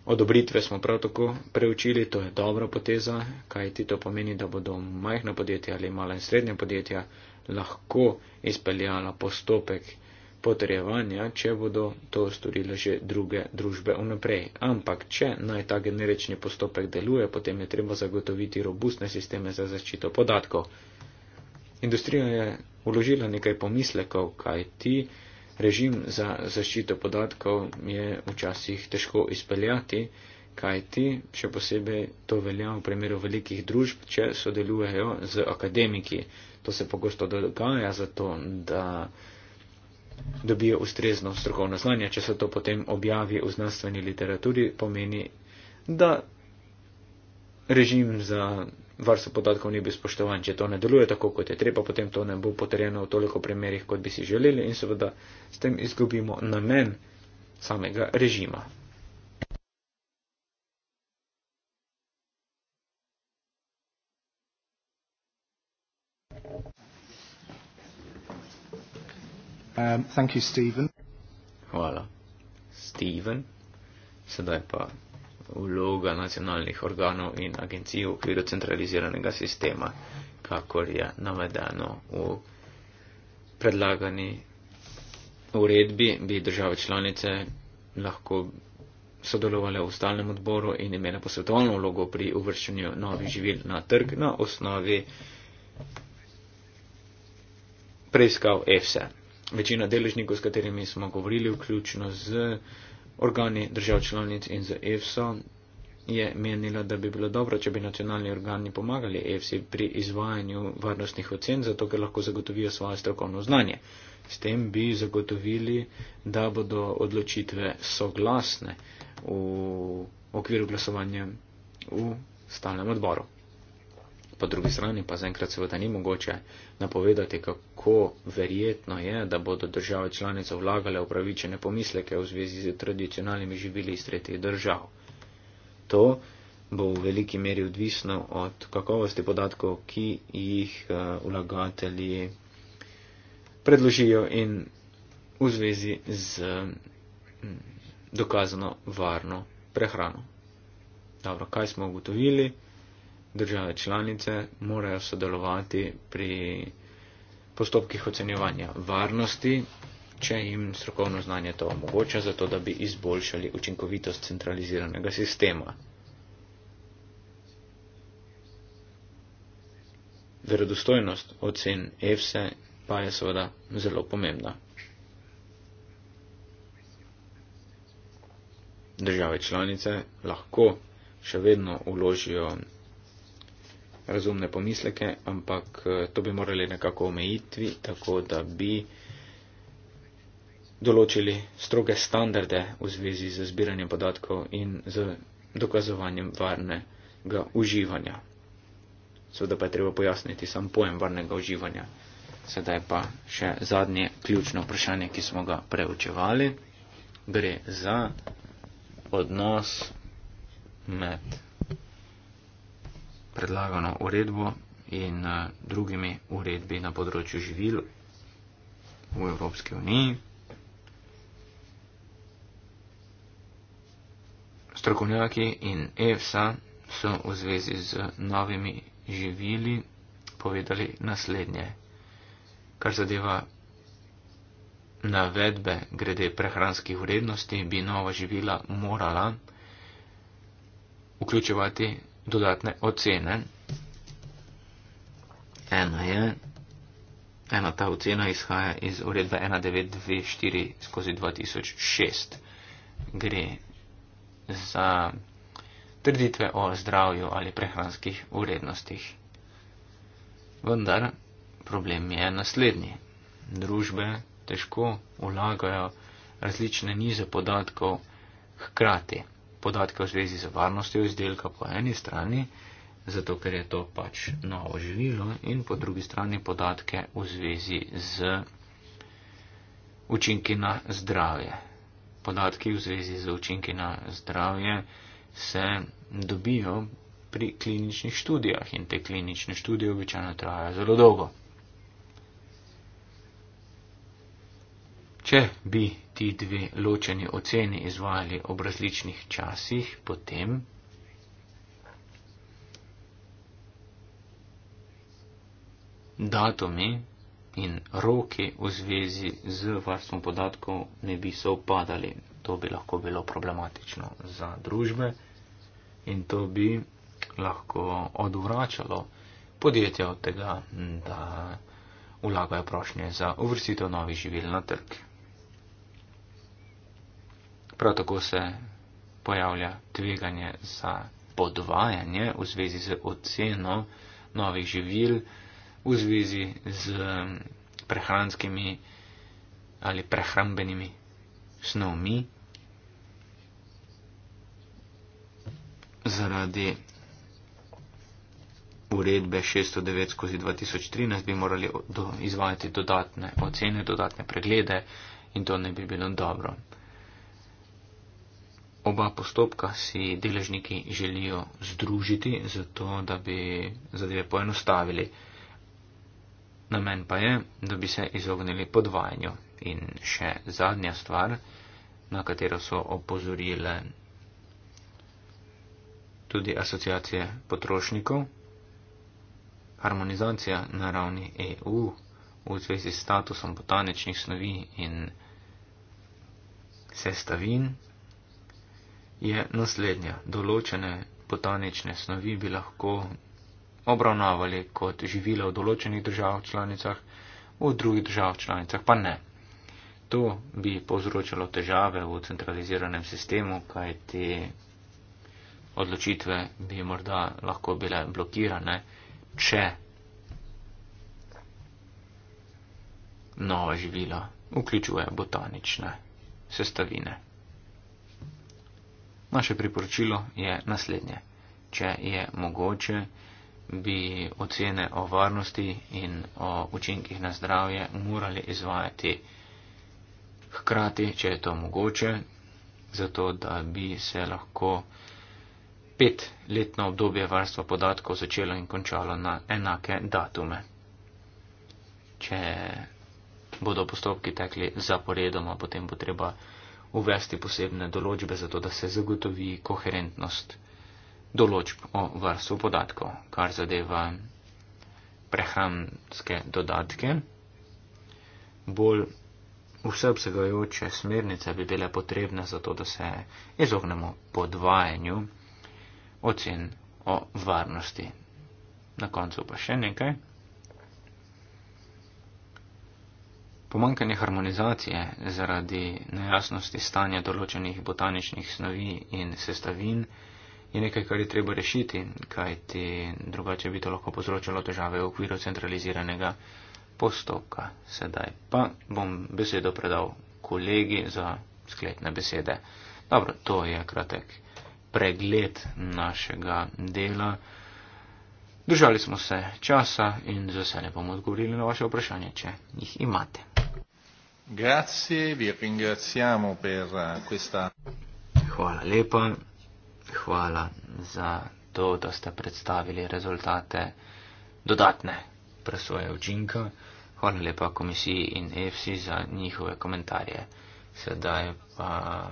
odobritve smo prav tako preučili, to je dobra poteza, kaj ti to pomeni, da bodo majhna podjetja ali mala in srednja podjetja lahko izpeljala postopek potrjevanja, če bodo to storile že druge družbe vnaprej. Ampak, če naj ta generični postopek deluje, potem je treba zagotoviti robustne sisteme za zaščito podatkov. Industrija je uložila nekaj pomislekov, kaj ti režim za zaščito podatkov je včasih težko izpeljati, kaj ti, še posebej to velja v primeru velikih družb, če sodelujejo z akademiki. To se pogosto dogaja zato, da dobijo ustrezno strokovno znanje. Če se to potem objavi v znanstveni literaturi, pomeni, da režim za varstvo podatkov ni bil spoštovan. Če to ne deluje tako, kot je treba, potem to ne bo potrjeno v toliko primerjih, kot bi si želeli in seveda s tem izgubimo namen samega režima. Um, thank you, Stephen. Hvala, Stephen. Sedaj pa vloga nacionalnih organov in agencij v okviru centraliziranega sistema, kakor je navedeno v predlagani uredbi, bi države članice lahko sodelovali v stalnem odboru in imeli posvetovalno vlogo pri uvrščanju novih živil na trg na osnovi preiskav EFSA večina deležnikov, s katerimi smo govorili, vključno z organi držav članic in z EFSO, je menila, da bi bilo dobro, če bi nacionalni organi pomagali EFSI pri izvajanju varnostnih ocen, zato ker lahko zagotovijo svoje strokovno znanje. S tem bi zagotovili, da bodo odločitve soglasne v okviru glasovanja v stalnem odboru po drugi strani pa zaenkrat seveda ni mogoče napovedati, kako verjetno je, da bodo države članice vlagale upravičene pomisleke v zvezi z tradicionalnimi živili iz tretjih držav. To bo v veliki meri odvisno od kakovosti podatkov, ki jih eh, vlagatelji predložijo in v zvezi z mm, dokazano varno prehrano. Dobro, kaj smo ugotovili? države članice morajo sodelovati pri postopkih ocenjevanja varnosti, če jim strokovno znanje to omogoča, zato da bi izboljšali učinkovitost centraliziranega sistema. Verodostojnost ocen EFSE pa je seveda zelo pomembna. Države članice lahko še vedno uložijo razumne pomisleke, ampak eh, to bi morali nekako omejitvi, tako da bi določili stroge standarde v zvezi z zbiranjem podatkov in z dokazovanjem varnega uživanja. Seveda pa je treba pojasniti sam pojem varnega uživanja. Sedaj pa še zadnje ključno vprašanje, ki smo ga preučevali. Gre za odnos med predlagano uredbo in eh, drugimi uredbi na področju živil v Evropski uniji. Strokovnjaki in EFSA so v zvezi z novimi živili povedali naslednje, kar zadeva navedbe glede prehranskih vrednosti, bi nova živila morala vključevati dodatne ocene. Ena je, ena ta ocena izhaja iz uredbe 1924 skozi 2006. Gre za trditve o zdravju ali prehranskih urednostih. Vendar problem je naslednji. Družbe težko ulagajo različne nize podatkov hkrati podatke v zvezi z varnostjo izdelka po eni strani, zato ker je to pač novo živilo, in po drugi strani podatke v zvezi z učinki na zdravje. Podatki v zvezi z učinki na zdravje se dobijo pri kliničnih študijah in te klinične študije običajno trajajo zelo dolgo. Če bi ti dve ločeni oceni izvajali ob različnih časih, potem datumi in roki v zvezi z varstvom podatkov ne bi se upadali. To bi lahko bilo problematično za družbe in to bi lahko odvračalo podjetja od tega, da vlagajo prošnje za uvrstitev novih živil na trg. Prav tako se pojavlja tveganje za podvajanje v zvezi z oceno novih živil, v zvezi z prehranskimi ali prehrambenimi snovmi. Zaradi uredbe 609 skozi 2013 bi morali do, izvajati dodatne ocene, dodatne preglede in to ne bi bilo dobro. Oba postopka si deležniki želijo združiti, zato da bi zadeve poenostavili. Namen pa je, da bi se izognili podvajanju. In še zadnja stvar, na katero so opozorile tudi asociacije potrošnikov, harmonizacija na ravni EU v zvezi s statusom botaničnih snovi in sestavin je naslednja. Določene botanične snovi bi lahko obravnavali kot živile v določenih državah članicah, v drugih državah članicah pa ne. To bi povzročalo težave v centraliziranem sistemu, kajti odločitve bi morda lahko bile blokirane, če nova živila vključuje botanične sestavine. Naše priporočilo je naslednje. Če je mogoče, bi ocene o varnosti in o učinkih na zdravje morali izvajati hkrati, če je to mogoče, zato da bi se lahko petletno obdobje varstva podatkov začelo in končalo na enake datume. Če bodo postopki tekli zaporedoma, potem bo treba uvesti posebne določbe za to, da se zagotovi koherentnost določb o varstvu podatkov, kar zadeva prehranske dodatke. Bolj vseobsegajoče smernice bi bile potrebne za to, da se izognemo podvajanju ocen o varnosti. Na koncu pa še nekaj. Pomankanje harmonizacije zaradi nejasnosti stanja določenih botaničnih snovi in sestavin je nekaj, kar je treba rešiti, kajti drugače bi to lahko povzročalo težave v okviru centraliziranega postopka. Sedaj pa bom besedo predal kolegi za sklepne besede. Dobro, to je kratek pregled našega dela. Držali smo se časa in z veseljem bomo odgovorili na vaše vprašanje, če jih imate. Grazie, per eh, questa... Hvala lepa. Hvala za to, da ste predstavili rezultate dodatne presoje učinka. Hvala lepa komisiji in EFSI za njihove komentarje. Sedaj pa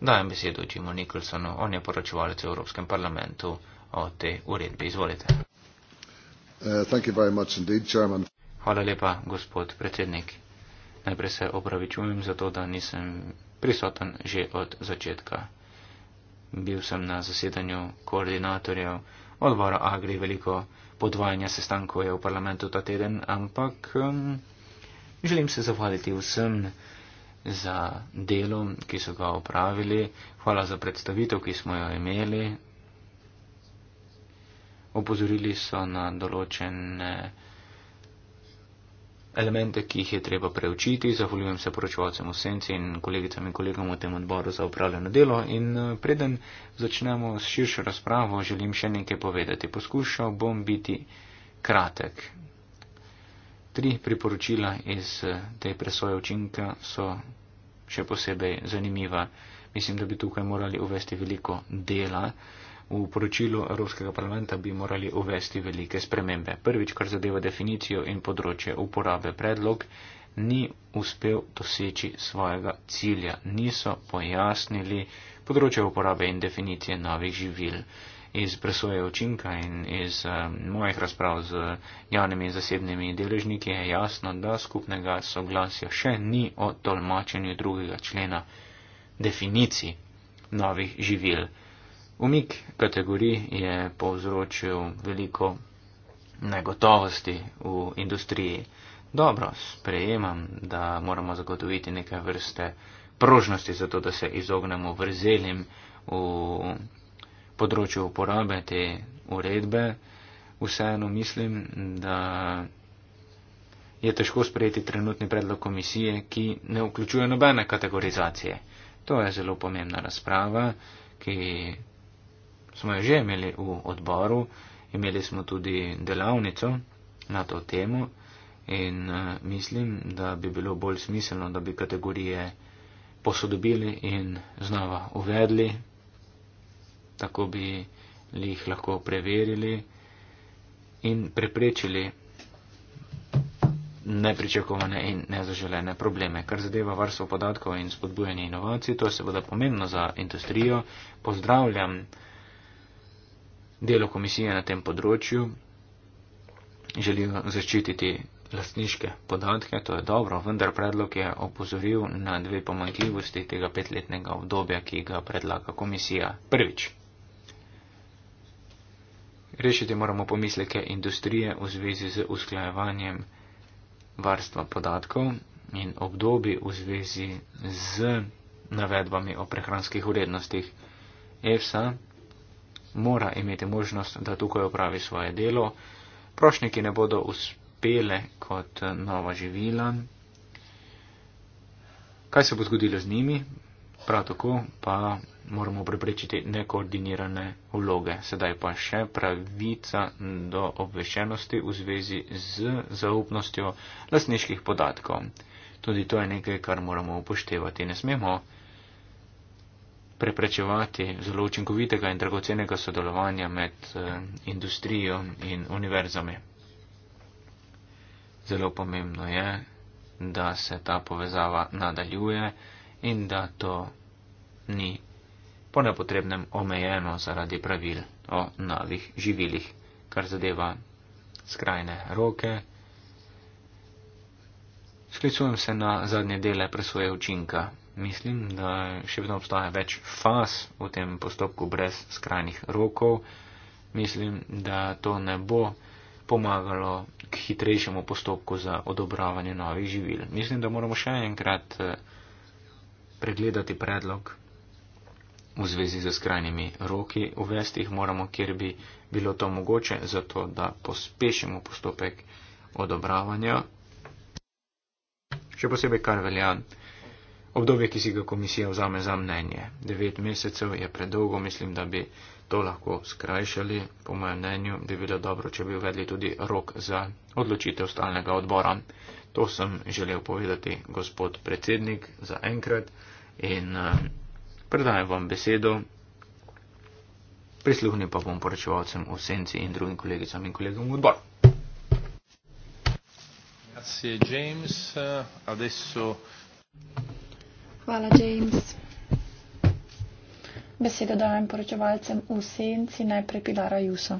dajem besedo Jimu Nicholsonu, on je poročevalec v Evropskem parlamentu o tej uredbi. Izvolite. Uh, Hvala lepa, gospod predsednik. Najprej se opravičujem za to, da nisem prisoten že od začetka. Bil sem na zasedanju koordinatorjev odbora Agri, veliko podvajanja sestankov je v parlamentu ta teden, ampak um, želim se zahvaliti vsem za delo, ki so ga opravili. Hvala za predstavitev, ki smo jo imeli opozorili so na določene elemente, ki jih je treba preučiti. Zahvaljujem se poročevalcem v senci in kolegicam in kolegom v tem odboru za upravljeno delo. In eh, preden začnemo s širšo razpravo, želim še nekaj povedati. Poskušal bom biti kratek. Tri priporočila iz eh, te presoje učinka so še posebej zanimiva. Mislim, da bi tukaj morali uvesti veliko dela. V poročilu Evropskega parlamenta bi morali uvesti velike spremembe. Prvič, kar zadeva definicijo in področje uporabe, predlog ni uspel doseči svojega cilja. Niso pojasnili področje uporabe in definicije novih živil. Iz presoje očinka in iz uh, mojih razprav z javnimi in zasebnimi deležniki je jasno, da skupnega soglasja še ni o tolmačenju drugega člena definicij novih živil. Mm. Umik kategorij je povzročil veliko negotovosti v industriji. Dobro, sprejemam, da moramo zagotoviti neke vrste prožnosti, zato da se izognemo vrzelim v področju uporabe te uredbe. Vseeno mislim, da je težko sprejeti trenutni predlog komisije, ki ne vključuje nobene kategorizacije. To je zelo pomembna razprava, ki smo že imeli v odboru, imeli smo tudi delavnico na to temo in eh, mislim, da bi bilo bolj smiselno, da bi kategorije posodobili in znova uvedli, tako bi jih lahko preverili in preprečili nepričakovane in nezaželene probleme. Kar zadeva varstvo podatkov in spodbujanje inovacij, to je seveda pomembno za industrijo. Pozdravljam delo komisije na tem področju, želijo zaščititi lastniške podatke, to je dobro, vendar predlog je opozoril na dve pomankljivosti tega petletnega obdobja, ki ga predlaga komisija. Prvič. Rešiti moramo pomisleke industrije v zvezi z usklajevanjem varstva podatkov in obdobi v zvezi z navedbami o prehranskih vrednostih EFSA, mora imeti možnost, da tukaj opravi svoje delo. Prošniki ne bodo uspele kot eh, nova živila. Kaj se bo zgodilo z njimi? Prav tako pa moramo preprečiti nekoordinirane vloge. Sedaj pa še pravica do obveščenosti v zvezi z zaupnostjo lasniških podatkov. Tudi to je nekaj, kar moramo upoštevati. Ne smemo preprečevati zelo učinkovitega in dragocenega sodelovanja med eh, industrijo in univerzami. Zelo pomembno je, da se ta povezava nadaljuje in da to ni po nepotrebnem omejeno zaradi pravil o novih živilih, kar zadeva skrajne roke. Sklicujem se na zadnje dele presoje učinka mislim, da še vedno obstaja več faz v tem postopku brez skrajnih rokov. Mislim, da to ne bo pomagalo k hitrejšemu postopku za odobravanje novih živil. Mislim, da moramo še enkrat eh, pregledati predlog v zvezi z skrajnimi roki. Uvesti jih moramo, kjer bi bilo to mogoče, zato da pospešimo postopek odobravanja. Še posebej, kar velja obdobje, ki si ga komisija vzame za mnenje. Devet mesecev je predolgo, mislim, da bi to lahko skrajšali. Po mojem mnenju bi bilo dobro, če bi uvedli tudi rok za odločitev stalnega odbora. To sem želel povedati, gospod predsednik, za enkrat in eh, predajem vam besedo. Prisluhnil pa bom poročevalcem v senci in drugim kolegicam in kolegom v odbor. Grazie James, adesso... Hvala, James. Besedo dajem poročevalcem v senci, najprej Pilara Juso.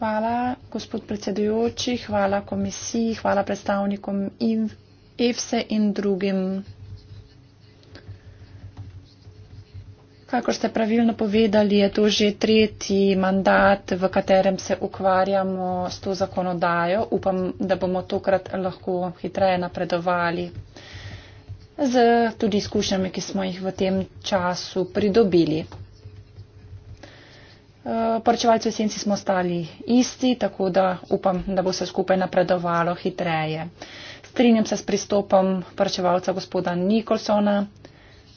Hvala, gospod predsedujoči, hvala komisiji, hvala predstavnikom in EFSE in drugim Kakor ste pravilno povedali, je to že tretji mandat, v katerem se ukvarjamo s to zakonodajo. Upam, da bomo tokrat lahko hitreje napredovali z tudi izkušnjami, ki smo jih v tem času pridobili. Eh, poročevalci v senci smo stali isti, tako da upam, da bo se skupaj napredovalo hitreje. Strinjam se s pristopom poročevalca gospoda Nikolsona,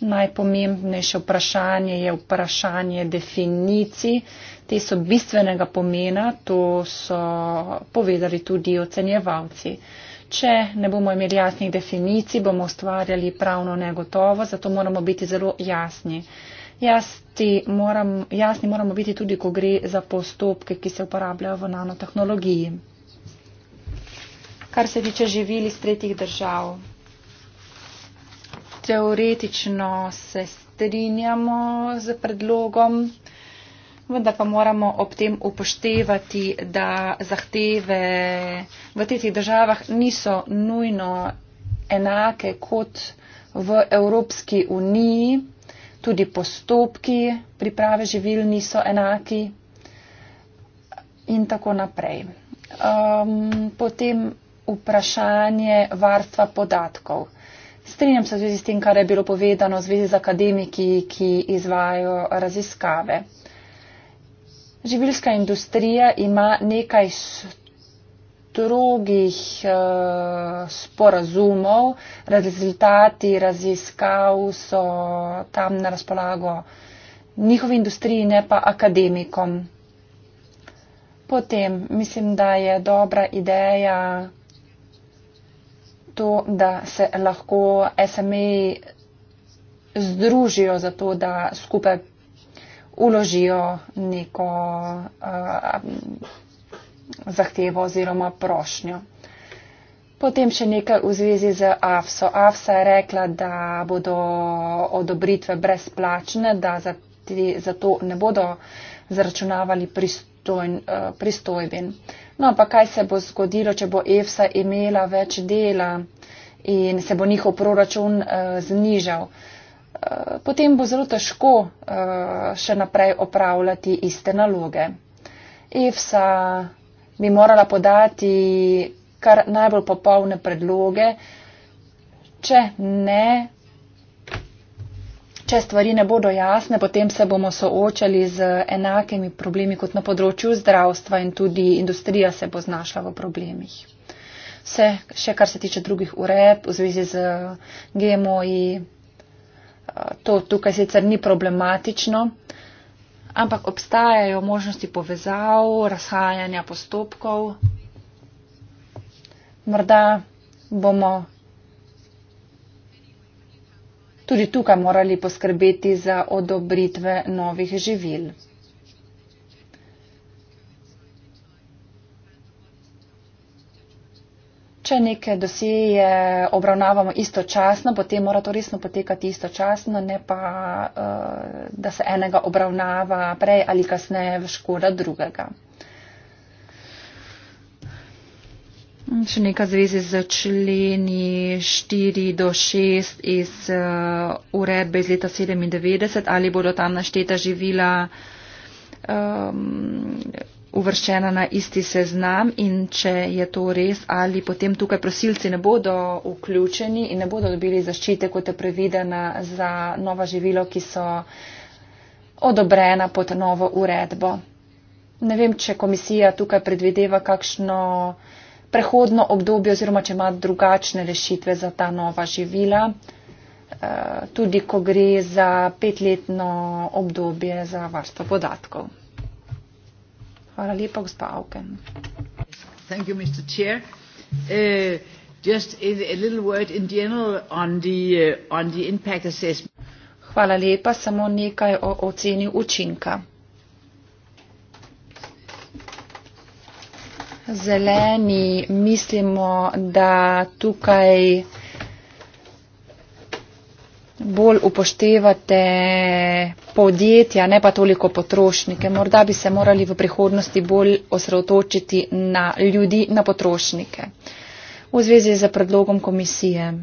najpomembnejše vprašanje je vprašanje definicij. Te so bistvenega pomena, to so povedali tudi ocenjevalci. Če ne bomo imeli jasnih definicij, bomo ustvarjali pravno negotovo, zato moramo biti zelo jasni. Moram, jasni moramo biti tudi, ko gre za postopke, ki se uporabljajo v nanotehnologiji. Kar se tiče živili iz tretjih držav. Teoretično se strinjamo z predlogom, vendar pa moramo ob tem upoštevati, da zahteve v tretjih državah niso nujno enake kot v Evropski uniji. Tudi postopki priprave živil niso enaki in tako naprej. Um, potem vprašanje varstva podatkov. Strinjam se tudi s tem, kar je bilo povedano v zvezi z akademiki, ki izvajo raziskave. Živilska industrija ima nekaj strogih uh, sporazumov, rezultati raziskav so tam na razpolago njihovi industriji, ne pa akademikom. Potem mislim, da je dobra ideja to, da se lahko SME-ji združijo za to, da skupaj uložijo neko uh, zahtevo oziroma prošnjo. Potem še nekaj v zvezi z AFSO. AFSA je rekla, da bodo odobritve brezplačne, da za, te, za to ne bodo zaračunavali uh, pristojbin. Uh, No, ampak kaj se bo zgodilo, če bo EFSA imela več dela in se bo njihov proračun uh, znižal? Eh, potem bo zelo težko eh, še naprej opravljati iste naloge. EFSA bi morala podati kar najbolj popolne predloge, če ne, Če stvari ne bodo jasne, potem se bomo soočali z enakimi problemi kot na področju zdravstva in tudi industrija se bo znašla v problemih. Vse, še kar se tiče drugih ureb v zvezi z GMO-ji, to tukaj sicer ni problematično, ampak obstajajo možnosti povezav, razhajanja postopkov. Morda bomo tudi tukaj morali poskrbeti za odobritve novih živil. Če neke dosije obravnavamo istočasno, potem mora to resno potekati istočasno, ne pa, eh, da se enega obravnava prej ali kasneje v škoda drugega. Še nekaj zvezi z členi 4 do 6 iz uh, uredbe iz leta 97, ali bodo tam našteta živila um, uvrščena na isti seznam in če je to res, ali potem tukaj prosilci ne bodo vključeni in ne bodo dobili zaščite, kot je prevedena za nova živilo, ki so odobrena pod novo uredbo. Ne vem, če komisija tukaj predvideva kakšno prehodno obdobje oziroma če ima drugačne rešitve za ta nova živila, eh, tudi ko gre za petletno obdobje za varstvo podatkov. Hvala lepa, gospa Auken. Thank you, Mr. Chair. Uh, just a, a little word in general on the, uh, on the impact assessment. Hvala lepa, samo nekaj o oceni učinka. zeleni mislimo, da tukaj bolj upoštevate podjetja, ne pa toliko potrošnike. Morda bi se morali v prihodnosti bolj osredotočiti na ljudi, na potrošnike. V zvezi z predlogom komisije.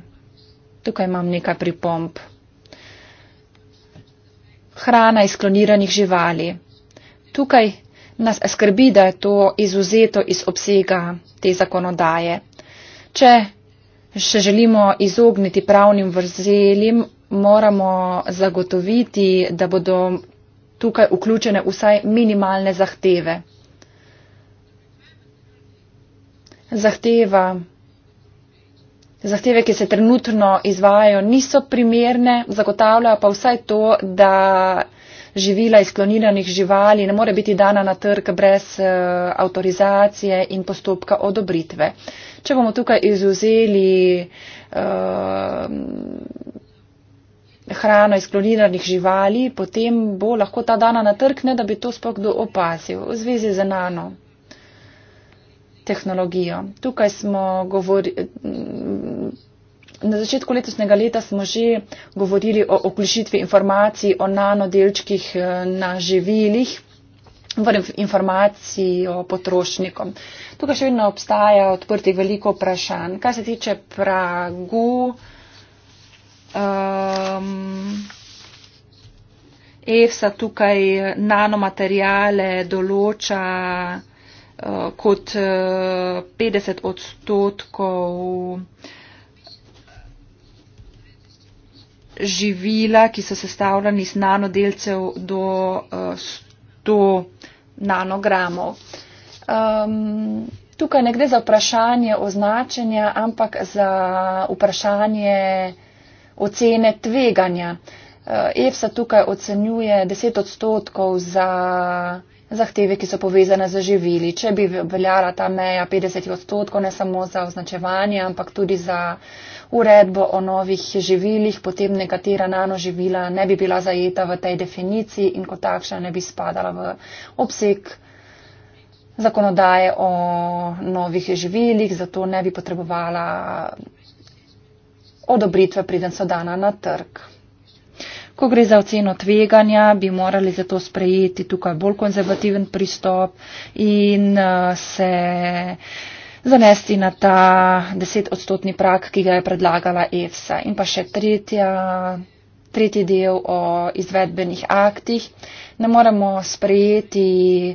Tukaj imam nekaj pripomp. Hrana iz kloniranih živali. Tukaj nas skrbi, da je to izuzeto iz obsega te zakonodaje. Če še želimo izogniti pravnim vrzelim, moramo zagotoviti, da bodo tukaj vključene vsaj minimalne zahteve. Zahteva, zahteve, ki se trenutno izvajo, niso primerne, zagotavljajo pa vsaj to, da živila iz kloniranih živali ne more biti dana na trg brez eh, avtorizacije in postopka odobritve. Če bomo tukaj izuzeli eh, hrano iz kloniranih živali, potem bo lahko ta dana na trg, ne da bi to sploh kdo opazil v zvezi z nano tehnologijo. Tukaj smo govorili. Na začetku letosnega leta smo že govorili o oklišitvi informacij o nanodelčkih eh, na živilih, torej vrn informacij o potrošnikom. Tukaj še vedno obstaja odprti veliko vprašanj. Kar se tiče pragu, um, EFSA tukaj nanomaterijale določa uh, kot uh, eh, 50 odstotkov. živila, ki so sestavljena iz nanodelcev do 100 eh, nanogramov. Um, tukaj ne gre za vprašanje označenja, ampak za vprašanje ocene tveganja. Eh, EFSA tukaj ocenjuje 10 odstotkov za zahteve, ki so povezane z živili. Če bi veljala ta meja 50 odstotkov, ne samo za označevanje, ampak tudi za uh, uredbo o novih živilih, potem nekatera nanoživila ne bi bila zajeta v tej definiciji in kot takšna ne bi spadala v obseg zakonodaje o novih živilih, zato ne bi potrebovala odobritve, preden so dana na trg. Ko gre za oceno tveganja, bi morali zato sprejeti tukaj bolj konzervativen pristop in eh, se. Uh, zanesti na ta desetodstotni prak, ki ga je predlagala EFSA. In pa še tretja, tretji del o izvedbenih aktih. Ne moremo sprejeti,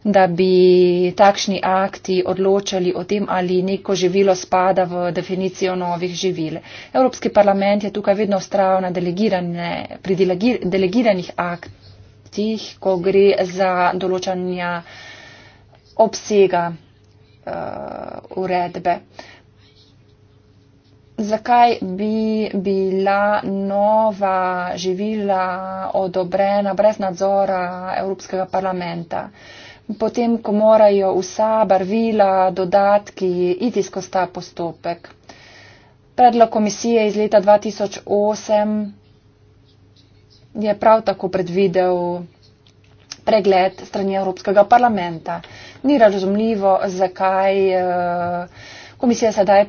da bi takšni akti odločali o tem, ali neko živilo spada v definicijo novih živil. Evropski parlament je tukaj vedno ustrajal na pri delegiranih aktih, ko gre za določanja obsega uh, uredbe. Zakaj bi bila nova živila odobrena brez nadzora Evropskega parlamenta? Potem, ko morajo vsa barvila, dodatki iti skozi ta postopek. Predlog komisije iz leta 2008 je prav tako predvidel pregled strani Evropskega parlamenta. Uh, ni razumljivo, zakaj eh, komisija sedaj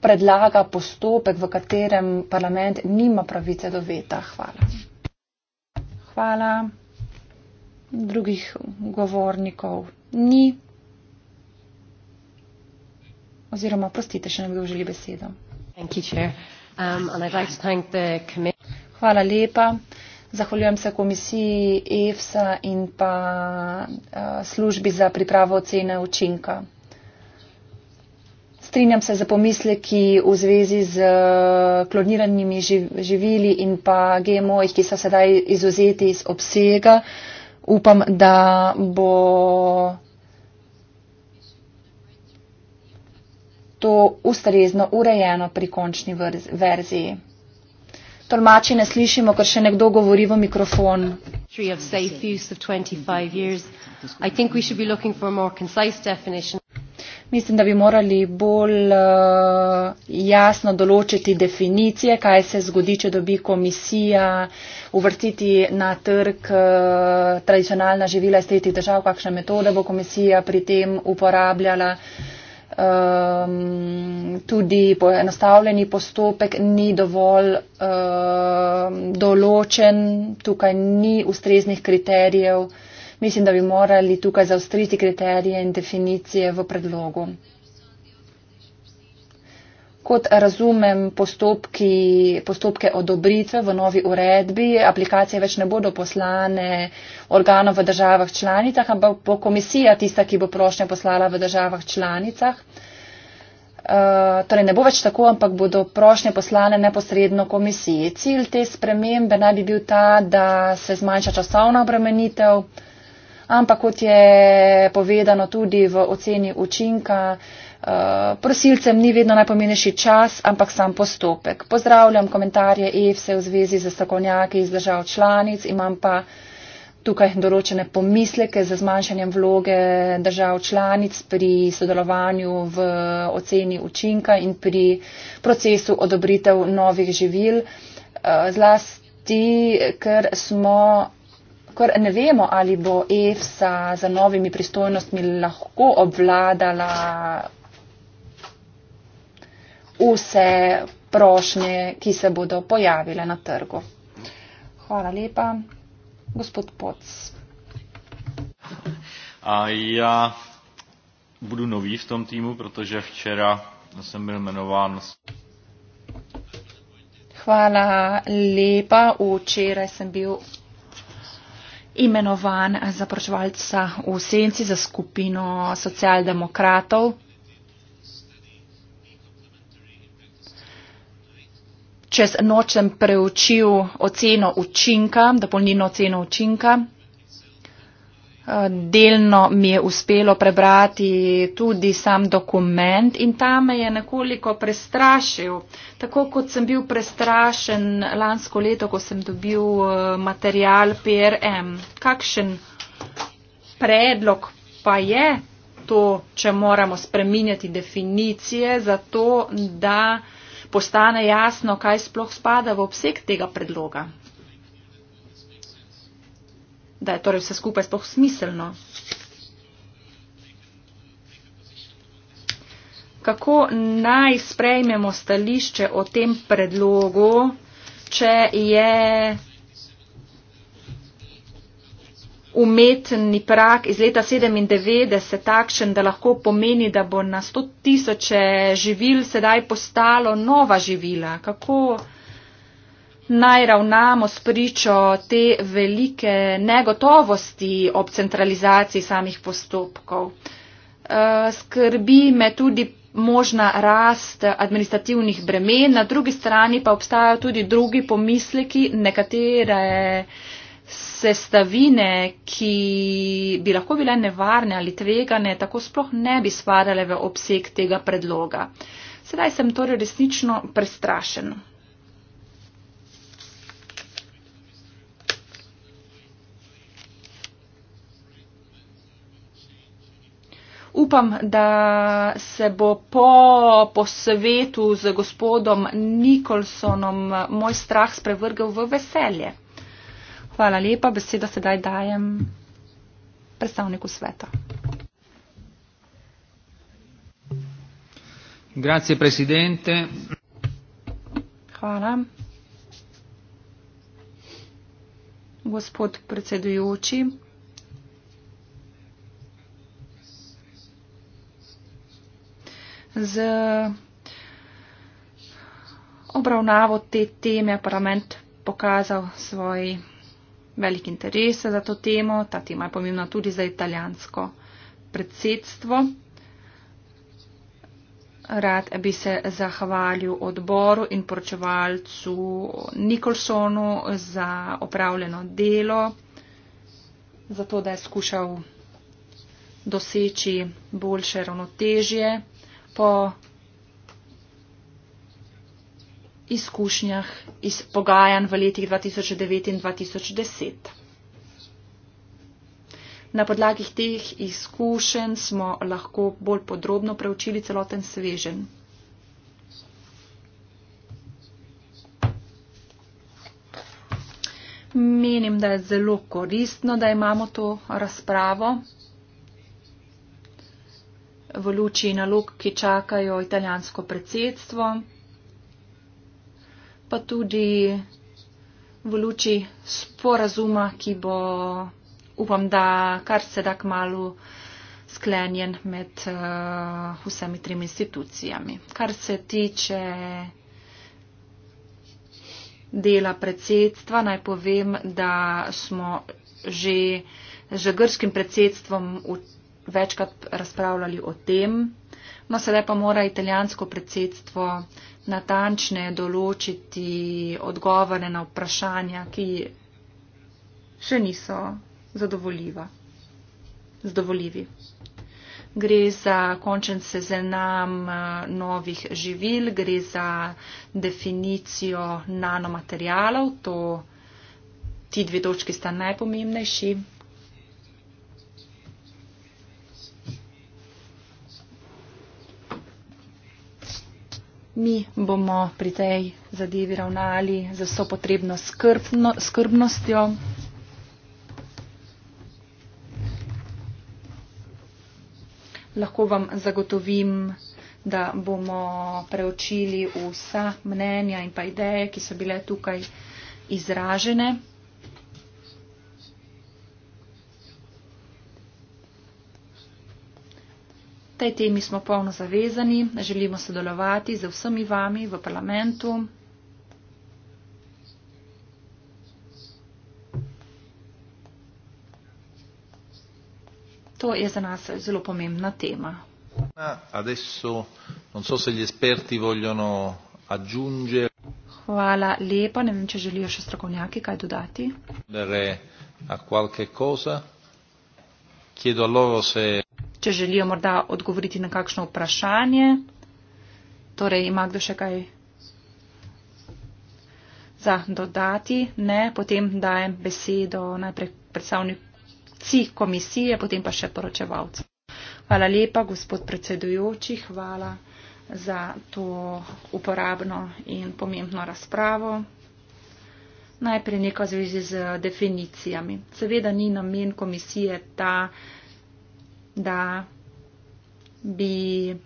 predlaga postopek, v katerem parlament nima pravice do veta. Hvala. Hvala. Drugih govornikov ni. Oziroma, prostite, še nekdo želi besedo. Um, Hvala lepa. Zahvaljujem se komisiji EFSA in pa eh, službi za pripravo ocene učinka. Strinjam se za pomisleki v zvezi z eh, kloniranimi živili in pa GMO-jih, ki so sedaj izuzeti iz obsega. Upam, da bo to ustrezno urejeno pri končni verziji tolmači ne slišimo, ker še nekdo govori v mikrofon. Mislim, da bi morali bolj uh, jasno določiti definicije, kaj se zgodi, če dobi komisija uvrstiti na trg uh, tradicionalna živila iz tretjih držav, kakšne metode bo komisija pri tem uporabljala. Uh, um, tudi poenostavljeni postopek ni dovolj um, določen, tukaj ni ustreznih kriterijev. Mislim, da bi morali tukaj zaostriti kriterije in definicije v predlogu. Kot razumem postopki, postopke odobritve v novi uredbi, aplikacije več ne bodo poslane organom v državah članicah, ampak bo komisija tista, ki bo prošnje poslala v državah članicah. Uh, torej ne bo več tako, ampak bodo prošnje poslane neposredno komisiji. Cilj te spremembe naj bi bil ta, da se zmanjša časovna obremenitev, ampak kot je povedano tudi v oceni učinka, uh, Eh, prosilcem ni vedno najpomenejši čas, ampak sam postopek. Pozdravljam komentarje EFSE v zvezi z strokovnjaki iz držav članic, imam pa tukaj določene pomisleke za zmanjšanjem vloge držav članic pri sodelovanju v oceni učinka in pri procesu odobritev novih živil. Eh, zlasti, ker smo. Ker ne vemo, ali bo EFSA za novimi pristojnostmi lahko obvladala vse prošnje, ki se bodo pojavile na trgu. Hvala lepa, gospod Poc. A ja budu nový v tom týmu, protože včera jsem byl jmenován. Hvala lepa, včeraj jsem byl imenovan za pročevalca v Senci za skupino socialdemokratov. čez noč sem preučil oceno učinka, dopolnilno oceno učinka. Delno mi je uspelo prebrati tudi sam dokument in ta me je nekoliko prestrašil. Tako kot sem bil prestrašen lansko leto, ko sem dobil eh, material PRM. Kakšen predlog pa je to, če moramo spreminjati definicije za to, da postane jasno, kaj sploh spada v obseg tega predloga. Da je torej vse skupaj sploh smiselno. Kako naj sprejmemo stališče o tem predlogu, če je umetni prak iz leta 97 takšen, da lahko pomeni, da bo na sto tisoče živil sedaj postalo nova živila. Kako naj ravnamo s pričo te velike negotovosti ob centralizaciji samih postopkov? Eh, skrbi me tudi možna rast administrativnih bremen, na drugi strani pa obstajajo tudi drugi pomisleki, nekatere sestavine, ki bi lahko bile nevarne ali tvegane, tako sploh ne bi spadale v obseg tega predloga. Sedaj sem torej resnično prestrašen. Upam, da se bo po posvetu z gospodom Nikolsonom moj strah sprevrgel v veselje. Hvala lepa. Besedo sedaj dajem predstavniku sveta. Grazie, presidente. Hvala. Gospod predsedujoči. Z obravnavo te teme parlament pokazal svoj velik interes za to temo, ta tema je pomembna tudi za italijansko predsedstvo. Rad bi se zahvalil odboru in poročevalcu Nikolsonu za opravljeno delo, za to, da je skušal doseči boljše ravnotežje po izkušnjah iz pogajanj v letih 2009 in 2010. Na podlagi teh izkušenj smo lahko bolj podrobno preučili celoten svežen. Menim, da je zelo koristno, da imamo to razpravo v luči nalog, ki čakajo italijansko predsedstvo pa tudi v luči sporazuma, ki bo, upam, da kar se da k malu sklenjen med uh, vsemi trim institucijami. Kar se tiče dela predsedstva, naj povem, da smo že z grškim predsedstvom večkrat razpravljali o tem, No, sedaj pa mora italijansko predsedstvo natančne določiti odgovore na vprašanja, ki še niso zadovoljiva. Zdovoljivi. Gre za končen seznam eh, novih živil, gre za definicijo nanomaterialov, to ti dve točki sta najpomembnejši. mi bomo pri tej zadevi ravnali z vso potrebno skrbno, skrbnostjo. Lahko vam zagotovim, da bomo preučili vsa mnenja in pa ideje, ki so bile tukaj izražene. Tej temi smo polno zavezani, želimo sodelovati z vsemi vami v parlamentu. To je za nas zelo pomembna tema. Hvala lepa. Ne vem, če želijo še strokovnjaki kaj dodati če želijo morda odgovoriti na kakšno vprašanje. Torej, ima kdo še kaj za dodati? Ne, potem dajem besedo najprej predstavnici komisije, potem pa še poročevalcu. Hvala lepa, gospod predsedujoči, hvala za to uporabno in pomembno razpravo. Najprej nekaj v zvezi z definicijami. Seveda ni namen komisije ta, da bi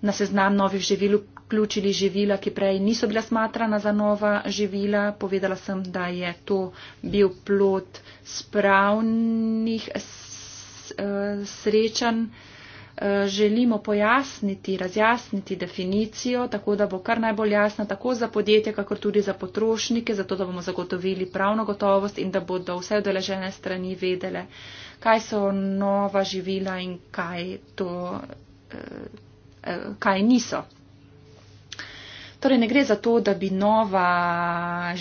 na seznam novih živil vključili živila, ki prej niso bila smatrana za nova živila. Povedala sem, da je to bil plot spravnih eh, srečanj. Eh, želimo pojasniti, razjasniti definicijo, tako da bo kar najbolj jasna tako za podjetja, kakor tudi za potrošnike, zato da bomo zagotovili pravno gotovost in da bodo vse odeležene strani vedele, kaj so nova živila in kaj, to, eh, eh, kaj niso. Torej ne gre za to, da bi, nova,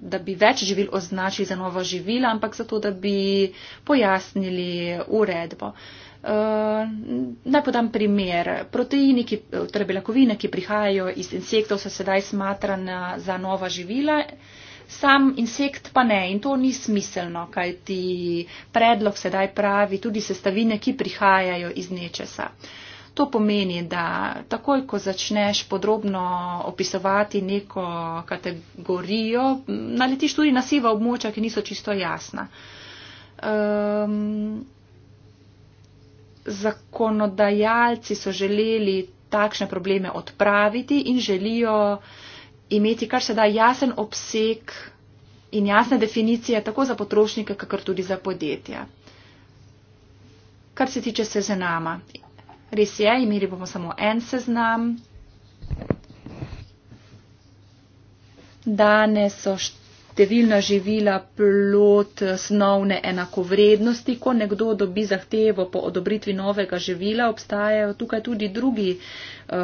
da bi več živil označili za nova živila, ampak za to, da bi pojasnili uredbo. Uh, Eh, naj podam primer. Proteini, ki, torej beljakovine, ki prihajajo iz insektov, so sedaj smatrane za nova živila. Sam insekt pa ne in to ni smiselno, kaj ti predlog sedaj pravi tudi sestavine, ki prihajajo iz nečesa. To pomeni, da takoj, ko začneš podrobno opisovati neko kategorijo, naletiš tudi na siva območja, ki niso čisto jasna. Um, zakonodajalci so želeli takšne probleme odpraviti in želijo imeti kar se da jasen obseg in jasne definicije tako za potrošnike, kakor tudi za podjetja. Kar se tiče seznama, res je, imeli bomo samo en seznam. Danes so številna živila plot snovne enakovrednosti. Ko nekdo dobi zahtevo po odobritvi novega živila, obstajajo tukaj tudi drugi eh,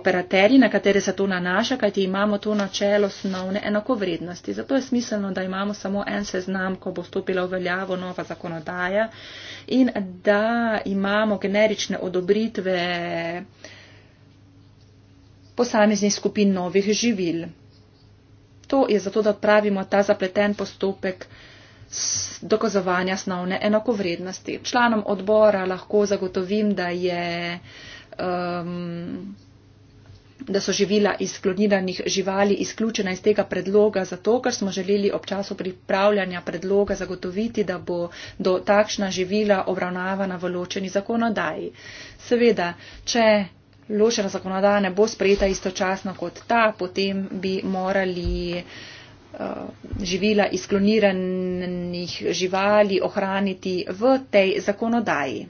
operaterji, na katere se to nanaša, kajti imamo to načelo snovne enakovrednosti. Zato je smiselno, da imamo samo en seznam, ko bo stopila v veljavo nova zakonodaja in da imamo generične odobritve posameznih skupin novih živil. To je zato, da odpravimo ta zapleten postopek dokazovanja snovne enakovrednosti. Članom odbora lahko zagotovim, da, je, um, da so živila iz kloniranih živali izključena iz tega predloga, zato ker smo želeli ob času pripravljanja predloga zagotoviti, da bo do takšna živila obravnavana v ločeni zakonodaji. Seveda, če ločena zakonodaja ne bo sprejeta istočasno kot ta, potem bi morali eh, živila iz kloniranih živali ohraniti v tej zakonodaji.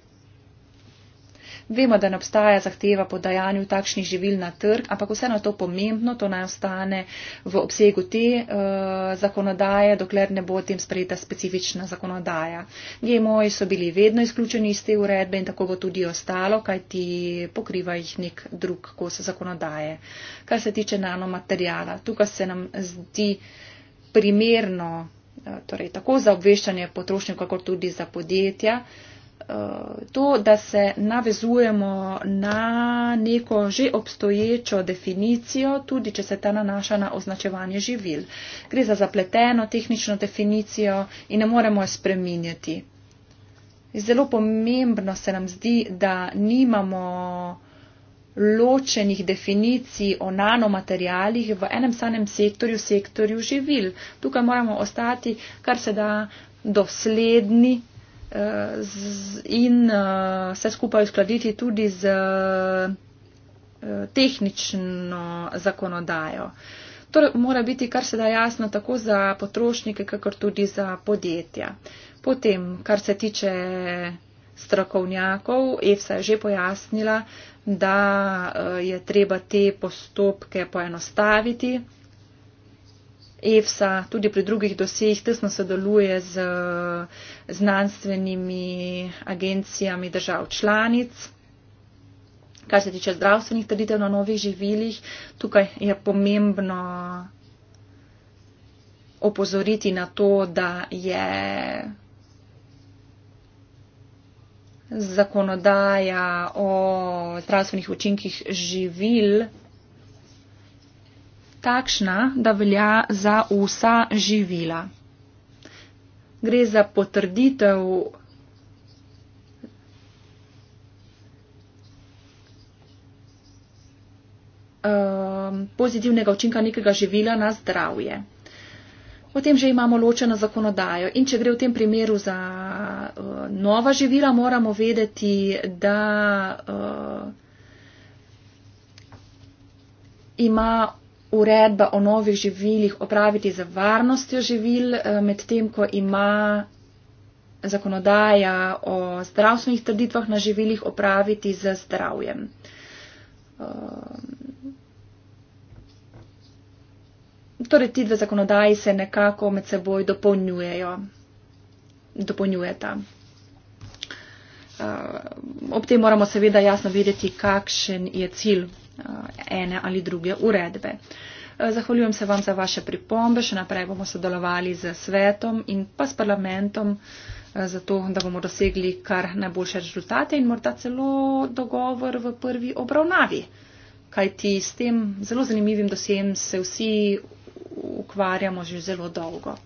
Vemo, da ne obstaja zahteva po dajanju takšnih živil na trg, ampak vseeno je to pomembno, to naj ostane v obsegu te uh, zakonodaje, dokler ne bo tem sprejeta specifična zakonodaja. GMO-ji so bili vedno izključeni iz te uredbe in tako bo tudi ostalo, kajti pokriva jih nek drug kos zakonodaje. Kar se tiče nanomaterijala, tukaj se nam zdi primerno, uh, torej tako za obveščanje potrošnikov, kot tudi za podjetja. Uh, Eh, to, da se navezujemo na neko že obstoječo definicijo, tudi če se ta nanaša na označevanje živil. Gre za zapleteno tehnično definicijo in ne moremo jo spreminjati. Zelo pomembno se nam zdi, da nimamo ločenih definicij o nanomaterialih v enem samem sektorju, sektorju živil. Tukaj moramo ostati, kar se da dosledni in eh, vse skupaj uskladiti tudi z eh, tehnično zakonodajo. To torej, mora biti kar se da jasno tako za potrošnike, kakor tudi za podjetja. Potem, kar se tiče strokovnjakov, EFSA je že pojasnila, da eh, je treba te postopke poenostaviti. EFSA tudi pri drugih dosejih tesno sodeluje z znanstvenimi agencijami držav članic. Kar se tiče zdravstvenih trditev na novih živilih, tukaj je pomembno opozoriti na to, da je zakonodaja o zdravstvenih učinkih živil takšna, da velja za vsa živila. Gre za potrditev ehm, pozitivnega učinka nekega živila na zdravje. O tem že imamo ločeno zakonodajo in če gre v tem primeru za eh, nova živila, moramo vedeti, da eh, ima uredba o novih živilih opraviti za varnostjo živil, eh, medtem ko ima zakonodaja o zdravstvenih trditvah na živilih opraviti za zdravjem. Eh, torej, ti dve zakonodaji se nekako med seboj dopolnjujejo, dopolnjujeta. Eh, ob tem moramo seveda jasno vedeti, kakšen je cilj Eh, ene ali druge uredbe. Eh, zahvaljujem se vam za vaše pripombe, še naprej bomo sodelovali z svetom in pa s parlamentom, eh, zato da bomo dosegli kar najboljše rezultate in morda celo dogovor v prvi obravnavi. Kaj ti s tem zelo zanimivim dosjem se vsi ukvarjamo že zelo dolgo.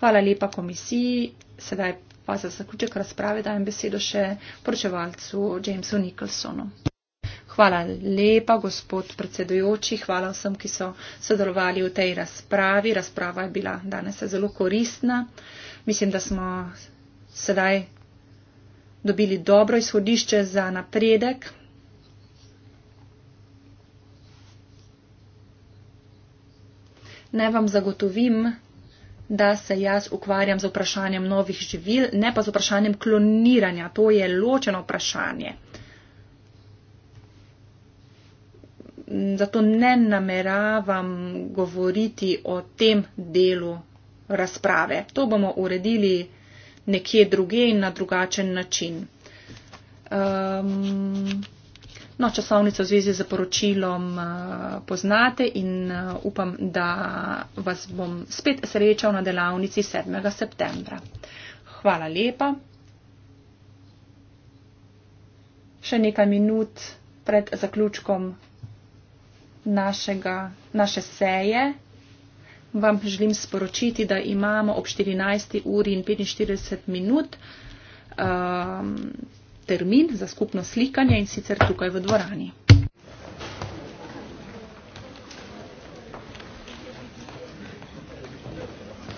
Hvala lepa komisiji, sedaj pa za zaključek razprave dajem besedo še poročevalcu Jamesu Nicholsonu. Hvala lepa, gospod predsedujoči, hvala vsem, ki so sodelovali v tej razpravi. Razprava je bila danes zelo koristna. Mislim, da smo sedaj dobili dobro izhodišče za napredek. Ne vam zagotovim, da se jaz ukvarjam z vprašanjem novih živil, ne pa z vprašanjem kloniranja. To je ločeno vprašanje. zato ne nameravam govoriti o tem delu razprave. To bomo uredili nekje druge in na drugačen način. Um, no, časovnico v zvezi z poročilom uh, poznate in uh, upam, da vas bom spet srečal na delavnici 7. septembra. Hvala lepa. Še nekaj minut pred zaključkom našega, naše seje. Vam želim sporočiti, da imamo ob 14. uri in 45 minut um, termin za skupno slikanje in sicer tukaj v dvorani.